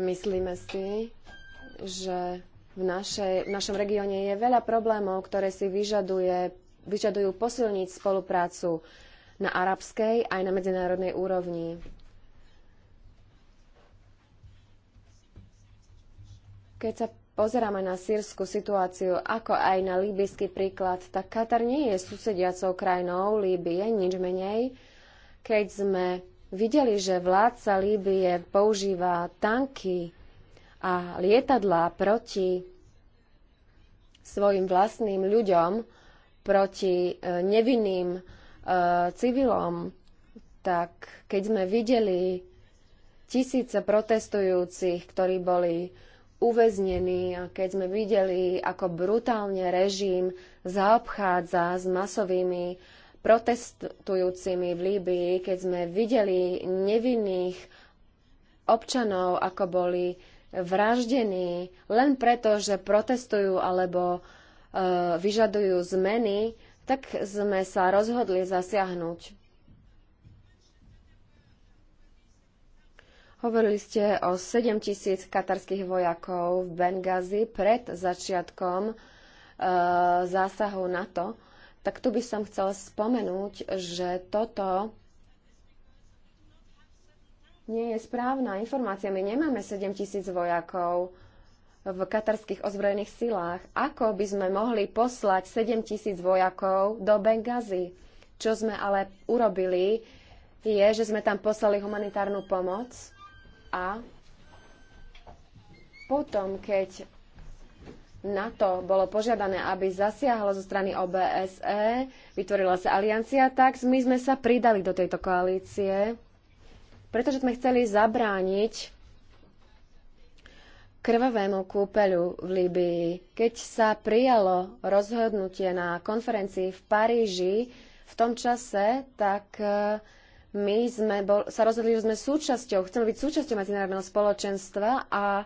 Myslíme si, že v, našej, v našom regióne je veľa problémov, ktoré si vyžaduje, vyžadujú posilniť spoluprácu na arabskej aj na medzinárodnej úrovni. Keď sa pozeráme na sírskú situáciu, ako aj na líbyjský príklad, tak Katar nie je susediacou krajinou Líbie, nič menej. Keď sme videli, že vládca Líbie používa tanky a lietadlá proti svojim vlastným ľuďom, proti e, nevinným e, civilom, tak keď sme videli tisíce protestujúcich, ktorí boli uväznení a keď sme videli, ako brutálne režim zaobchádza s masovými protestujúcimi v Líbii, keď sme videli nevinných občanov, ako boli vraždení len preto, že protestujú alebo e, vyžadujú zmeny, tak sme sa rozhodli zasiahnuť. Hovorili ste o 7 tisíc katarských vojakov v Bengazi pred začiatkom e, zásahu NATO tak tu by som chcela spomenúť, že toto nie je správna informácia. My nemáme 7 tisíc vojakov v katarských ozbrojených silách. Ako by sme mohli poslať 7 tisíc vojakov do Bengazy? Čo sme ale urobili, je, že sme tam poslali humanitárnu pomoc a potom, keď NATO bolo požiadané, aby zasiahlo zo strany OBSE, vytvorila sa aliancia, tak my sme sa pridali do tejto koalície, pretože sme chceli zabrániť krvavému kúpeľu v Líbii. Keď sa prijalo rozhodnutie na konferencii v Paríži v tom čase, tak e, my sme bol, sa rozhodli, že sme súčasťou, chceme byť súčasťou medzinárodného spoločenstva a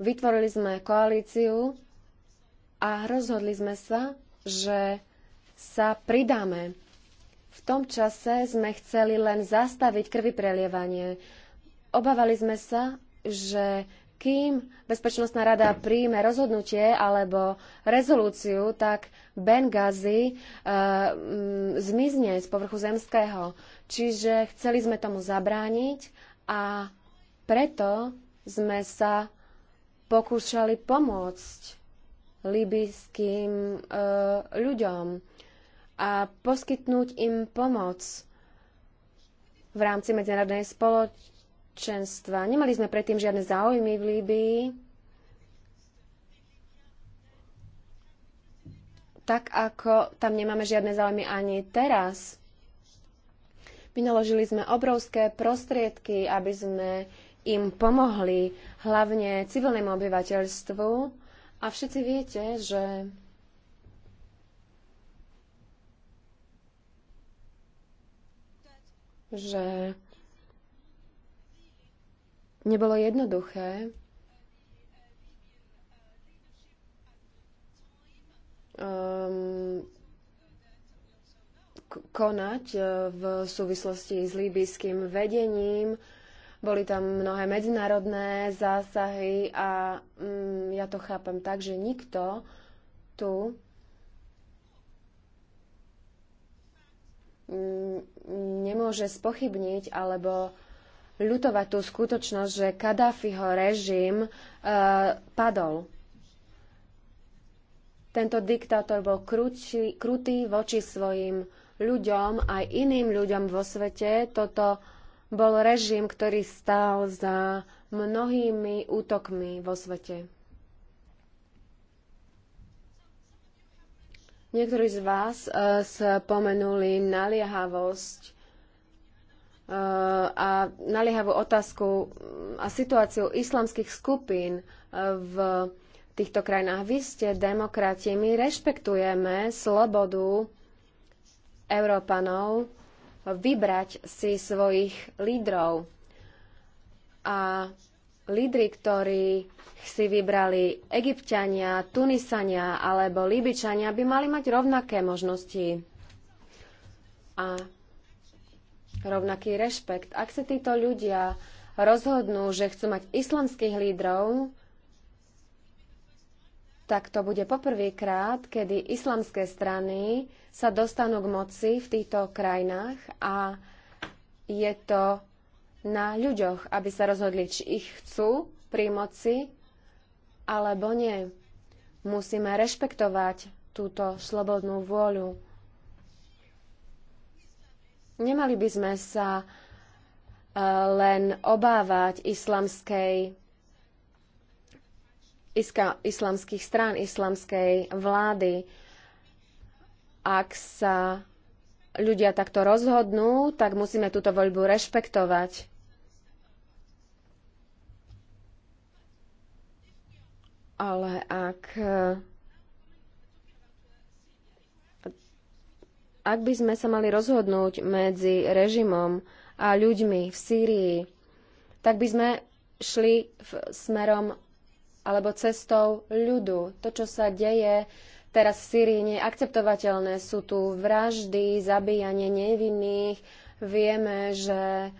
Vytvorili sme koalíciu a rozhodli sme sa, že sa pridáme. V tom čase sme chceli len zastaviť krvi prelievanie. Obávali sme sa, že kým Bezpečnostná rada príjme rozhodnutie alebo rezolúciu, tak Benghazi uh, zmizne z povrchu zemského. Čiže chceli sme tomu zabrániť a preto sme sa pokúšali pomôcť libyským e, ľuďom a poskytnúť im pomoc v rámci medzinárodnej spoločenstva. Nemali sme predtým žiadne záujmy v Líbii, tak ako tam nemáme žiadne záujmy ani teraz. Vynaložili sme obrovské prostriedky, aby sme im pomohli, hlavne civilnému obyvateľstvu. A všetci viete, že že nebolo jednoduché um, konať uh, v súvislosti s líbyským vedením, boli tam mnohé medzinárodné zásahy a mm, ja to chápem tak, že nikto tu mm, nemôže spochybniť alebo ľutovať tú skutočnosť, že Kadáfiho režim e, padol. Tento diktátor bol krúči, krutý voči svojim ľuďom, aj iným ľuďom vo svete. Toto bol režim, ktorý stál za mnohými útokmi vo svete. Niektorí z vás uh, spomenuli naliehavosť eh, a naliehavú otázku mm, a situáciu islamských skupín eh, v týchto krajinách. Vy ste demokrati, my rešpektujeme slobodu Európanov vybrať si svojich lídrov. A lídry, ktorí si vybrali egyptiania, tunisania alebo libičania, by mali mať rovnaké možnosti a rovnaký rešpekt. Ak sa títo ľudia rozhodnú, že chcú mať islamských lídrov, tak to bude poprvýkrát, kedy islamské strany sa dostanú k moci v týchto krajinách a je to na ľuďoch, aby sa rozhodli, či ich chcú pri moci alebo nie. Musíme rešpektovať túto slobodnú vôľu. Nemali by sme sa eh, len obávať islamskej iska, islamských strán, islamskej vlády. Ak sa ľudia takto rozhodnú, tak musíme túto voľbu rešpektovať. Ale ak, eh, ak by sme sa mali rozhodnúť medzi režimom a ľuďmi v Sýrii, tak by sme šli v, smerom alebo cestou ľudu. To, čo sa deje teraz v Syrii, nie je akceptovateľné. Sú tu vraždy, zabíjanie nevinných. Vieme, že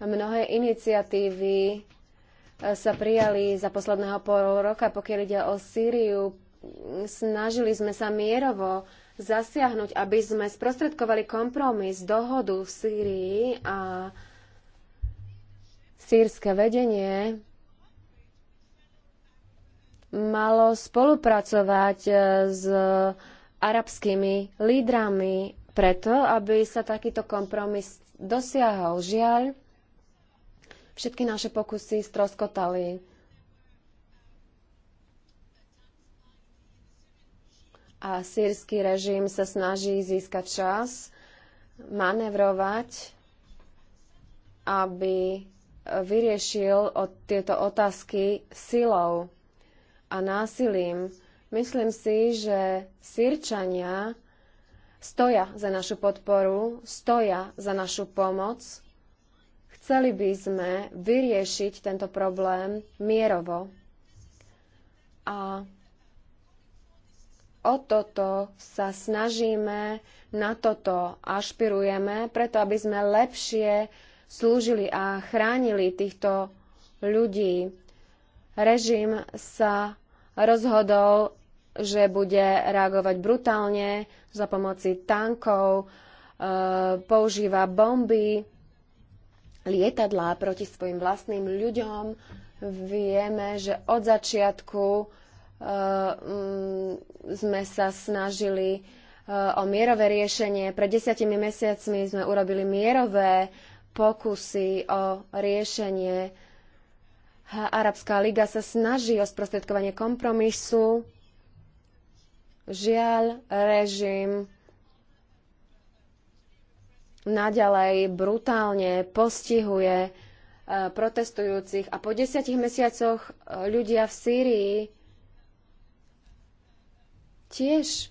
mnohé iniciatívy eh, sa prijali za posledného pol roka, pokiaľ ide o Sýriu. Snažili sme sa mierovo zasiahnuť, aby sme sprostredkovali kompromis, dohodu v Sýrii a sírske vedenie malo spolupracovať e, s arabskými lídrami preto, aby sa takýto kompromis dosiahol. Žiaľ, všetky naše pokusy stroskotali. A sírsky režim sa snaží získať čas, manevrovať, aby vyriešil od tieto otázky silou a násilím. Myslím si, že Sýrčania stoja za našu podporu, stoja za našu pomoc. Chceli by sme vyriešiť tento problém mierovo. A o toto sa snažíme, na toto ašpirujeme, preto aby sme lepšie slúžili a chránili týchto ľudí režim sa rozhodol, že bude reagovať brutálne za pomoci tankov, e, používa bomby, lietadlá proti svojim vlastným ľuďom. Vieme, že od začiatku e, mm, sme sa snažili e, o mierové riešenie. Pred desiatimi mesiacmi sme urobili mierové pokusy o riešenie Arabská liga sa snaží o sprostredkovanie kompromisu. Žiaľ, režim naďalej brutálne postihuje e, protestujúcich a po desiatich mesiacoch e, ľudia v Sýrii tiež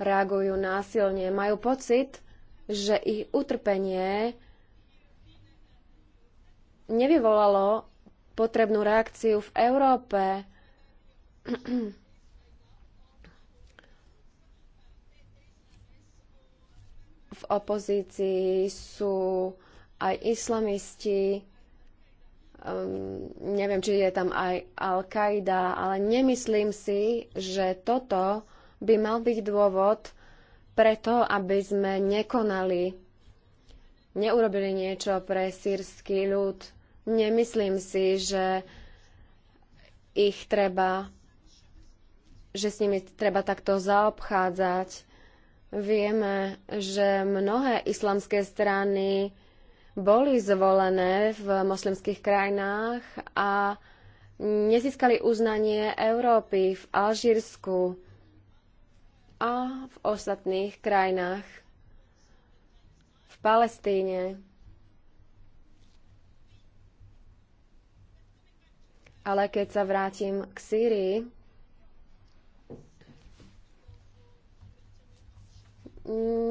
reagujú násilne, majú pocit, že ich utrpenie nevyvolalo potrebnú reakciu v Európe. V opozícii sú aj islamisti, um, neviem, či je tam aj Al-Qaida, ale nemyslím si, že toto by mal byť dôvod preto, aby sme nekonali, neurobili niečo pre sírsky ľud. Nemyslím si, že ich treba, že s nimi treba takto zaobchádzať. Vieme, že mnohé islamské strany boli zvolené v moslimských krajinách a nezískali uznanie Európy v Alžírsku a v ostatných krajinách v Palestíne. Ale keď sa vrátim k Sýrii,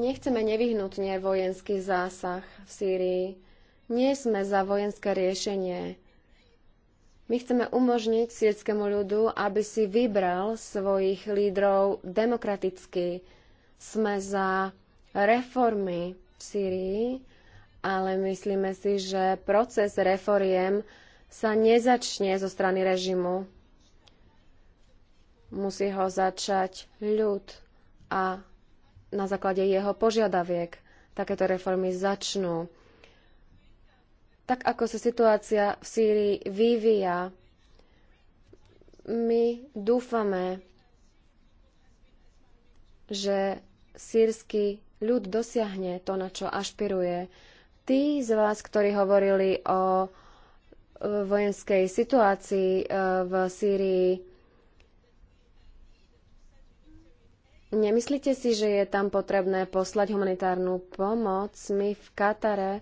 nechceme nevyhnutne vojenský zásah v Sýrii. Nie sme za vojenské riešenie. My chceme umožniť sírskému ľudu, aby si vybral svojich lídrov demokraticky. Sme za reformy v Sýrii, ale myslíme si, že proces reforiem sa nezačne zo strany režimu. Musí ho začať ľud a na základe jeho požiadaviek takéto reformy začnú. Tak ako sa situácia v Sýrii vyvíja, my dúfame, že sírsky ľud dosiahne to, na čo ašpiruje. Tí z vás, ktorí hovorili o vojenskej situácii eh, v Sýrii. Nemyslíte si, že je tam potrebné poslať humanitárnu pomoc? My v Katare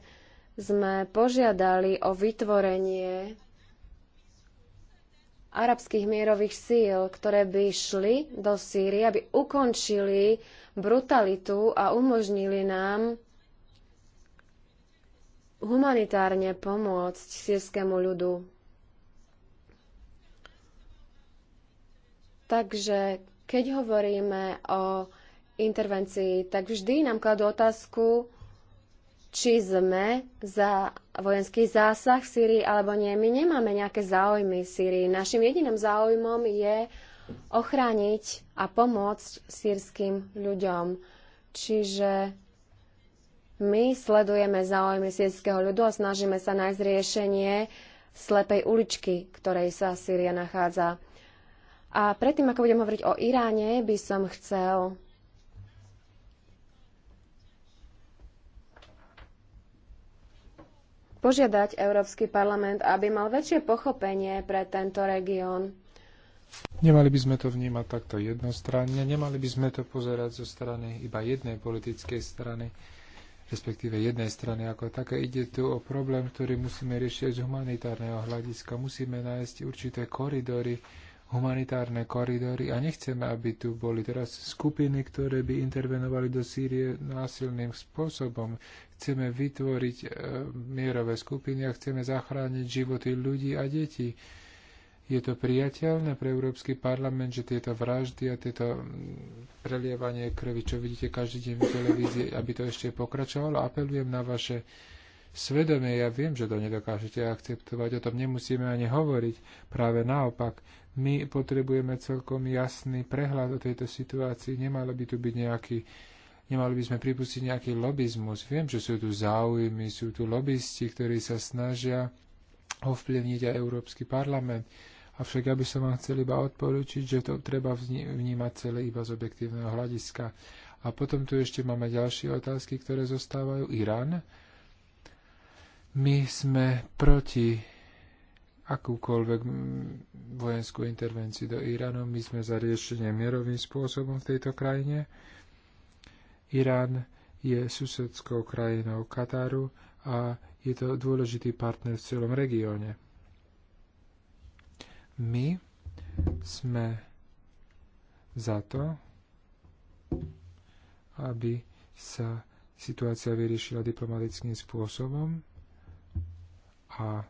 sme požiadali o vytvorenie arabských mierových síl, ktoré by šli do Sýrie, aby ukončili brutalitu a umožnili nám humanitárne pomôcť sírskému ľudu. Takže keď hovoríme o intervencii, tak vždy nám kladú otázku, či sme za vojenský zásah v Sýrii alebo nie. My nemáme nejaké záujmy v Sýrii. Našim jediným záujmom je ochrániť a pomôcť sírským ľuďom. Čiže my sledujeme záujmy sírskeho ľudu a snažíme sa nájsť riešenie slepej uličky, ktorej sa Sýria nachádza. A predtým, ako budem hovoriť o Iráne, by som chcel požiadať Európsky parlament, aby mal väčšie pochopenie pre tento región. Nemali by sme to vnímať takto jednostranne, nemali by sme to pozerať zo strany iba jednej politickej strany respektíve jednej strany ako také. Ide tu o problém, ktorý musíme riešiť z humanitárneho hľadiska. Musíme nájsť určité koridory, humanitárne koridory a nechceme, aby tu boli teraz skupiny, ktoré by intervenovali do Sýrie násilným spôsobom. Chceme vytvoriť e, mierové skupiny a chceme zachrániť životy ľudí a detí. Je to priateľné pre Európsky parlament, že tieto vraždy a tieto mm, prelievanie krvi, čo vidíte každý deň v televízii, aby to ešte pokračovalo? Apelujem na vaše svedomie. Ja viem, že to nedokážete akceptovať, o tom nemusíme ani hovoriť. Práve naopak, my potrebujeme celkom jasný prehľad o tejto situácii. Nemalo by tu byť nejaký Nemali by sme pripustiť nejaký lobizmus. Viem, že sú tu záujmy, sú tu lobbysti, ktorí sa snažia ovplyvniť aj Európsky parlament. Avšak ja by som vám chcel iba odporúčiť, že to treba vnímať celé iba z objektívneho hľadiska. A potom tu ešte máme ďalšie otázky, ktoré zostávajú. Irán. My sme proti akúkoľvek vojenskú intervenciu do Iránu. My sme za riešenie mierovým spôsobom v tejto krajine. Irán je susedskou krajinou Kataru a je to dôležitý partner v celom regióne. My sme za to, aby sa situácia vyriešila diplomatickým spôsobom a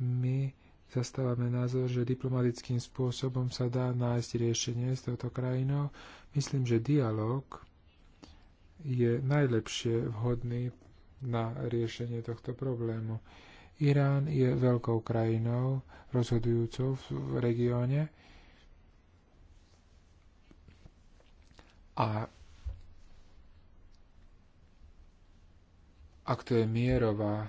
my zastávame názor, že diplomatickým spôsobom sa dá nájsť riešenie s touto krajinou. Myslím, že dialog je najlepšie vhodný na riešenie tohto problému. Irán je veľkou krajinou, rozhodujúcou v regióne a ak to je mierová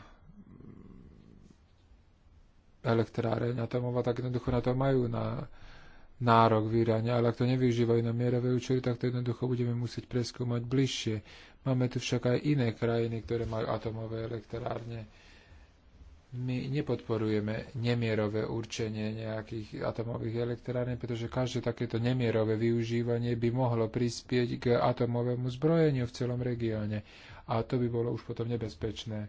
elektráreň atomová, tak jednoducho na to majú na nárok v Iráne, ale ak to nevyužívajú na mierové účely, tak to jednoducho budeme musieť preskúmať bližšie. Máme tu však aj iné krajiny, ktoré majú atomové elektrárne my nepodporujeme nemierové určenie nejakých atomových elektrární, pretože každé takéto nemierové využívanie by mohlo prispieť k atomovému zbrojeniu v celom regióne. A to by bolo už potom nebezpečné.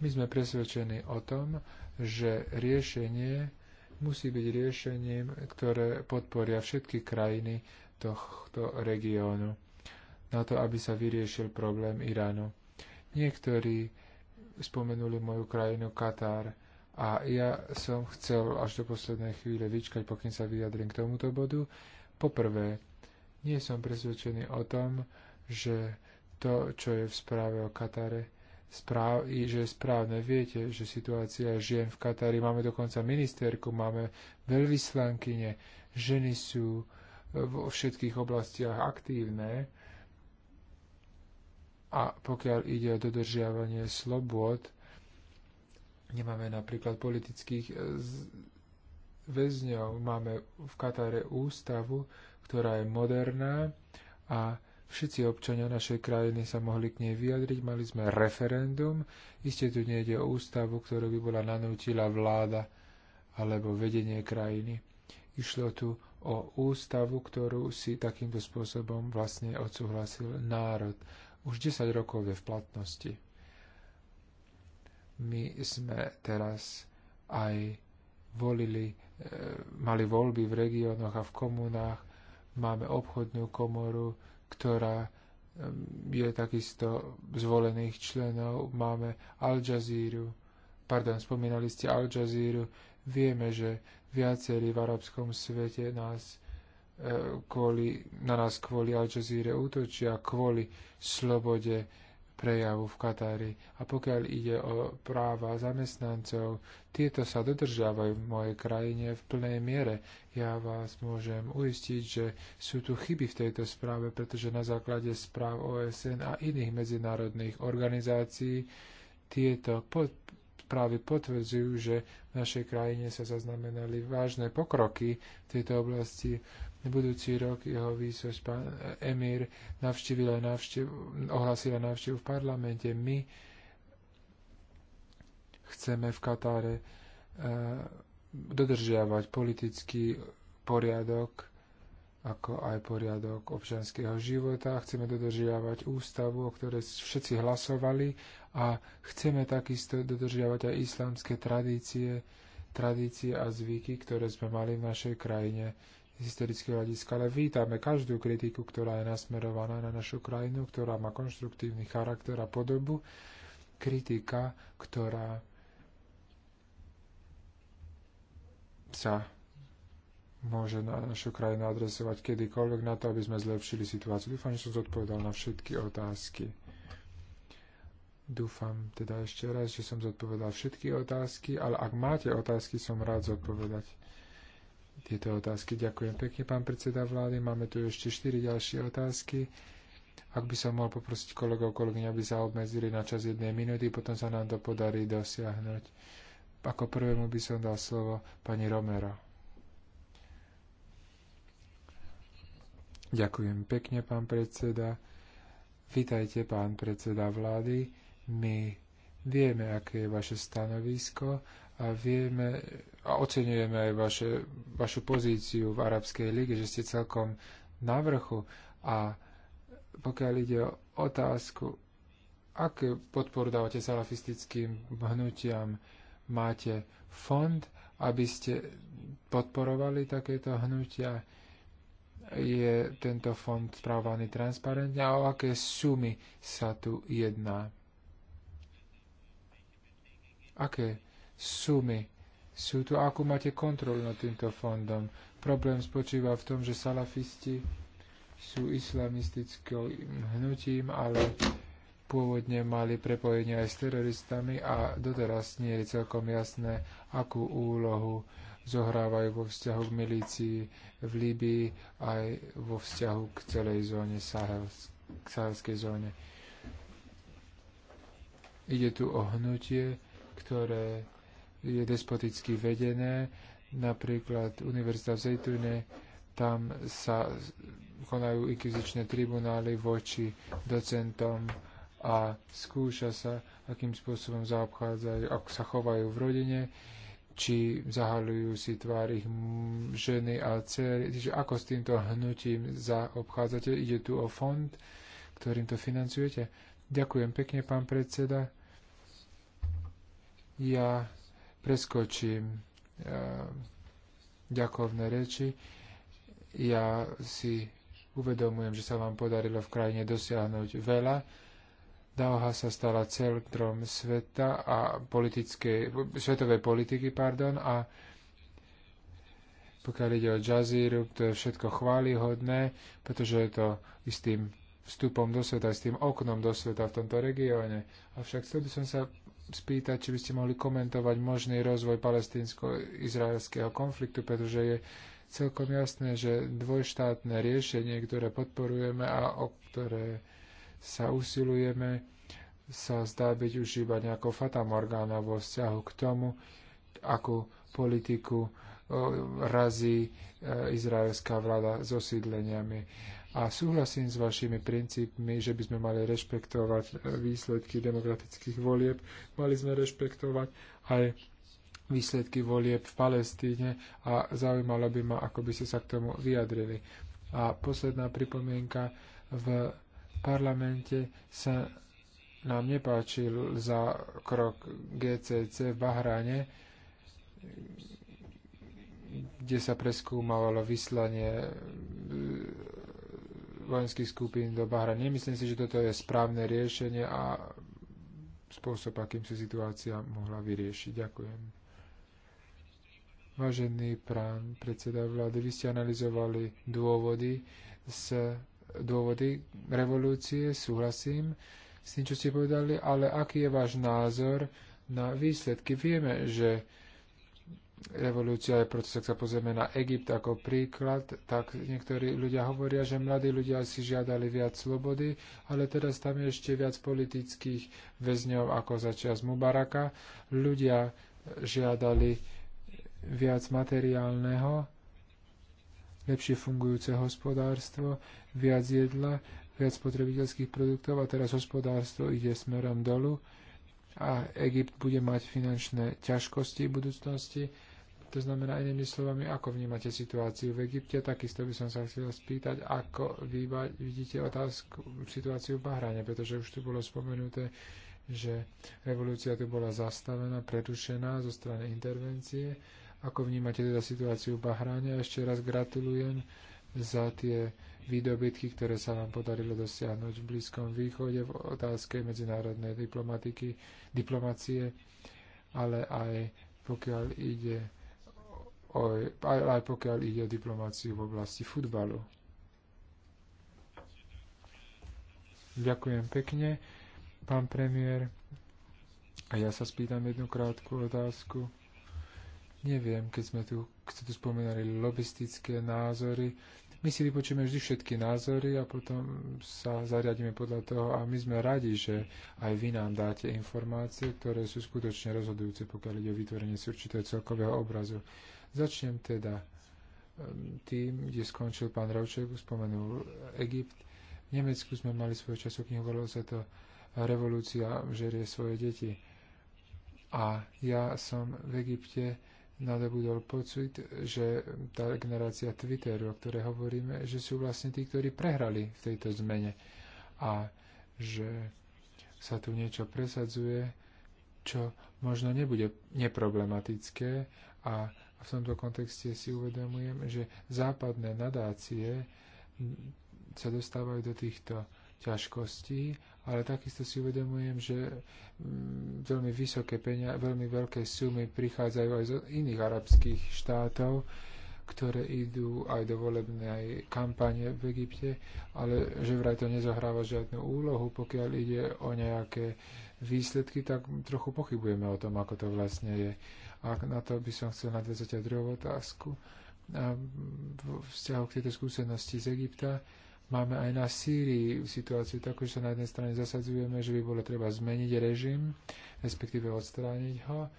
My sme presvedčení o tom, že riešenie musí byť riešením, ktoré podporia všetky krajiny tohto regiónu na to, aby sa vyriešil problém Iránu. Niektorí spomenuli moju krajinu Katar. A ja som chcel až do poslednej chvíle vyčkať, pokým sa vyjadrím k tomuto bodu. Poprvé, nie som presvedčený o tom, že to, čo je v správe o Katare, správ, že je správne. Viete, že situácia žien v Katari, máme dokonca ministerku, máme veľvyslankyne, ženy sú vo všetkých oblastiach aktívne a pokiaľ ide o dodržiavanie slobôd, nemáme napríklad politických e, väzňov, máme v Katare ústavu, ktorá je moderná a všetci občania našej krajiny sa mohli k nej vyjadriť, mali sme referendum, iste tu nejde o ústavu, ktorú by bola nanútila vláda alebo vedenie krajiny. Išlo tu o ústavu, ktorú si takýmto spôsobom vlastne odsúhlasil národ už 10 rokov je v platnosti. My sme teraz aj volili, e, mali voľby v regiónoch a v komunách. Máme obchodnú komoru, ktorá e, je takisto zvolených členov. Máme Al Jazeera, pardon, spomínali ste Al Jazeera. Vieme, že viacerí v arabskom svete nás E, kvôli, na nás kvôli Al Jazeera útočia, kvôli slobode prejavu v Katári. A pokiaľ ide o práva zamestnancov, tieto sa dodržiavajú v mojej krajine v plnej miere. Ja vás môžem uistiť, že sú tu chyby v tejto správe, pretože na základe správ OSN a iných medzinárodných organizácií tieto pod správy potvrdzujú, že v našej krajine sa zaznamenali vážne pokroky v tejto oblasti. V budúci rok jeho výsosť pán Emir navštívila navštív, ohlasila návštevu v parlamente. My chceme v Katáre eh, dodržiavať politický poriadok ako aj poriadok občanského života. Chceme dodržiavať ústavu, o ktorej všetci hlasovali a chceme takisto dodržiavať aj islamské tradície, tradície a zvyky, ktoré sme mali v našej krajine z historického hľadiska. Ale vítame každú kritiku, ktorá je nasmerovaná na našu krajinu, ktorá má konštruktívny charakter a podobu. Kritika, ktorá sa môže na našu krajinu adresovať kedykoľvek na to, aby sme zlepšili situáciu. Dúfam, že som zodpovedal na všetky otázky. Dúfam teda ešte raz, že som zodpovedal všetky otázky, ale ak máte otázky, som rád zodpovedať tieto otázky. Ďakujem pekne, pán predseda vlády. Máme tu ešte 4 ďalšie otázky. Ak by som mohol poprosiť kolegov, kolegyň, aby sa obmedzili na čas jednej minúty, potom sa nám to podarí dosiahnuť. Ako prvému by som dal slovo pani Romero. Ďakujem pekne, pán predseda. Vítajte, pán predseda vlády. My vieme, aké je vaše stanovisko a vieme a oceňujeme aj vaše, vašu pozíciu v Arabskej lige, že ste celkom na vrchu a pokiaľ ide o otázku, aké podporu dávate salafistickým hnutiam, máte fond, aby ste podporovali takéto hnutia? je tento fond správaný transparentne a o aké sumy sa tu jedná. Aké sumy sú tu, Ako máte kontrolu nad týmto fondom. Problém spočíva v tom, že salafisti sú islamistickým hnutím, ale pôvodne mali prepojenie aj s teroristami a doteraz nie je celkom jasné, akú úlohu zohrávajú vo vzťahu k milícii v Líbii aj vo vzťahu k celej zóne Sahel, k sahelskej zóne. Ide tu o hnutie, ktoré je despoticky vedené, napríklad Univerzita v Zejtune, tam sa konajú inkvizičné tribunály voči docentom a skúša sa, akým spôsobom zaobchádzajú, ako sa chovajú v rodine či zahalujú si tvár ich ženy a dcery, čiže ako s týmto hnutím zaobchádzate. Ide tu o fond, ktorým to financujete. Ďakujem pekne, pán predseda. Ja preskočím e, ďakovné reči. Ja si uvedomujem, že sa vám podarilo v krajine dosiahnuť veľa Dauha sa stala centrom sveta a politickej, svetovej politiky, pardon, a pokiaľ ide o Jazíru, to je všetko chválihodné, pretože je to istým vstupom do sveta, s tým oknom do sveta v tomto regióne. Avšak chcel by som sa spýtať, či by ste mohli komentovať možný rozvoj palestínsko-izraelského konfliktu, pretože je celkom jasné, že dvojštátne riešenie, ktoré podporujeme a o ktoré sa usilujeme, sa zdá byť už iba nejakou fatamorgánou vo vzťahu k tomu, akú politiku razí e, izraelská vláda s osídleniami. A súhlasím s vašimi princípmi, že by sme mali rešpektovať e, výsledky demokratických volieb, mali sme rešpektovať aj výsledky volieb v Palestíne a zaujímalo by ma, ako by ste sa k tomu vyjadrili. A posledná pripomienka v parlamente sa nám nepáčil za krok GCC v Bahrane, kde sa preskúmalo vyslanie e, vojenských skupín do Bahrane. Nemyslím si, že toto je správne riešenie a spôsob, akým sa situácia mohla vyriešiť. Ďakujem. Vážený pán predseda vlády, vy ste analyzovali dôvody z dôvody revolúcie, súhlasím s tým, čo ste povedali, ale aký je váš názor na výsledky? Vieme, že revolúcia je proces, ak sa pozrieme na Egypt ako príklad, tak niektorí ľudia hovoria, že mladí ľudia si žiadali viac slobody, ale teraz tam je ešte viac politických väzňov ako začias Mubaraka. Ľudia žiadali viac materiálneho lepšie fungujúce hospodárstvo, viac jedla, viac spotrebiteľských produktov a teraz hospodárstvo ide smerom dolu a Egypt bude mať finančné ťažkosti v budúcnosti. To znamená, inými slovami, ako vnímate situáciu v Egypte, takisto by som sa chcel spýtať, ako vy vidíte otázku, situáciu v Bahrane, pretože už tu bolo spomenuté, že revolúcia tu bola zastavená, pretušená zo strany intervencie ako vnímate teda situáciu v Bahráne? Ešte raz gratulujem za tie výdobytky, ktoré sa vám podarilo dosiahnuť v Blízkom východe v otázke medzinárodnej diplomatiky, diplomacie, ale aj pokiaľ ide o, aj, aj pokiaľ ide o diplomáciu v oblasti futbalu. Ďakujem pekne, pán premiér. A ja sa spýtam jednu krátku otázku. Neviem, keď sme tu, keď sme tu spomenali lobistické názory. My si vypočujeme vždy všetky názory a potom sa zariadíme podľa toho a my sme radi, že aj vy nám dáte informácie, ktoré sú skutočne rozhodujúce, pokiaľ ide o vytvorenie si určitého celkového obrazu. Začnem teda ehm, tým, kde skončil pán Ravček, spomenul Egypt. V Nemecku sme mali svoju času knihu, volalo sa to Revolúcia žerie svoje deti. A ja som v Egypte nadobudol pocit, že tá generácia Twitteru, o ktorej hovoríme, že sú vlastne tí, ktorí prehrali v tejto zmene a že sa tu niečo presadzuje, čo možno nebude neproblematické a v tomto kontexte si uvedomujem, že západné nadácie sa dostávajú do týchto ťažkostí ale takisto si uvedomujem, že mm, veľmi vysoké penia, veľmi veľké sumy prichádzajú aj z iných arabských štátov, ktoré idú aj do volebnej kampane v Egypte, ale že vraj to nezohráva žiadnu úlohu, pokiaľ ide o nejaké výsledky, tak trochu pochybujeme o tom, ako to vlastne je. A na to by som chcel nadviazať aj druhú otázku. A vzťahu k tejto skúsenosti z Egypta, Máme aj na Sýrii situáciu takú, že sa na jednej strane zasadzujeme, že by bolo treba zmeniť režim, respektíve odstrániť ho. Ehm,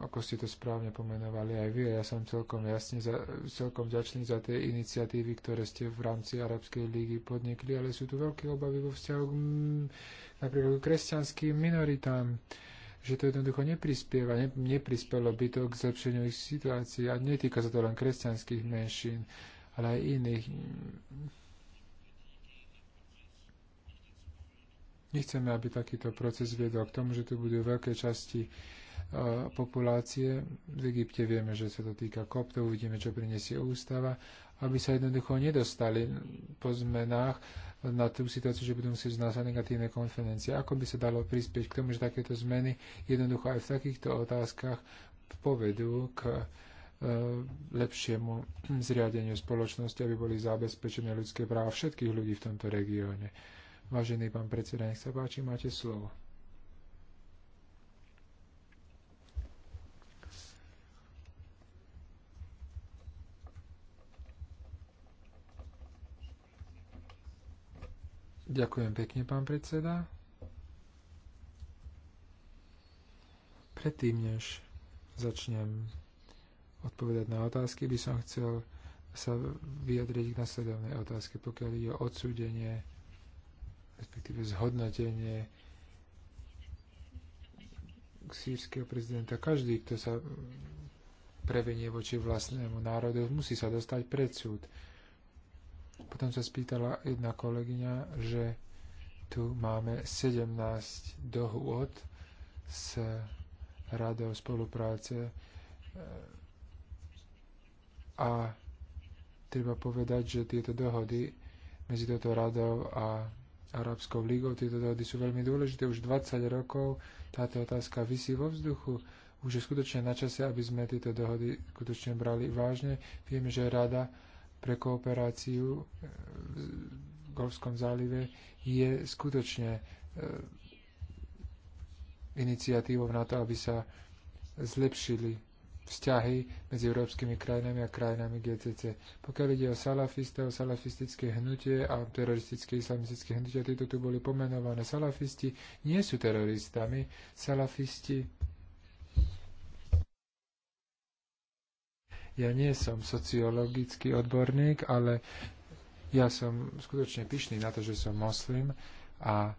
ako ste to správne pomenovali aj vy, ja som celkom jasne, za, celkom vďačný za tie iniciatívy, ktoré ste v rámci Arabskej lígy podnikli, ale sú tu veľké obavy vo vzťahu k, napríklad k kresťanským minoritám že to jednoducho neprispieva, ne, neprispelo by to k zlepšeniu ich situácií a netýka sa to len kresťanských menšín, ale aj iných. Nechceme, aby takýto proces viedol k tomu, že tu budú veľké časti e, populácie. V Egypte vieme, že sa to týka koptov, uvidíme, čo prinesie ústava, aby sa jednoducho nedostali po zmenách na tú situáciu, že budú musieť znásať negatívne konferencie. Ako by sa dalo prispieť k tomu, že takéto zmeny jednoducho aj v takýchto otázkach povedú k e, lepšiemu zriadeniu spoločnosti, aby boli zabezpečené ľudské práva všetkých ľudí v tomto regióne. Vážený pán predseda, nech sa páči, máte slovo. Ďakujem pekne, pán predseda. Predtým, než začnem odpovedať na otázky, by som chcel sa vyjadriť k nasledovnej otázke, pokiaľ ide o odsúdenie respektíve zhodnotenie sírskeho prezidenta. Každý, kto sa prevenie voči vlastnému národu, musí sa dostať pred súd. Potom sa spýtala jedna kolegyňa, že tu máme 17 dohôd s radou spolupráce e, a treba povedať, že tieto dohody medzi touto radou a Arabskou ligou. Tieto dohody sú veľmi dôležité. Už 20 rokov táto otázka vysí vo vzduchu. Už je skutočne na čase, aby sme tieto dohody skutočne brali vážne. Vieme, že Rada pre kooperáciu e, v Golfskom zálive je skutočne e, iniciatívou na to, aby sa zlepšili vzťahy medzi európskymi krajinami a krajinami GCC. Pokiaľ ide o salafistov, salafistické hnutie a teroristické islamistické hnutia, tieto tu boli pomenované. Salafisti nie sú teroristami, salafisti Ja nie som sociologický odborník, ale ja som skutočne pyšný na to, že som moslim a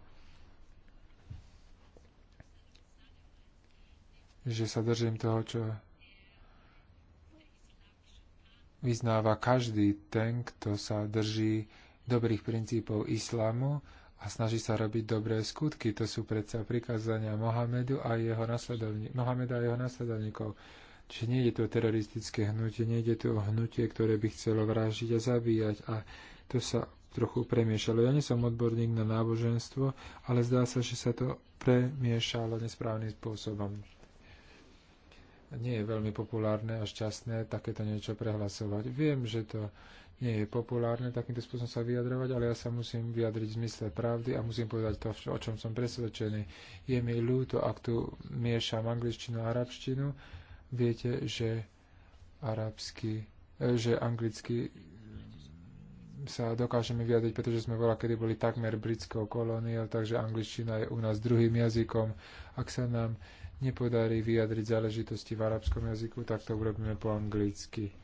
že sa držím toho, čo vyznáva každý ten, kto sa drží dobrých princípov islamu a snaží sa robiť dobré skutky. To sú predsa prikázania Mohamedu a jeho nasledovní- Mohameda a jeho nasledovníkov. Čiže nie je to teroristické hnutie, nie je to o hnutie, ktoré by chcelo vražiť a zabíjať. A to sa trochu premiešalo. Ja nie som odborník na náboženstvo, ale zdá sa, že sa to premiešalo nesprávnym spôsobom nie je veľmi populárne a šťastné takéto niečo prehlasovať. Viem, že to nie je populárne takýmto spôsobom sa vyjadrovať, ale ja sa musím vyjadriť v zmysle pravdy a musím povedať to, o čom som presvedčený. Je mi ľúto, ak tu miešam angličtinu a arabštinu. Viete, že arabsky, e, že anglicky sa dokážeme vyjadriť, pretože sme bola, kedy boli takmer britskou kolóniou, takže angličtina je u nás druhým jazykom. Ak sa nám nepodarí vyjadriť záležitosti v arabskom jazyku, tak to urobíme po anglicky.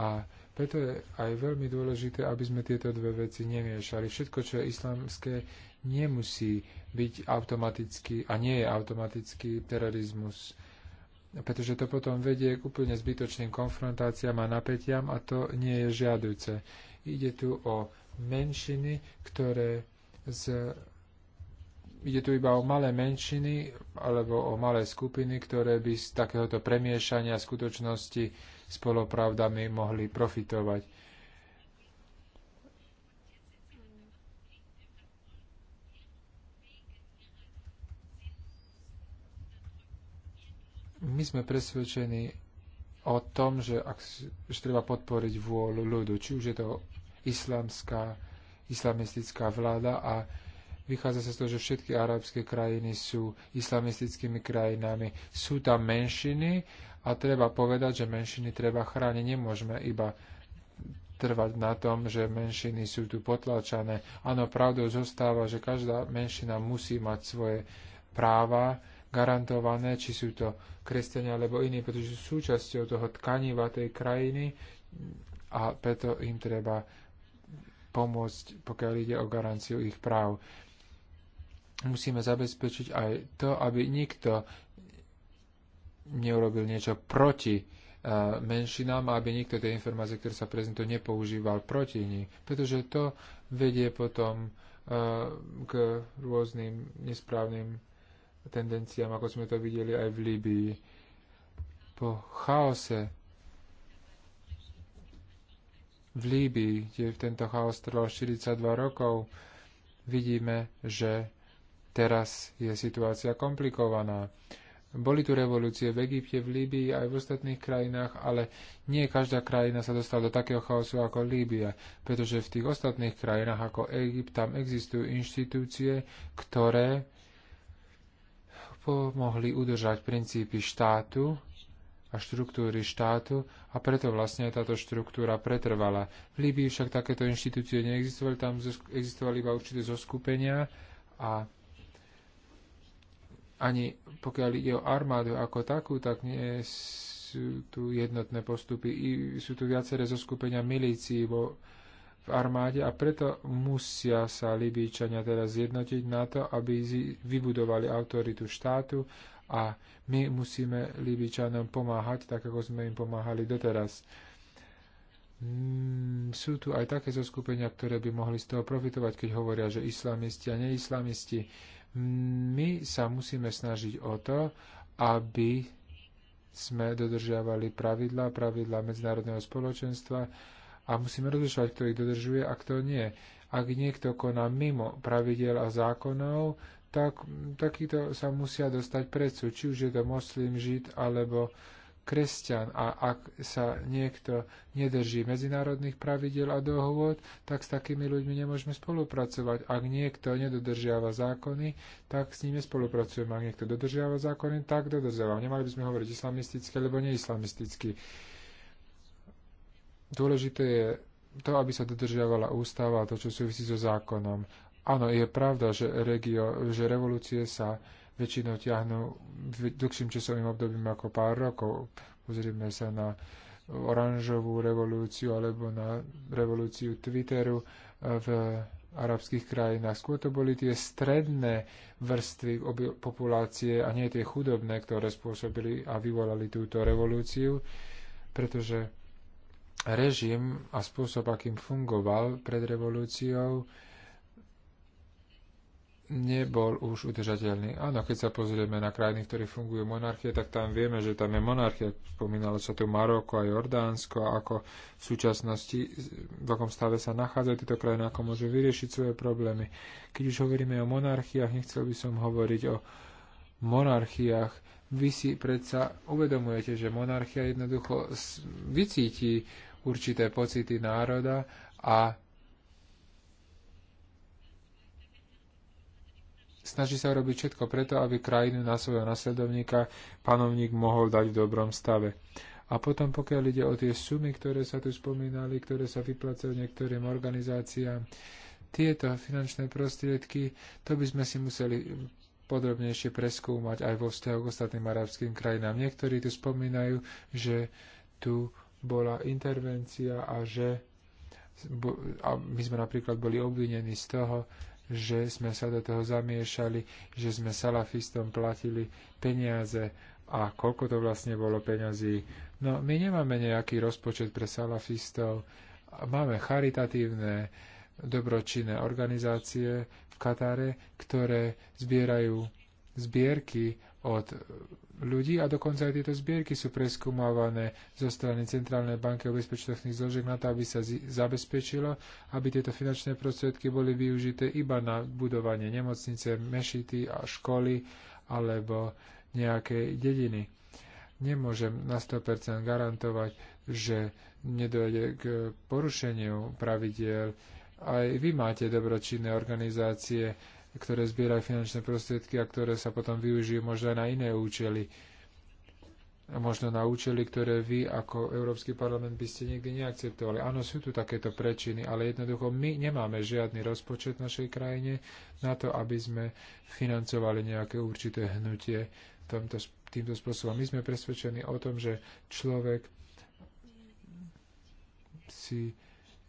A preto je aj veľmi dôležité, aby sme tieto dve veci nemiešali. Všetko, čo je islamské, nemusí byť automaticky a nie je automaticky terorizmus pretože to potom vedie k úplne zbytočným konfrontáciám a napätiam a to nie je žiaduce. Ide tu o menšiny, ktoré z ide tu iba o malé menšiny alebo o malé skupiny, ktoré by z takéhoto premiešania skutočnosti s polopravdami mohli profitovať. My sme presvedčení o tom, že, ak, že treba podporiť vôľu ľudu, či už je to islamská, islamistická vláda a Vychádza sa z toho, že všetky arabské krajiny sú islamistickými krajinami. Sú tam menšiny a treba povedať, že menšiny treba chrániť. Nemôžeme iba trvať na tom, že menšiny sú tu potlačané. Áno, pravdou zostáva, že každá menšina musí mať svoje práva garantované, či sú to kresťania alebo iní, pretože sú súčasťou toho tkaniva tej krajiny a preto im treba pomôcť, pokiaľ ide o garanciu ich práv musíme zabezpečiť aj to, aby nikto neurobil niečo proti e, menšinám a aby nikto tie informácie, ktoré sa prezentujú, nepoužíval proti nim. Pretože to vedie potom e, k rôznym nesprávnym tendenciám, ako sme to videli aj v Líbii. Po chaose v Líbii, kde tento chaos trval 42 rokov, vidíme, že Teraz je situácia komplikovaná. Boli tu revolúcie v Egypte, v Líbii aj v ostatných krajinách, ale nie každá krajina sa dostala do takého chaosu ako Líbia, pretože v tých ostatných krajinách ako Egypt tam existujú inštitúcie, ktoré pomohli udržať princípy štátu a štruktúry štátu a preto vlastne táto štruktúra pretrvala. V Líbii však takéto inštitúcie neexistovali, tam existovali iba určité zoskupenia a ani pokiaľ ide o armádu ako takú, tak nie sú tu jednotné postupy. I sú tu viaceré zoskupenia milícií vo, v armáde a preto musia sa Libíčania teraz zjednotiť na to, aby vybudovali autoritu štátu a my musíme Libíčanom pomáhať, tak ako sme im pomáhali doteraz. Mm, sú tu aj také zoskupenia, ktoré by mohli z toho profitovať, keď hovoria, že islamisti a neislamisti my sa musíme snažiť o to, aby sme dodržiavali pravidlá, pravidlá medzinárodného spoločenstva a musíme rozlišovať, kto ich dodržuje a kto nie. Ak niekto koná mimo pravidel a zákonov, tak takýto sa musia dostať pred či už je to moslim, žid alebo uh, kresťan a ak sa niekto nedrží medzinárodných pravidel a dohôd, tak s takými ľuďmi nemôžeme spolupracovať. Ak niekto nedodržiava zákony, tak s nimi spolupracujeme. Ak niekto dodržiava zákony, tak dodržiava. Nemali by sme hovoriť islamisticky alebo neislamisticky. Dôležité je to, aby sa dodržiavala ústava a to, čo súvisí so zákonom. Áno, je pravda, že, regio, že revolúcie sa väčšinou ťahnú dlhším časovým obdobím ako pár rokov. Pozrieme sa na oranžovú revolúciu alebo na revolúciu Twitteru e, v arabských krajinách. Skôr to boli tie stredné vrstvy populácie a nie tie chudobné, ktoré spôsobili a vyvolali túto revolúciu, pretože režim a spôsob, akým fungoval pred revolúciou, nebol už udržateľný. Áno, keď sa pozrieme na krajiny, ktoré fungujú monarchie, tak tam vieme, že tam je monarchia. Spomínalo sa tu Maroko a Jordánsko, ako v súčasnosti, v akom stave sa nachádzajú tieto krajiny, ako môžu vyriešiť svoje problémy. Keď už hovoríme o monarchiách, nechcel by som hovoriť o monarchiách. Vy si predsa uvedomujete, že monarchia jednoducho vycíti určité pocity národa a snaží sa robiť všetko preto, aby krajinu na svojho nasledovníka panovník mohol dať v dobrom stave. A potom, pokiaľ ide o tie sumy, ktoré sa tu spomínali, ktoré sa vyplacajú niektorým organizáciám, tieto finančné prostriedky, to by sme si museli podrobnejšie preskúmať aj vo vzťahu k ostatným arabským krajinám. Niektorí tu spomínajú, že tu bola intervencia a že a my sme napríklad boli obvinení z toho, že sme sa do toho zamiešali, že sme salafistom platili peniaze a koľko to vlastne bolo peňazí. No my nemáme nejaký rozpočet pre salafistov, máme charitatívne dobročinné organizácie v Katare, ktoré zbierajú zbierky od ľudí a dokonca aj tieto zbierky sú preskúmavané zo strany Centrálnej banky o bezpečnostných zložiek na to, aby sa zabezpečilo, aby tieto finančné prostriedky boli využité iba na budovanie nemocnice, mešity a školy alebo nejakej dediny. Nemôžem na 100% garantovať, že nedojde k porušeniu pravidiel. Aj vy máte dobročinné organizácie, ktoré zbierajú finančné prostriedky a ktoré sa potom využijú možno aj na iné účely. A možno na účely, ktoré vy ako Európsky parlament by ste nikdy neakceptovali. Áno, sú tu takéto prečiny, ale jednoducho my nemáme žiadny rozpočet v našej krajine na to, aby sme financovali nejaké určité hnutie tomto, týmto spôsobom. My sme presvedčení o tom, že človek si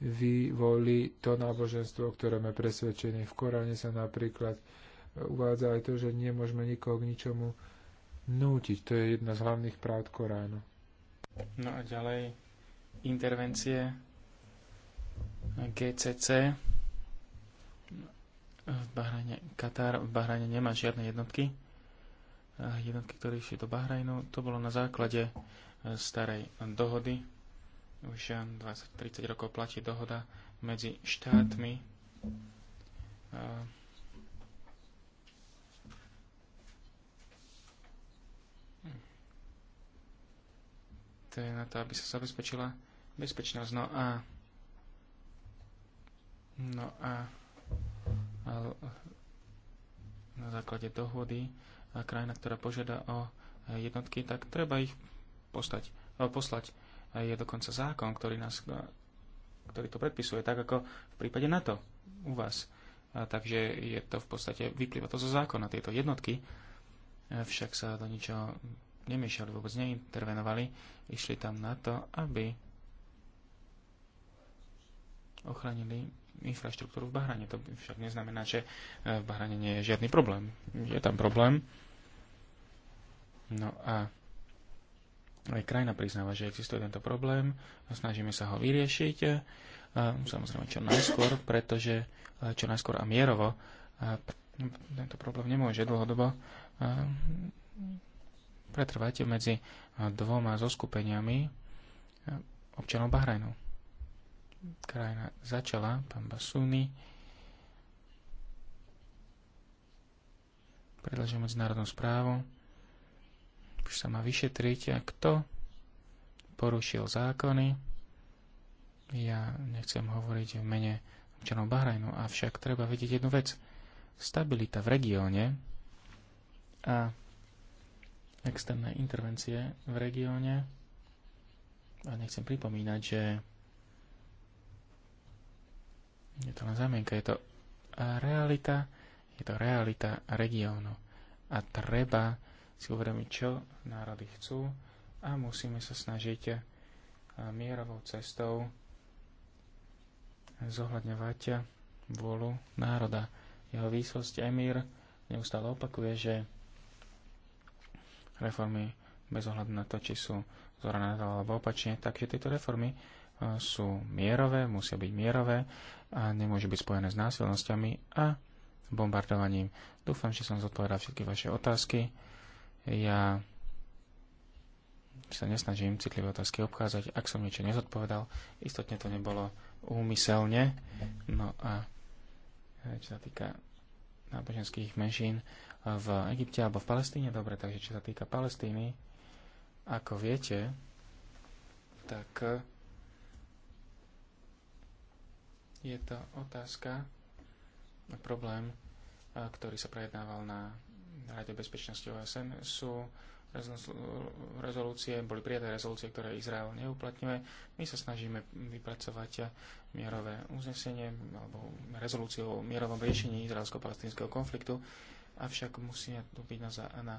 vyvolí to náboženstvo, o ktorom je presvedčený. V Koráne sa napríklad e, uvádza aj to, že nemôžeme nikoho k ničomu nútiť. To je jedna z hlavných práv Koránu. No a ďalej intervencie GCC v Bahrajne, Katar v Bahrajne nemá žiadne jednotky. Jednotky, ktoré išli do Bahrajnu, to bolo na základe e, starej dohody už 20-30 eh, rokov platí dohoda medzi štátmi eh, to je na to, aby sa zabezpečila bezpečnosť. No a no a, a na základe dohody a krajina, ktorá požiada o jednotky, tak treba ich postať, poslať eh, je dokonca zákon, ktorý, nás, ktorý to predpisuje, tak ako v prípade NATO u vás. A takže je to v podstate, vyplýva to zo zákona. Tieto jednotky však sa do ničoho nemiešali, vôbec neintervenovali. Išli tam na to, aby ochránili infraštruktúru v Bahrane. To však neznamená, že eh, v Bahrane nie je žiadny problém. Je tam problém. No a aj krajina priznáva, že existuje tento problém a snažíme sa ho vyriešiť. Samozrejme čo najskôr, pretože čo najskôr a mierovo tento problém nemôže dlhodobo pretrvať medzi dvoma zoskupeniami občanov Bahrajnu. Krajina začala, pán Basúny, predlažil medzinárodnú správu, už sa má vyšetriť, kto porušil zákony. Ja nechcem hovoriť v mene občanov Bahrajnu, avšak treba vedieť jednu vec. Stabilita v regióne a externé intervencie v regióne. A nechcem pripomínať, že je to len zamienka, je to realita, je to realita regiónu. A treba si uvedomiť, čo národy chcú a musíme sa snažiť eh, mierovou cestou zohľadňovať eh, vôľu národa. Jeho výsosť Emír neustále opakuje, že reformy bez ohľadu na to, či sú zorané alebo opačne, takže tieto reformy eh, sú mierové, musia byť mierové a nemôžu byť spojené s násilnosťami a bombardovaním. Dúfam, že som zodpovedal všetky vaše otázky ja sa nesnažím citlivé otázky obchádzať. Ak som niečo nezodpovedal, istotne to nebolo úmyselne. No a eh, čo sa týka náboženských menšín eh, v Egypte alebo v Palestíne, dobre, takže čo sa týka Palestíny, ako viete, tak eh, je to otázka, problém, ktorý sa prejednával na Rade bezpečnosti OSN sú rezolúcie, boli prijaté rezolúcie, ktoré Izrael neuplatňuje. My sa snažíme vypracovať mierové uznesenie alebo rezolúciu o mierovom riešení izraelsko-palestinského konfliktu, avšak musia to byť na, na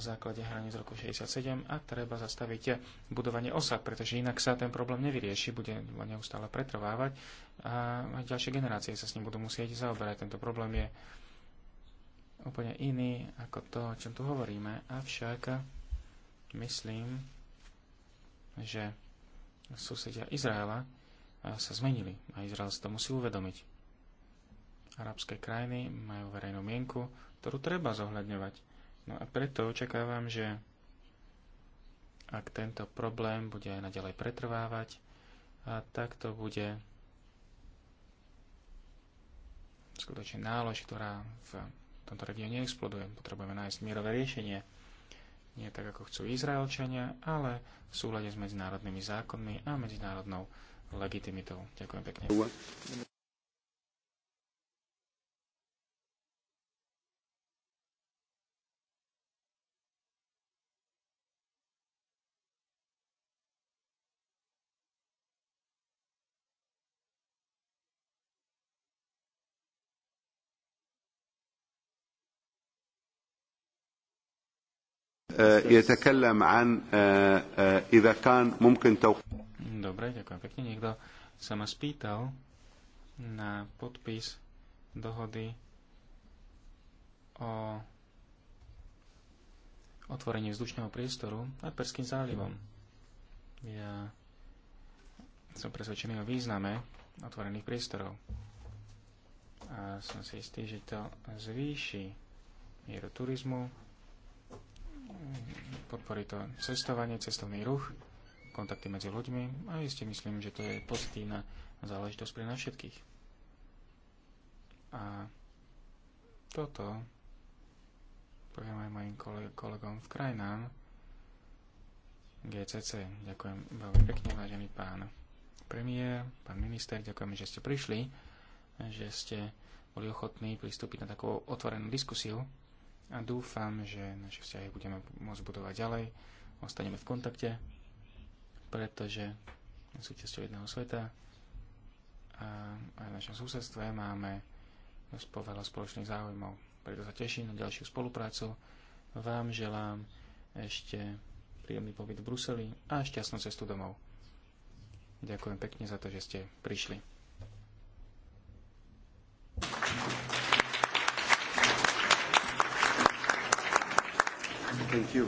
základe hraní z roku 67 a treba zastaviť budovanie osad, pretože inak sa ten problém nevyrieši, bude neustále pretrvávať a ďalšie generácie sa s ním budú musieť zaoberať. Tento problém je úplne iný ako to, o čom tu hovoríme. Avšak myslím, že susedia Izraela eh, sa zmenili a Izrael si to musí uvedomiť. Arabské krajiny majú verejnú mienku, ktorú treba zohľadňovať. No a preto očakávam, že ak tento problém bude aj naďalej pretrvávať, a tak to bude skutočne nálož, ktorá v tomto regióne neexploduje. Potrebujeme nájsť mierové riešenie. Nie tak, ako chcú Izraelčania, ale v súlade s medzinárodnými zákonmi a medzinárodnou legitimitou. Ďakujem pekne. يتكلم عن إذا كان ممكن توقيت Dobre, ďakujem pekne. Niekto sa ma spýtal na podpis dohody o otvorení vzdušného priestoru nad Perským zálivom. Ja som presvedčený o význame otvorených priestorov. A som si istý, že to zvýši mieru turizmu, podporí to cestovanie, cestovný ruch, kontakty medzi ľuďmi a iste myslím, že to je pozitívna záležitosť pre nás všetkých. A toto poviem aj mojim kolegom v krajinám GCC. Ďakujem veľmi pekne, vážený pán premiér, pán minister, ďakujem, že ste prišli, že ste boli ochotní pristúpiť na takú otvorenú diskusiu a dúfam, že naše vzťahy budeme môcť budovať ďalej, ostaneme v kontakte, pretože sú súčasťou jedného sveta a aj v našom susedstve máme dosť veľa spoločných záujmov. Preto sa teším na ďalšiu spoluprácu. Vám želám ešte príjemný pobyt v Bruseli a šťastnú cestu domov. Ďakujem pekne za to, že ste prišli. Thank you.